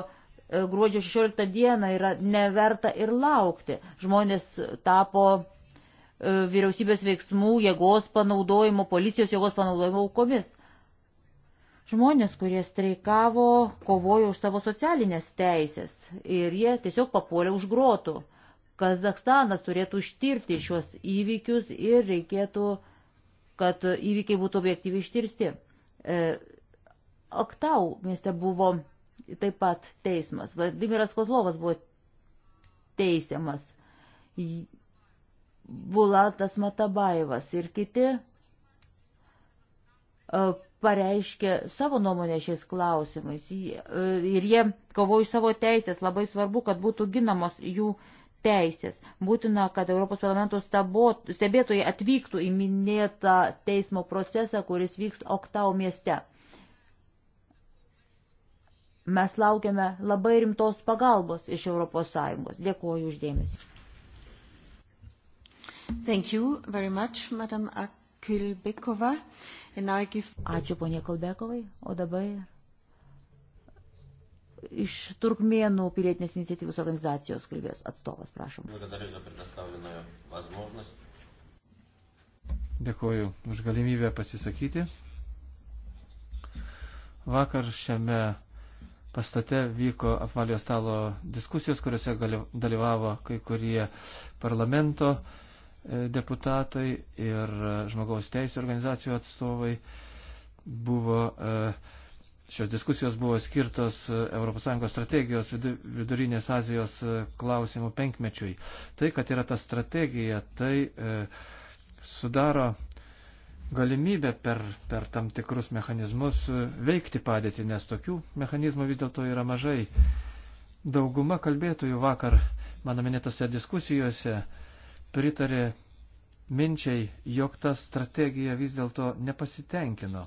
S1: E, gruodžio 16 dieną yra neverta ir laukti. Žmonės tapo e, vyriausybės veiksmų, jėgos panaudojimo, policijos jėgos panaudojimo aukomis. Žmonės, kurie streikavo, kovojo už savo socialinės teisės ir jie tiesiog papuolė už grotų. Kazakstanas turėtų ištirti šios įvykius ir reikėtų, kad įvykiai būtų objektyviai ištirsti. E, Aktau mieste buvo taip pat teismas. Vladimiras Kozlovas buvo teisiamas, Bulatas Matabaevas ir kiti e, pareiškė savo nuomonę šiais klausimais e, ir jie kovojo už savo teisės. Labai svarbu, kad būtų ginamos jų teisės. Būtina, kad Europos parlamento stebėtojai atvyktų į minėtą teismo procesą, kuris vyks Oktau mieste mes laukiame labai rimtos pagalbos iš ES. Dėkuoju uždėmesi. Much, give... Ačiū ponė Kalbekovai. O dabar iš Turkmėnų pilietinės iniciatyvos organizacijos kalbės atstovas, prašom. Dėkuoju
S2: už galimybę pasisakyti. Vakar šiame pastate vyko apvalio stalo diskusijos, kuriuose dalyvavo kai kurie parlamento e, deputatai ir e, žmogaus teisų organizacijų atstovai. Buvo, e, šios diskusijos buvo skirtos ES strategijos vidurinės Azijos klausimų penkmečiui. Tai, kad yra ta strategija, tai sudaro galimybę per, per tam tikrus mechanizmus veikti padėtį, nes tokių mechanizmų vis dėlto yra mažai. Dauguma kalbėtojų vakar mano minėtose diskusijose pritarė minčiai, jog ta strategija vis dėlto nepasitenkino.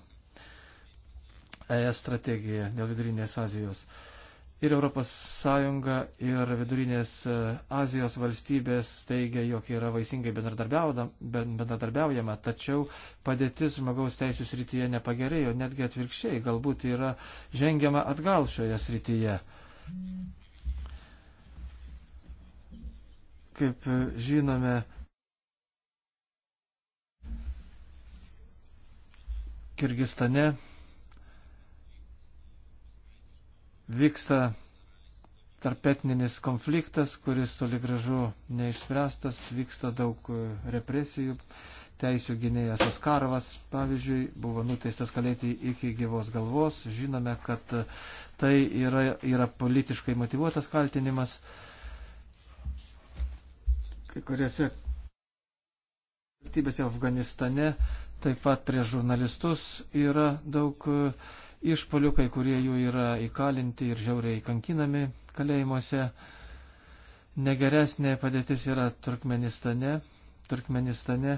S2: ES strategija dėl vidurinės Azijos. Uh, Ir ES ir Vidurinės e, Azijos valstybės teigia, jog yra vaisingai bendradarbiaujama, tačiau padėtis žmogaus teisų srityje nepagerėjo, netgi atvirkščiai, galbūt yra žengiama atgal šioje srityje. Kaip e, žinome, Kirgistane vyksta tarpetninis konfliktas, kuris toli gražu neišspręstas, vyksta daug e, represijų. Teisų gynėjas Oskarovas, pavyzdžiui, buvo nuteistas kalėti iki gyvos galvos. Žinome, kad e, tai yra, yra politiškai motivuotas kaltinimas. Kai kuriuose valstybėse Afganistane taip pat prie žurnalistus yra daug uh, išpolių, kai kurie jų yra įkalinti ir žiauriai kankinami kalėjimuose. Negeresnė padėtis yra Turkmenistane. Turkmenistane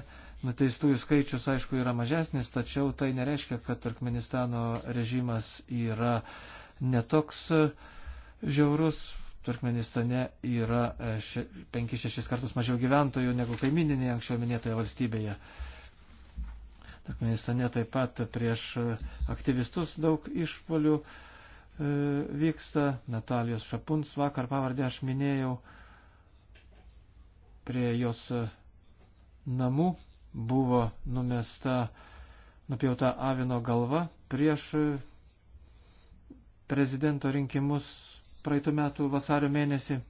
S2: nuteistųjų skaičius, aišku, yra mažesnis, tačiau tai nereiškia, kad Turkmenistano režimas yra netoks žiaurus. Turkmenistane yra 5-6 kartus mažiau gyventojų negu kaimininėje anksčiau minėtoje valstybėje. Turkmenistane taip pat prieš aktyvistus daug išpolių e, vyksta. Natalijos Šapuns vakar pavardę aš minėjau prie jos e, namų buvo numesta nupjauta avino galva prieš e, prezidento rinkimus praeitų metų vasario mėnesį.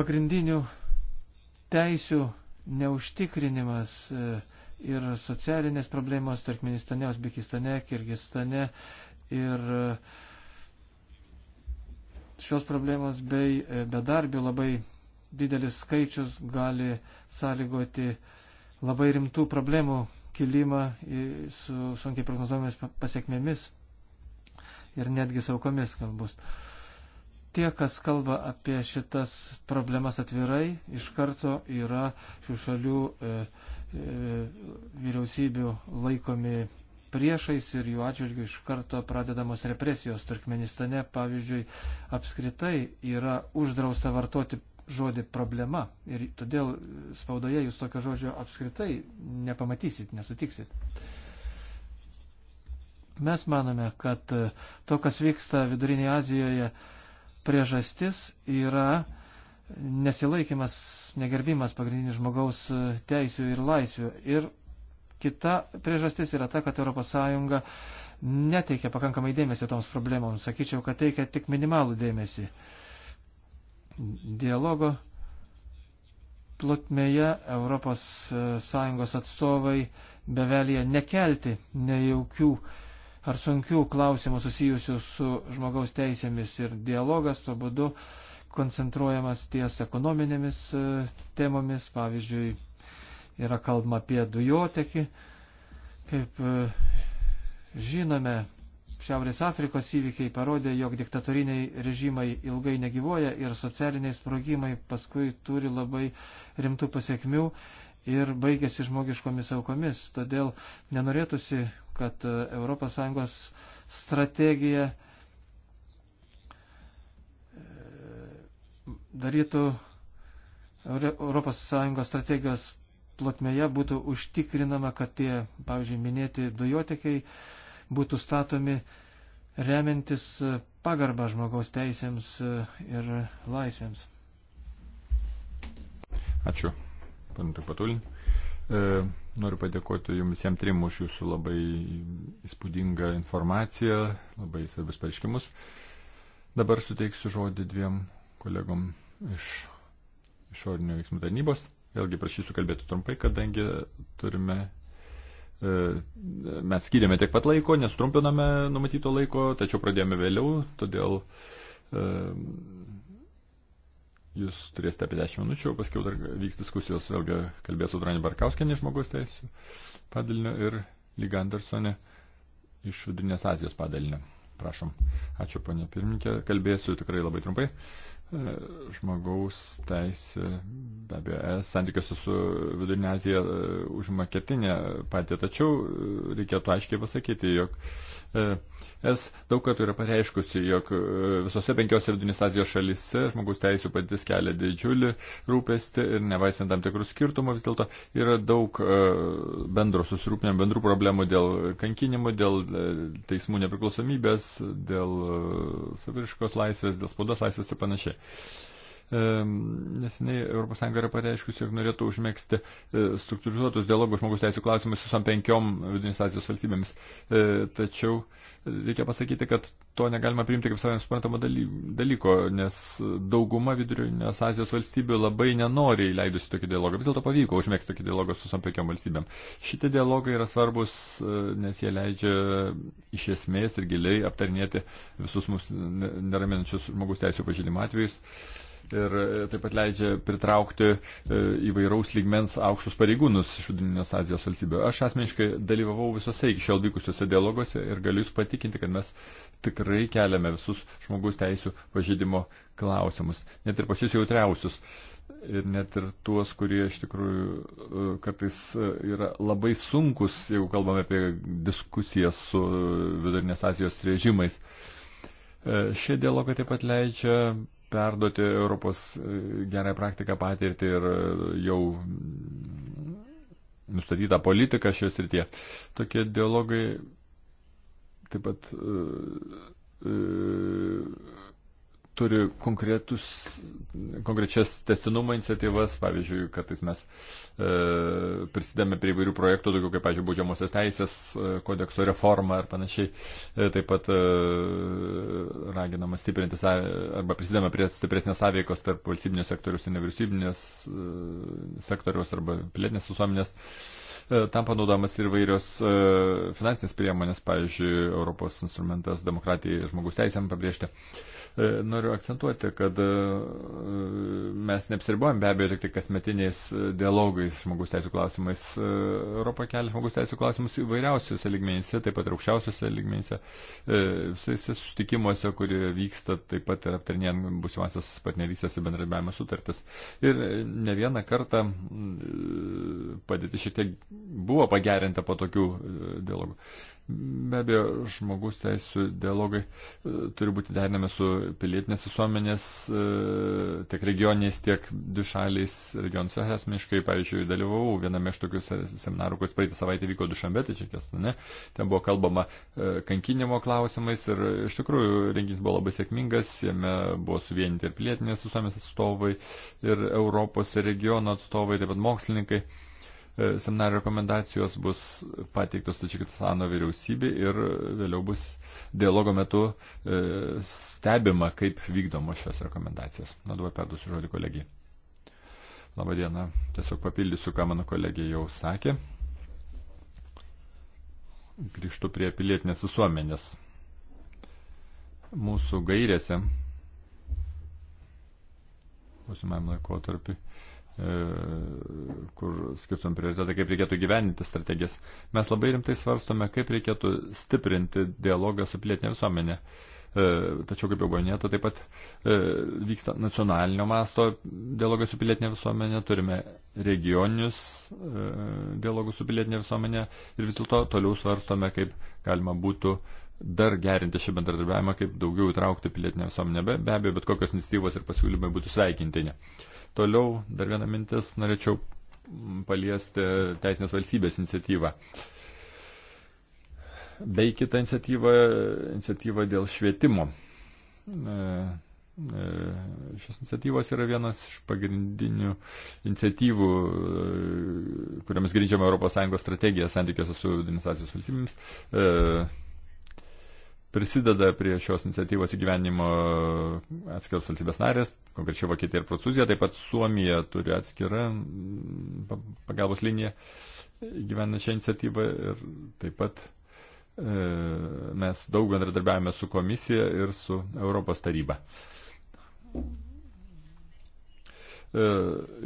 S2: Pagrindinių teisių neužtikrinimas e, ir socialinės problemos Turkmenistane, Uzbekistane, Kirgistane ir e, šios problemos bei e, bedarbių labai didelis skaičius gali sąlygoti labai rimtų problemų kilimą su sunkiai prognozuojamis pasiekmėmis ir netgi saukomis kalbus. Tie, kas kalba apie šitas problemas atvirai, iš karto yra šių šalių e, E, vyriausybių laikomi priešais ir jų atžvilgių iš karto pradedamos represijos. Turkmenistane, pavyzdžiui, apskritai yra uždrausta vartoti žodį problema ir todėl spaudoje jūs tokio žodžio apskritai nepamatysit, nesutiksit. Mes manome, kad to, kas vyksta Vidurinėje Azijoje, priežastis yra nesilaikimas, negerbimas pagrindinių žmogaus e, teisių ir laisvių. Ir kita priežastis yra ta, kad ES neteikia pakankamai dėmesio toms problemoms. Sakyčiau, kad teikia tik minimalų dėmesį. Dialogo plotmėje ES e, atstovai bevelėje nekelti nejaukių ar sunkių klausimų susijusių su žmogaus teisėmis ir dialogas tuo būdu uh, koncentruojamas ties ekonominėmis e, temomis, pavyzdžiui, yra kalbama apie dujotekį. Kaip e, žinome, Šiaurės Afrikos įvykiai parodė, jog diktatoriniai režimai ilgai negyvoja ir socialiniai sprogimai paskui turi labai rimtų pasiekmių ir baigėsi žmogiškomis aukomis. Todėl nenorėtųsi, kad ES strategija darytų ES strategijos plotmėje būtų užtikrinama, kad tie, pavyzdžiui, minėti dujotekiai būtų statomi remiantis pagarbą žmogaus teisėms ir laisvėms.
S3: Ačiū, pantu patulin. E, noriu padėkoti jums visiems trim už jūsų labai įspūdingą informaciją, labai svarbius pareiškimus. Dabar suteiksiu žodį dviem kolegom iš išorinių veiksmų tarnybos. Vėlgi prašysiu kalbėti trumpai, kadangi turime, e, mes skiriame tiek pat laiko, nestrumpiname numatyto laiko, tačiau pradėjome vėliau, todėl e, jūs turėsite apie 10 minučių, paskui dar vyks diskusijos, vėlgi kalbės su Dranė Barkauskenė iš žmogaus teisų padalinio ir Lyga Andersonė iš Vidurinės Azijos padalinio. Prašom. Ačiū, ponė pirmininkė. Kalbėsiu tikrai labai trumpai. E, žmogaus teisė, be abejo, es santykiuose su Vidurinė Azija e, užima ketinę patį, tačiau e, reikėtų aiškiai pasakyti, jog E, es daug kartų yra pareiškusi, jog e, visose penkiose vidurinės Azijos šalise žmogus teisų padėtis kelia didžiulį rūpestį ir nevaisant tam tikrų skirtumų vis dėlto yra daug e, bendro susirūpinimo, bendrų problemų dėl kankinimų, dėl teismų nepriklausomybės, dėl saviriškos laisvės, dėl spaudos laisvės ir panašiai neseniai ES yra pareiškusi, jog norėtų užmėgsti e, struktūrizuotus dialogus žmogus teisų klausimus visom penkiom Vidinės Azijos valstybėmis. E, tačiau e, reikia pasakyti, kad to negalima priimti kaip savai suprantamo dalyko, nes dauguma Vidurinės Azijos valstybių labai nenori įleidusi tokį dialogą. Vis dėlto pavyko užmėgsti tokį dialogą su visom penkiom valstybėm. Šitie dialogai yra svarbus, nes jie leidžia iš esmės ir giliai aptarinėti visus mūsų neraminančius žmogus teisų pažydimo atvejus ir e, taip pat leidžia pritraukti e, įvairaus lygmens aukštus pareigūnus iš Vidurinės Azijos valstybių. Aš asmeniškai dalyvavau visose iki šiol vykusiuose dialoguose ir galiu Jūs patikinti, kad mes tikrai keliame visus žmogus teisų pažydimo klausimus, net ir pačius jautriausius. Ir net ir tuos, kurie iš tikrųjų e, kartais yra labai sunkus, jeigu kalbame apie diskusijas su Vidurinės Azijos režimais. Šie dialogai taip pat leidžia perduoti Europos e, gerąją praktiką patirtį ir e, jau nustatytą politiką šioje srityje. Tokie dialogai taip pat e, e, turi konkretus, konkrečias testinumo iniciatyvas, pavyzdžiui, kartais mes e, prisidėme prie įvairių projektų, daugiau kaip, pavyzdžiui, baudžiamosios teisės e, kodekso reforma ar panašiai, e, taip pat e, raginama stiprinti sa, arba prisidėme prie stipresnės sąveikos tarp valstybinio sektoriaus ir nevyriausybinės e, sektoriaus arba pilietinės visuomenės. E, E, tam panaudojamas ir vairios e, finansinės priemonės, pavyzdžiui, Europos instrumentas demokratijai ir žmogus teisėm pabrėžti. E, noriu akcentuoti, kad mes neapsiribuojam be abejo tik tai kasmetiniais dialogais žmogus teisų klausimais. Europa kelia žmogus teisų klausimus įvairiausiuose lygmenyse, taip pat ir aukščiausiuose lygmenyse, visais susitikimuose, kurie vyksta, taip pat ir aptarnėjant busimasis partnerystės ir bendradarbiavimo sutartis. Ir ne vieną kartą padėti šiek tiek buvo pagerinta po tokių e, dialogų. Be abejo, žmogus teisų dialogai e, turi būti derinami su pilietinės visuomenės, e, tiek regioniais, tiek dušaliais regionuose. Asmeniškai, pavyzdžiui, dalyvavau viename iš tokių seminarų, kuris praeitą savaitę vyko dušambė, tai čia kestane. Ten buvo kalbama kankinimo klausimais ir iš tikrųjų renginys buvo labai sėkmingas, jame buvo suvienyti ir pilietinės visuomenės atstovai, ir Europos ir regiono atstovai, taip pat mokslininkai. E, seminario rekomendacijos bus pateiktos Tačikistano vyriausybei ir vėliau bus dialogo metu e, stebima, kaip vykdomos šios rekomendacijos. Na, dabar perduosiu žodį kolegijai. Labadiena, tiesiog papildysiu, ką mano kolegija jau sakė. Grįžtu prie pilietinės visuomenės. Mūsų gairėse, būsimam laikotarpiu, E, kur skirtum prioritetą, kaip reikėtų gyveninti strategijas. Mes labai rimtai svarstome, kaip reikėtų stiprinti dialogą su pilietinė visuomenė. E, tačiau, kaip jau buvo minėta, taip pat e, vyksta nacionalinio masto dialogas su pilietinė visuomenė, turime regioninius dialogus su pilietinė visuomenė ir vis dėlto toliau svarstome, kaip galima būtų dar gerinti šį bendradarbiavimą, kaip daugiau įtraukti pilietinę visuomenę. Be, be abejo, bet kokios iniciatyvos ir pasiūlymai būtų sveikintini. Ne. Toliau dar viena mintis, norėčiau paliesti Teisinės valstybės iniciatyvą. Bei kitą iniciatyvą, iniciatyvą dėl švietimo. E, e, šios iniciatyvos yra vienas iš pagrindinių iniciatyvų, e, kuriamis grindžiama ES strategija santykiuose su administracijos valstybėmis prisideda prie šios iniciatyvos įgyvenimo e, atskiros valstybės narės, konkrečiai Vokietija ir Prancūzija, taip pat Suomija turi atskirą pagalbos liniją įgyvenant šią iniciatyvą ir taip pat e, mes daug bendradarbiavame su komisija ir su Europos taryba. E,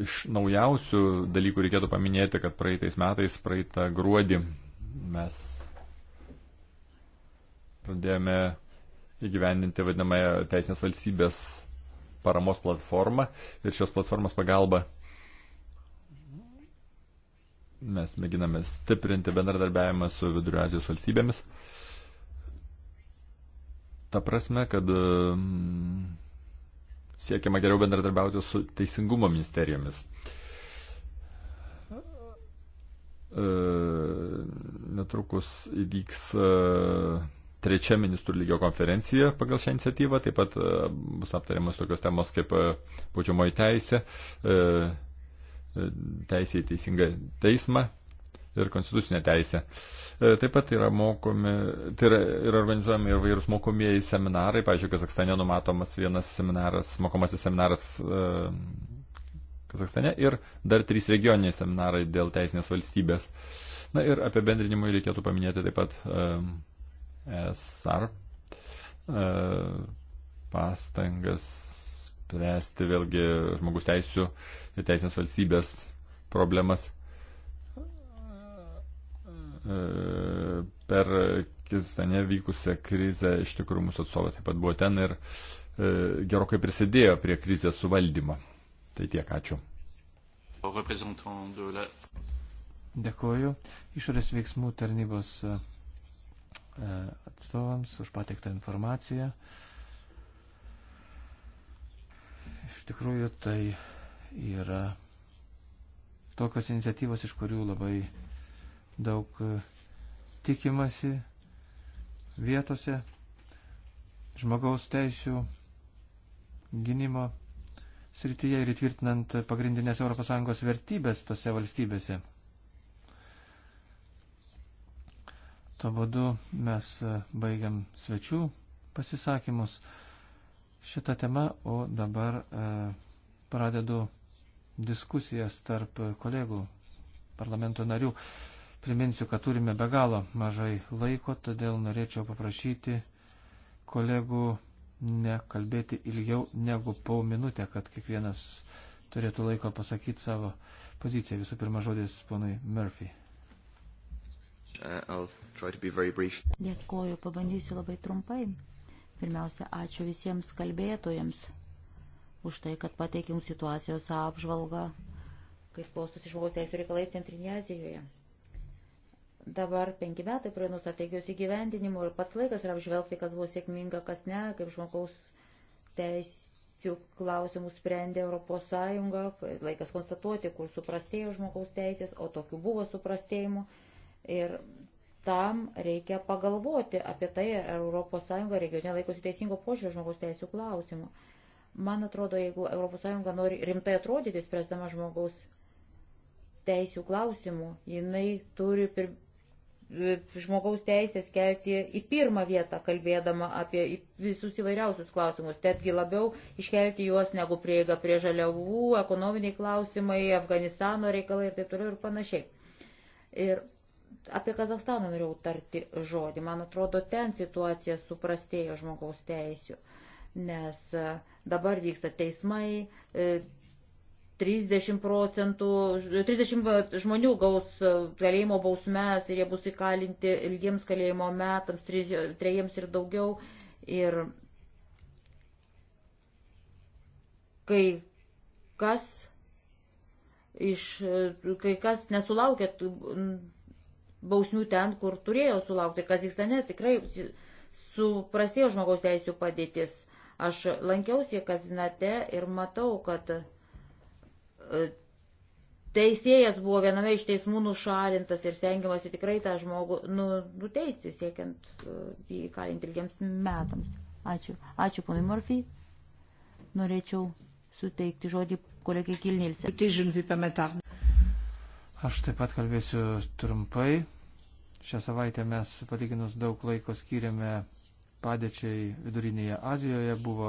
S3: iš naujausių dalykų reikėtų paminėti, kad praeitais metais, praeitą gruodį mes pradėjome įgyvendinti vadinamąją teisinės valstybės paramos platformą ir šios platformos pagalba mes mėginame stiprinti bendradarbiavimą su Vidurio Azijos valstybėmis. Ta prasme, kad mm, siekiama geriau bendradarbiauti su teisingumo ministerijomis. E, netrukus įvyks e, trečia ministrų lygio konferencija pagal šią iniciatyvą. Taip pat e, bus aptariamas tokios temos kaip e, baudžiamoji teisė, e, teisė į teisingą teismą ir konstitucinė teisė. Taip pat yra, mokomi, tai yra, yra organizuojami ir vairūs mokomieji seminarai. Pavyzdžiui, Kazakstane numatomas vienas seminaras, mokomasis seminaras Kazakstane ir dar trys regioniniai seminarai dėl teisinės valstybės. Na ir apibendrinimui reikėtų paminėti taip pat. Um, ESR e, pastangas spręsti vėlgi žmogus teisų ir teisinės valstybės problemas e, per Kizane vykusią krizę iš tikrųjų mūsų atstovas taip pat buvo ten ir e, gerokai prisidėjo prie krizės suvaldymo. Tai tiek, ačiū.
S2: Dėkuoju. Išorės veiksmų tarnybos E, atstovams už pateiktą informaciją. Iš tikrųjų, tai yra tokios iniciatyvos, iš kurių labai daug e, tikimasi vietose žmogaus teisų gynimo srityje ir įtvirtinant pagrindinės ES vertybės tose valstybėse. Tuo būdu mes e, baigiam svečių pasisakymus šitą temą, o dabar e, pradedu diskusijas tarp kolegų parlamento narių. Priminsiu, kad turime be galo mažai laiko, todėl norėčiau paprašyti kolegų nekalbėti ilgiau negu po minutę, kad kiekvienas turėtų laiko pasakyti savo poziciją. Visų pirma, žodis ponui Murphy.
S1: Uh, Dėkuoju, pabandysiu labai trumpai. Pirmiausia, ačiū visiems kalbėtojams už tai, kad pateikėm situacijos apžvalgą, kaip klostosi žmogaus teisų reikalai Centrinėje Azijoje. Dabar penki metai praeinu strategijos įgyvendinimo ir pats laikas yra apžvelgti, kas buvo sėkminga, kas ne, kaip žmogaus teisų klausimus sprendė Europos Sąjunga, laikas konstatuoti, kur suprastėjo žmogaus teisės, o tokių buvo suprastėjimų. Ir tam reikia pagalvoti apie tai, ar ES regione laikosi teisingo požiūrio žmogaus teisų klausimų. Man atrodo, jeigu ES nori rimtai atrodyti, spręsdama žmogaus teisų klausimų, jinai turi pir... žmogaus teisės kelti į pirmą vietą, kalbėdama apie visus įvairiausius klausimus, netgi labiau iškelti juos negu prieiga prie žaliavų, ekonominiai klausimai, Afganistano reikalai ir taip toliau ir panašiai. Ir apie Kazakstaną norėjau tarti žodį. Man atrodo, ten situacija suprastėjo žmogaus teisių, nes e, dabar vyksta teismai, 30 e, procentų, 30 žmonių gaus e, kalėjimo bausmes ir jie bus įkalinti ilgiems kalėjimo metams, trejiems ir daugiau. Ir kai kas, iš, kai kas nesulaukia bausmių ten, kur turėjo sulaukti. Kazakstane tikrai suprastėjo žmogaus teisų padėtis. Aš lankiausi Kazinate ir matau, kad e, teisėjas buvo viename iš teismų nušalintas ir stengiamasi tikrai tą žmogų nu, nuteisti, siekiant e, jį įkalinti ilgiems metams. Ačiū. Ačiū, ponai Murphy. Norėčiau suteikti žodį kolegiai Kilnilsė.
S2: Aš taip pat kalbėsiu trumpai. Šią savaitę mes patikinus daug laiko skiriame padėčiai vidurinėje Azijoje, buvo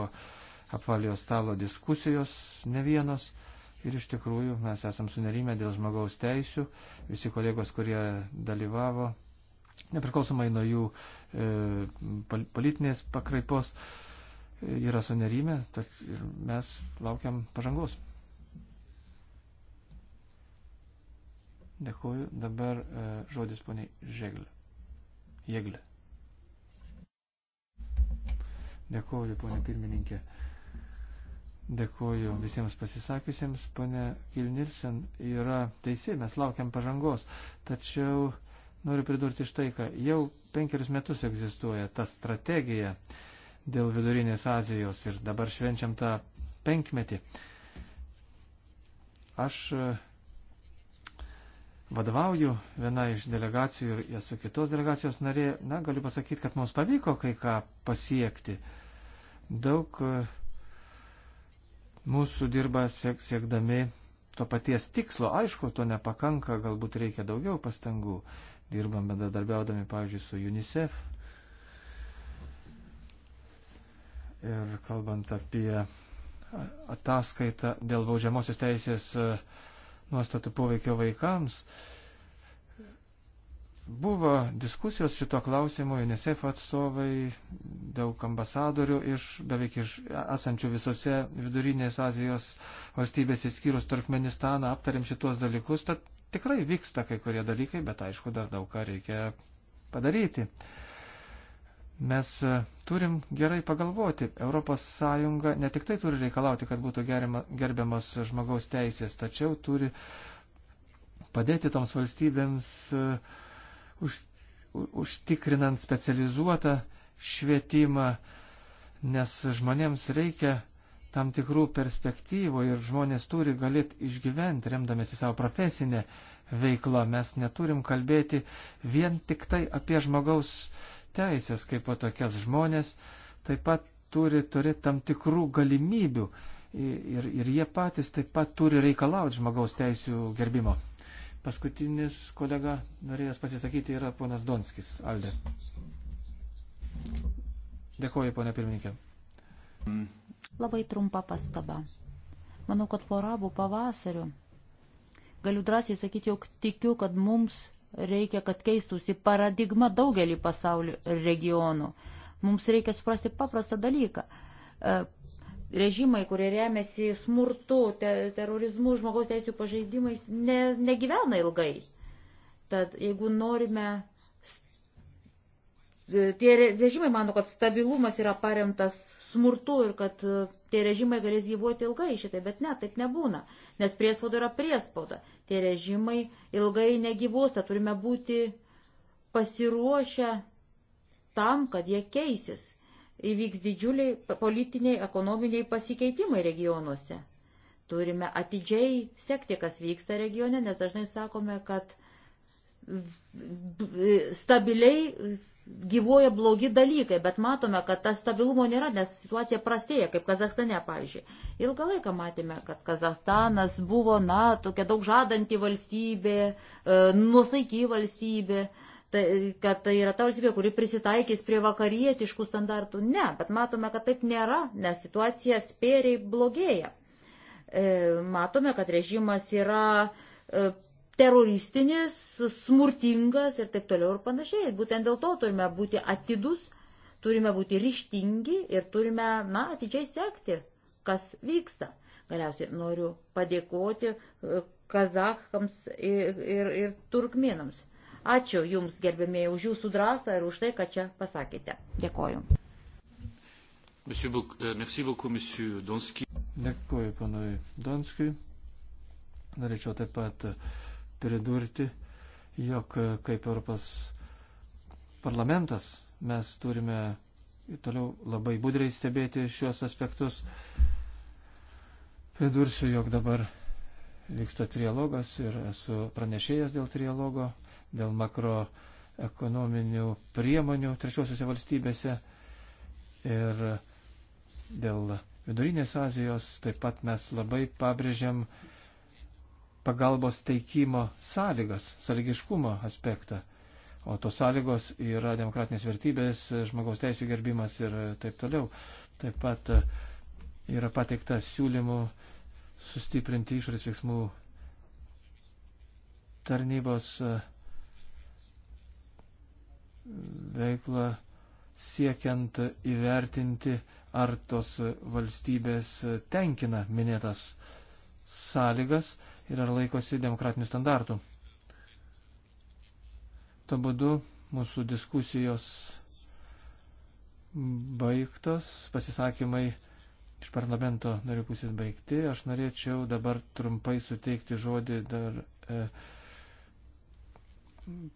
S2: apvalio stalo diskusijos ne vienos ir iš tikrųjų mes esam sunerimę dėl žmogaus teisių. Visi kolegos, kurie dalyvavo, nepriklausomai nuo jų e, politinės pakraipos, e, yra sunerimę ir mes laukiam pažangos. Dėkuoju. Dabar e, žodis poniai Žeglė. Jėglė. Dėkuoju, ponė pirmininkė. Dėkuoju visiems pasisakiusiems. Pone Kilnilsen yra teisi, mes laukiam pažangos. Tačiau noriu pridurti štai, kad jau penkerius metus egzistuoja ta strategija dėl vidurinės Azijos ir dabar švenčiam tą penkmetį. Aš vadovauju viena iš delegacijų ir esu kitos delegacijos narė, na, galiu pasakyti, kad mums pavyko kai ką pasiekti. Daug e, mūsų dirba siek, siekdami to paties tikslo. Aišku, to nepakanka, galbūt reikia daugiau pastangų. Dirbam bendradarbiaudami, pavyzdžiui, su UNICEF. Ir kalbant apie ataskaitą dėl baudžiamosios teisės uh, nuostatų poveikio vaikams. Buvo diskusijos šito klausimu, UNICEF atstovai, daug ambasadorių iš beveik iš esančių visose vidurinės Azijos valstybėse, skyrus Turkmenistaną, aptarėm šitos dalykus, tad tikrai vyksta kai kurie dalykai, bet aišku, dar daug ką reikia padaryti. Uh, mes e, turim gerai pagalvoti. ES ne tik tai turi reikalauti, kad būtų gerima, gerbiamas žmogaus teisės, tačiau turi padėti toms valstybėms e, už, užtikrinant specializuotą švietimą, nes žmonėms reikia tam tikrų perspektyvų ir žmonės turi galėti išgyventi, remdamėsi savo profesinę veiklą. Mes neturim kalbėti vien tik tai apie žmogaus teisės kaip po tokias žmonės taip pat turi turėti tam tikrų galimybių ir, ir jie patys taip pat turi reikalauti žmogaus teisų gerbimo. Paskutinis kolega norėjęs pasisakyti yra ponas Donskis, Aldė. Dėkuoju, ponė pirmininkė.
S1: Labai trumpa pastaba. Manau, kad po arabų pavasarių galiu drąsiai sakyti, jog tikiu, kad mums reikia, kad keistųsi paradigma daugelį pasaulio regionų. Mums reikia suprasti paprastą dalyką. E, režimai, kurie remiasi smurtu, te, terorizmu, žmogaus teisų pažeidimais, ne, negyvena ilgai. Tad jeigu norime, tie režimai mano, kad stabilumas yra paremtas smurtu ir kad e, tie režimai galės gyvuoti ilgai šitai, bet ne, taip nebūna, nes priespauda yra priespauda. Tie režimai ilgai negyvuosta, turime būti pasiruošę tam, kad jie keisis. Įvyks didžiuliai politiniai, ekonominiai pasikeitimai regionuose. Turime atidžiai sekti, kas vyksta regione, nes dažnai sakome, kad stabiliai gyvoja blogi dalykai, bet matome, kad tas stabilumo nėra, nes situacija prastėja, kaip Kazakstane, pavyzdžiui. Ilgą laiką matėme, kad Kazakstanas buvo, na, tokia daug žadanti valstybė, e, nusaiky valstybė, tai, kad tai yra ta valstybė, kuri prisitaikys prie vakarietiškų standartų. Ne, bet matome, kad taip nėra, nes situacija spėriai blogėja. E, matome, kad režimas yra e, teroristinis, smurtingas ir taip toliau ir panašiai. Būtent dėl to turime būti atidus, turime būti ryštingi ir turime, na, atidžiai sekti, kas vyksta. Galiausiai noriu padėkoti e, kazakams ir, ir, ir turkminams. Ačiū Jums, gerbėmėjai, už Jūsų drąsą ir už tai, kad čia pasakėte. Dėkoju.
S2: Dėkuoju, panui Donskijui. Norėčiau taip pat uh, pridurti, jog kaip Europos parlamentas mes turime toliau labai budriai stebėti šios aspektus. Pridursiu, jog dabar vyksta trialogas ir esu pranešėjęs dėl trialogo, dėl makroekonominių priemonių trečiosiuose valstybėse ir dėl vidurinės Azijos. Taip pat mes labai pabrėžiam pagalbos teikimo sąlygas, sąlygiškumo aspektą. O tos sąlygos yra demokratinės vertybės, žmogaus teisų gerbimas ir taip toliau. Taip pat e, yra pateikta siūlymų sustiprinti išorės veiksmų tarnybos e, veiklą siekiant įvertinti, ar tos valstybės tenkina minėtas sąlygas ir ar laikosi demokratinių standartų. Tuo būdu mūsų diskusijos baigtos, pasisakymai iš parlamento narių pusės baigti. Aš norėčiau dabar trumpai suteikti žodį dar e,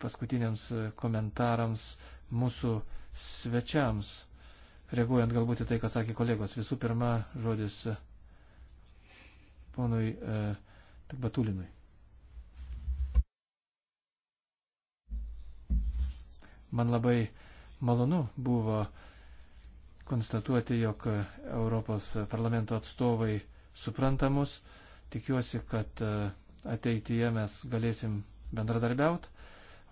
S2: paskutiniams komentarams mūsų svečiams, reaguojant galbūt į tai, ką sakė kolegos. Visų pirma, žodis ponui e, tik Batulinui. Man labai malonu buvo konstatuoti, jog Europos parlamento atstovai suprantamus. Tikiuosi, kad e, ateityje mes galėsim bendradarbiaut.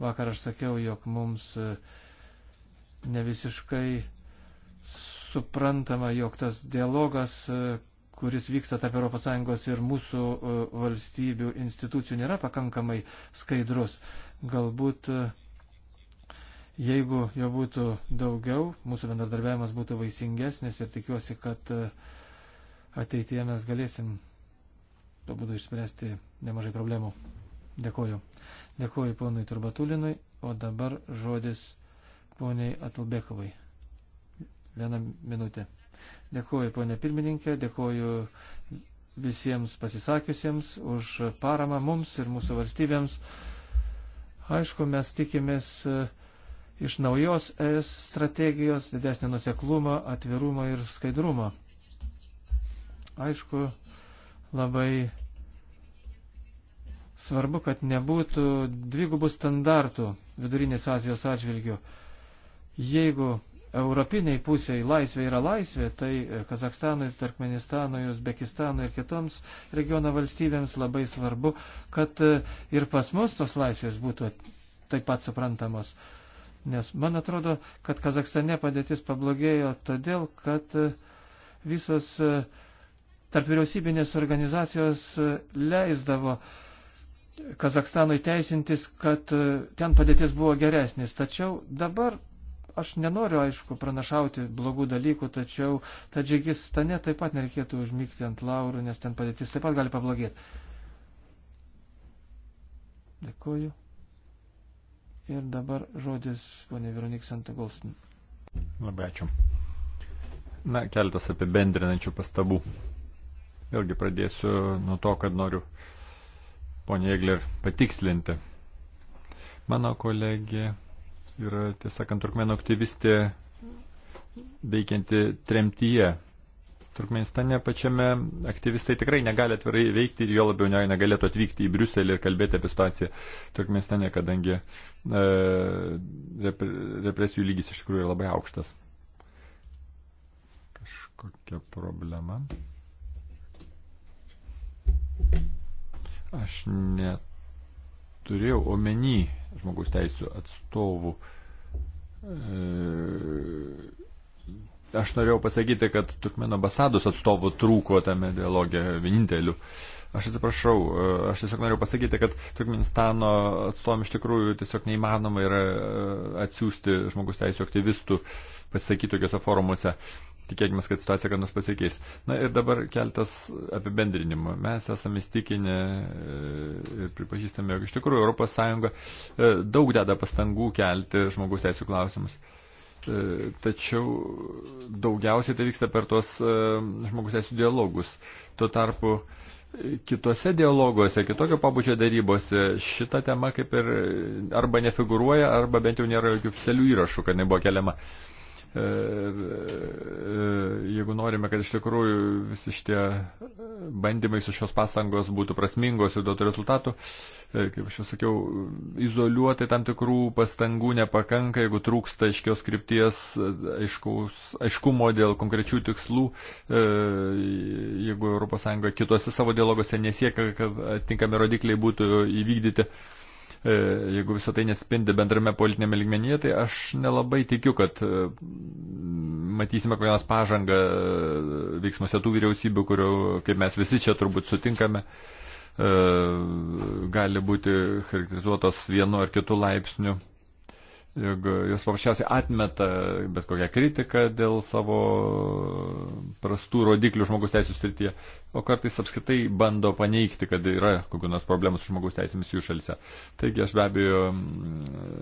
S2: Vakar aš sakiau, jog mums e, ne visiškai suprantama, jog tas dialogas e, kuris vyksta tarp ES ir mūsų e, valstybių institucijų, nėra pakankamai skaidrus. Galbūt, e, jeigu jo būtų daugiau, mūsų bendradarbiavimas būtų vaisingesnis ir tikiuosi, kad e, ateityje mes galėsim to būdu išspręsti nemažai problemų. Dėkuoju. Dėkuoju ponui Turbatulinui, o dabar žodis poniai Atlbekovai. Vieną minutę. Dėkuoju, ponė pirmininkė, dėkuoju visiems pasisakiusiems už paramą mums ir mūsų valstybėms. Aišku, mes tikimės e, iš naujos ES strategijos didesnio nuseklumo, atvirumo ir skaidrumo. Aišku, labai svarbu, kad nebūtų dvigubų standartų vidurinės Azijos atžvilgių. Jeigu europiniai pusiai laisvė yra laisvė, tai e, Kazakstanui, Turkmenistanui, Uzbekistanui ir kitoms regiono valstybėms labai svarbu, kad e, ir pas mus tos laisvės būtų taip pat suprantamos. Nes man atrodo, kad Kazakstane padėtis pablogėjo todėl, kad e, visos tarp vyriausybinės organizacijos leisdavo Kazakstanui teisintis, kad ten padėtis buvo geresnis. Tačiau dabar Aš nenoriu, aišku, pranašauti blogų dalykų, tačiau Tadžikistane taip pat nereikėtų užmygti ant laurų, nes ten padėtis taip pat gali pablogėti. Dėkuoju. Ir dabar žodis ponė Veronik Santagolstin. Labai ačiū.
S3: Na, keletas apibendrinančių pastabų. Vėlgi pradėsiu nuo to, kad noriu ponė Egler patikslinti. Mano kolegė yra, tiesąkant, turkmenų aktyvistė veikianti tremtyje. Turkmenistane pačiame aktyvistai tikrai negali atvirai veikti ir jo labiau negalėtų atvykti į Briuselį ir kalbėti apie situaciją Turkmenistane, kadangi e, represijų lygis iš tikrųjų yra labai aukštas. Kažkokia problema. Aš net turėjau omeny žmogaus teisų atstovų. E, aš norėjau pasakyti, kad Turkmenų ambasados atstovų trūko tame dialoge vieninteliu. Aš atsiprašau, e, aš tiesiog noriu pasakyti, kad Turkmenistano atstovom iš tikrųjų tiesiog neįmanoma yra e, atsiųsti žmogus teisų aktyvistų pasisakytų tokiuose forumuose. Tikėkime, kad situacija kad nors pasikeis. Na ir dabar keltas apibendrinimų. Mes esame įstikinę e, ir pripažįstame, jog iš tikrųjų ES e, daug deda pastangų kelti žmogus teisų klausimus. E, tačiau daugiausiai tai vyksta per tuos žmogus teisų dialogus. Tuo tarpu kitose dialoguose, kitokio pabudžio darybose šita tema kaip ir arba nefiguruoja, arba bent jau nėra jokių oficialių įrašų, kad nebuvo keliama. buvo keliama. E, e, jeigu norime, kad iš tikrųjų visi šitie bandymai su šios pasangos būtų prasmingos ir duotų rezultatų, e, kaip aš jau sakiau, izoliuoti tam tikrų pastangų nepakanka, jeigu trūksta aiškios krypties, aiškaus, aiškumo dėl konkrečių tikslų, jeigu ES kituose savo dialogose nesiekia, kad tinkami rodikliai būtų įvykdyti. E, jeigu visą tai nespindi bendrame politinėme ligmenyje, tai aš nelabai tikiu, kad e, matysime kokią nors pažangą e, veiksmuose tų vyriausybių, kurių, kaip mes visi čia turbūt sutinkame, gali būti charakterizuotos vienu ar kitu laipsniu jog jos paprasčiausiai atmeta bet kokią kritiką dėl savo prastų rodiklių žmogus teisų srityje, o kartais apskritai bando paneigti, kad yra kokių nors problemų su žmogus teisėmis jų šalise. Taigi aš be abejo mm,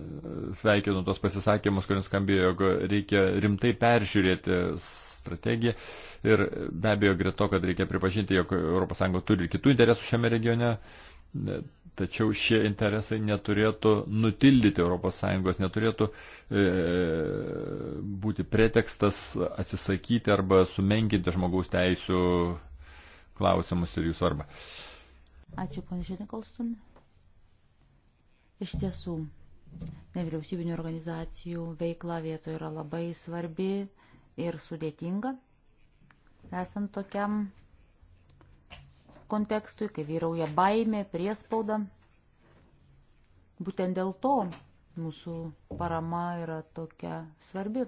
S3: sveikinu tos pasisakymus, kuriems skambėjo, jog reikia rimtai peržiūrėti strategiją ir be abejo greta to, kad reikia pripažinti, jog ES turi ir kitų interesų šiame regione Tačiau šie interesai neturėtų nutildyti ES, neturėtų e, būti pretekstas atsisakyti arba sumenkinti žmogaus teisų klausimus ir jų svarbą.
S1: Ačiū, panašiai Nikolson. Iš tiesų, nevyriausybinių organizacijų veikla vietoje yra labai svarbi ir sudėtinga. Esant tokiam kontekstui, kai vyrauja baimė, priespauda. Būtent dėl to mūsų parama yra tokia svarbi.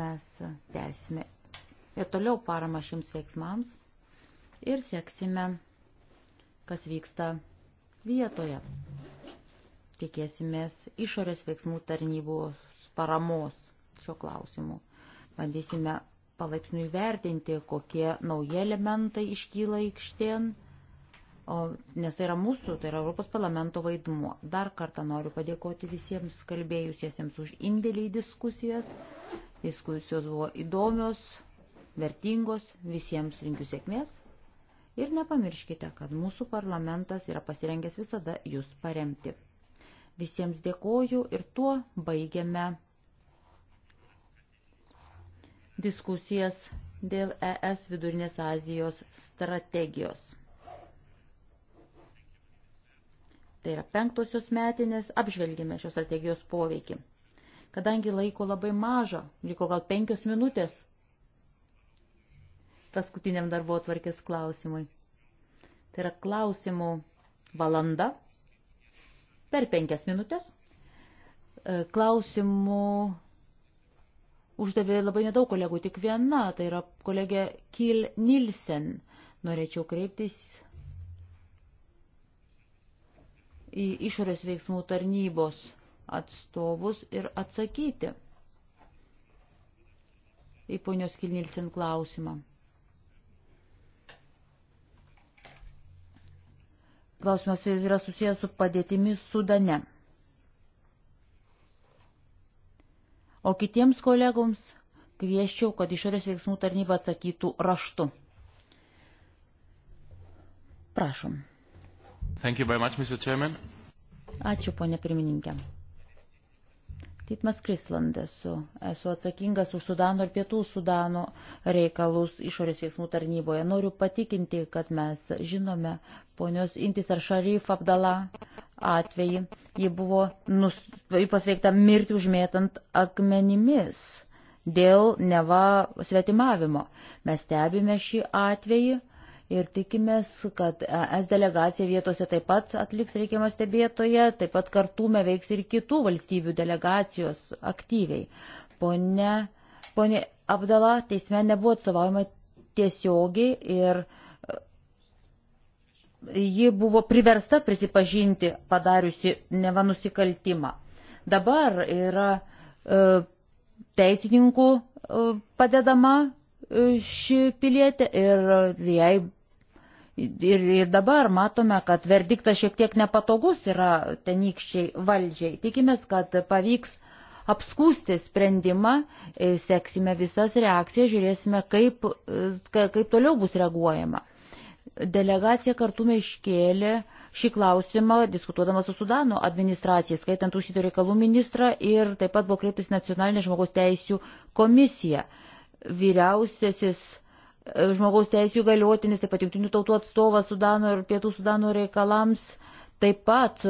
S1: Mes tęsime ir toliau paramą šiems veiksmams ir seksime, kas vyksta vietoje. Tikėsimės išorės veiksmų tarnybos paramos šio klausimu. Bandysime palaipsniui vertinti, kokie nauji elementai iškyla aikštėn, o, nes tai yra mūsų, tai yra Europos parlamento vaidmuo. Dar kartą noriu padėkoti visiems kalbėjusiesiems už indėlį į diskusijas. Diskusijos buvo įdomios, vertingos, visiems linkiu sėkmės. Ir nepamirškite, kad mūsų parlamentas yra pasirengęs visada jūs paremti. Visiems dėkoju ir tuo baigiame diskusijas dėl ES vidurinės Azijos strategijos. Tai yra penktosios metinės, apžvelgime šios strategijos poveikį. Kadangi laiko labai maža, liko gal penkios minutės paskutiniam darbo atvarkės klausimui. Tai yra klausimų valanda per penkias minutės. E, klausimų uždavė labai nedaug kolegų, tik viena, tai yra kolegė Kil Nilsen. Norėčiau kreiptis į išorės veiksmų tarnybos atstovus ir atsakyti į ponios Kilnilsin klausimą. Klausimas yra susijęs su padėtimi Sudane. O kitiems kolegoms kvieščiau, kad išorės veiksmų tarnyba atsakytų raštu. Prašom.
S3: Thank you very much, Mr. Chairman.
S1: Ačiū, ponė pirmininkė. Titmas Krisland esu. Esu atsakingas už Sudano ir Pietų Sudano reikalus išorės veiksmų tarnyboje. Noriu patikinti, kad mes žinome ponios Intis ar Šarif Abdala atvejį. Ji buvo nus, pasveikta mirti užmėtant akmenimis dėl neva svetimavimo. Mes stebime šį atvejį ir tikimės, kad es delegacija vietose taip pat atliks reikiamą stebėtoje, taip pat kartume veiks ir kitų valstybių delegacijos aktyviai. Pone, pone Abdala, teisme nebuvo atstovaujama tiesiogiai ir ji buvo priversta prisipažinti padariusi neva nusikaltimą. Dabar yra e, teisininkų e, padedama e, ši pilietė ir jai. Ir dabar matome, kad verdiktas šiek tiek nepatogus yra tenykščiai valdžiai. Tikimės, kad pavyks apskūsti sprendimą, e, seksime visas reakcijas, žiūrėsime, kaip, e, kaip toliau bus reaguojama. Delegacija kartu iškėlė šį klausimą, diskutuodama su Sudano administracija, skaitant užsienio reikalų ministrą ir taip pat buvo kreiptis nacionalinė žmogaus teisų komisija. Vyriausiasis e, žmogaus teisų įgaliotinis, taip pat jungtinių tautų atstovas Sudano ir Pietų Sudano reikalams taip pat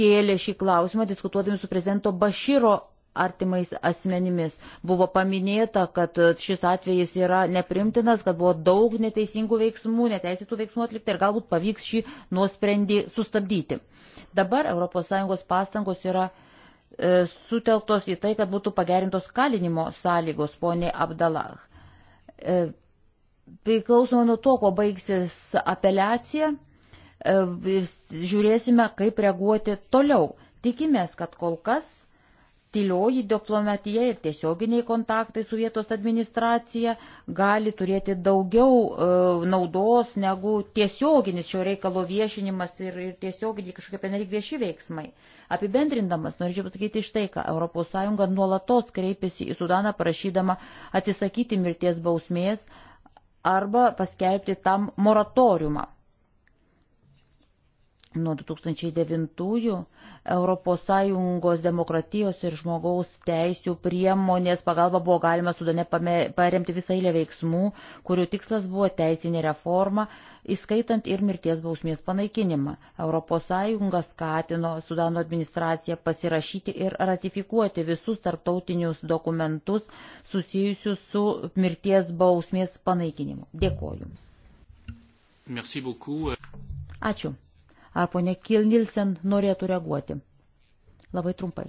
S1: kėlė šį klausimą diskutuodami su prezidento Baširo artimais asmenimis. Buvo paminėta, kad šis atvejis yra neprimtinas, kad buvo daug neteisingų veiksmų, neteisėtų veiksmų atlikti ir galbūt pavyks šį nuosprendį sustabdyti. Dabar ES pastangos yra e, sutelktos į tai, kad būtų pagerintos kalinimo sąlygos, ponė Abdalah. E, Priklausomai nuo to, kuo baigsis apeliacija, e, žiūrėsime, kaip reaguoti toliau. Tikimės, kad kol kas tylioji diplomatija ir tiesioginiai kontaktai su vietos administracija gali turėti daugiau e, naudos negu tiesioginis šio reikalo viešinimas ir, ir tiesioginiai kažkokie penelik vieši veiksmai. Apibendrindamas, norėčiau pasakyti štai, ką ES nuolatos kreipiasi į Sudaną prašydama atsisakyti mirties bausmės arba paskelbti tam moratoriumą. Nuo 2009 ES demokratijos ir žmogaus teisių priemonės pagalba buvo galima sudane paremti visą eilę veiksmų, kurių tikslas buvo teisinė reforma, įskaitant ir mirties bausmės panaikinimą. ES skatino Sudano administraciją pasirašyti ir ratifikuoti visus tarptautinius dokumentus susijusius su mirties bausmės panaikinimu. Dėkoju. Ačiū. Ar ponė Kilnilsen norėtų reaguoti? Labai trumpai.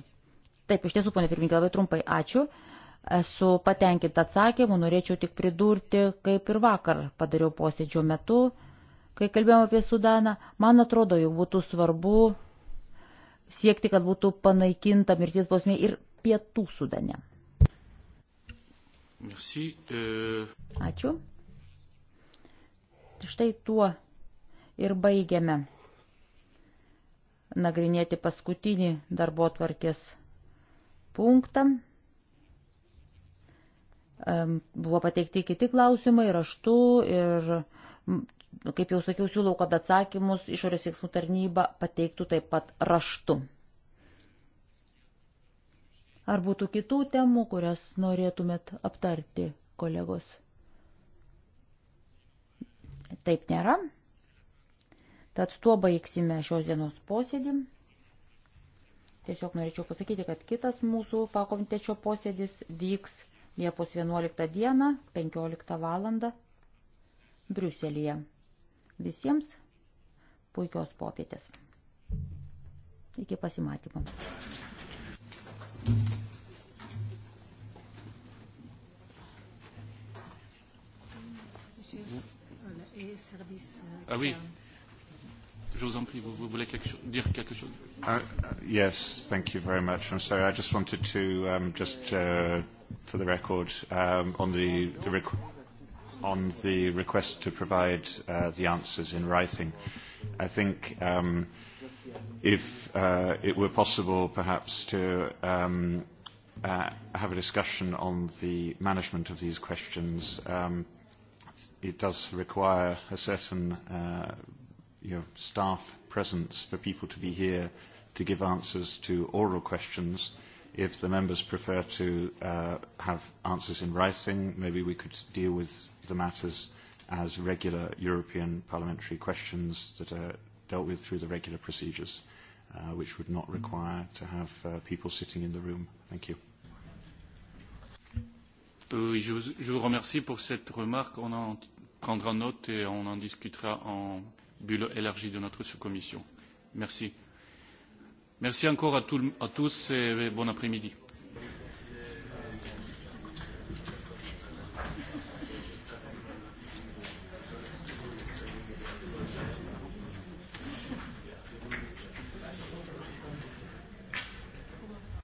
S1: Taip, iš tiesų, ponė pirmininkė, labai trumpai. Ačiū. Esu patenkinta atsakymu, norėčiau tik pridurti, kaip ir vakar padariau posėdžio metu, kai kalbėjom apie Sudaną. Man atrodo, jog būtų svarbu siekti, kad būtų panaikinta mirties bausmė ir pietų Sudane.
S2: Merci, e...
S1: Ačiū. Štai tuo ir baigiame nagrinėti paskutinį darbo tvarkės punktą. Buvo pateikti kiti klausimai raštu ir, kaip jau sakiau, siūlau, kad atsakymus išorės veiksmų tarnyba pateiktų taip pat raštu. Ar būtų kitų temų, kurias norėtumėt aptarti, kolegos? Taip nėra. Tad tuo baigsime šios dienos posėdį. Tiesiog norėčiau pasakyti, kad kitas mūsų pakomitečio posėdis vyks Liepos 11 dieną, 15 val. Briuselėje. Visiems puikios popietės. Iki pasimatymo. Thank
S2: euh, you. Euh, ah oui.
S3: Je vous en prie, vous, vous voulez quelque chose, dire quelque chose uh, uh, Yes, thank you very much. I'm sorry, I just wanted to, um, just uh, for the record, um, on the, the rec- on the request to provide uh, the answers in writing. I think um, if uh, it were possible perhaps to um, uh, have a discussion on the management of these questions, um, it does require a certain uh, you know, staff presence for people to be here to give answers to oral questions. If the members prefer to uh, have answers in writing, maybe we could deal with the matters as regular European parliamentary questions that are dealt with through the regular procedures, uh, which would not require to have uh, people sitting in the room. Thank you.
S2: Oui, je vous, je vous remercie pour cette remarque. On en prendra note et on en discutera en, bulle élargie de notre sous-commission. Merci. Merci encore à, tout, à tous et bon après-midi.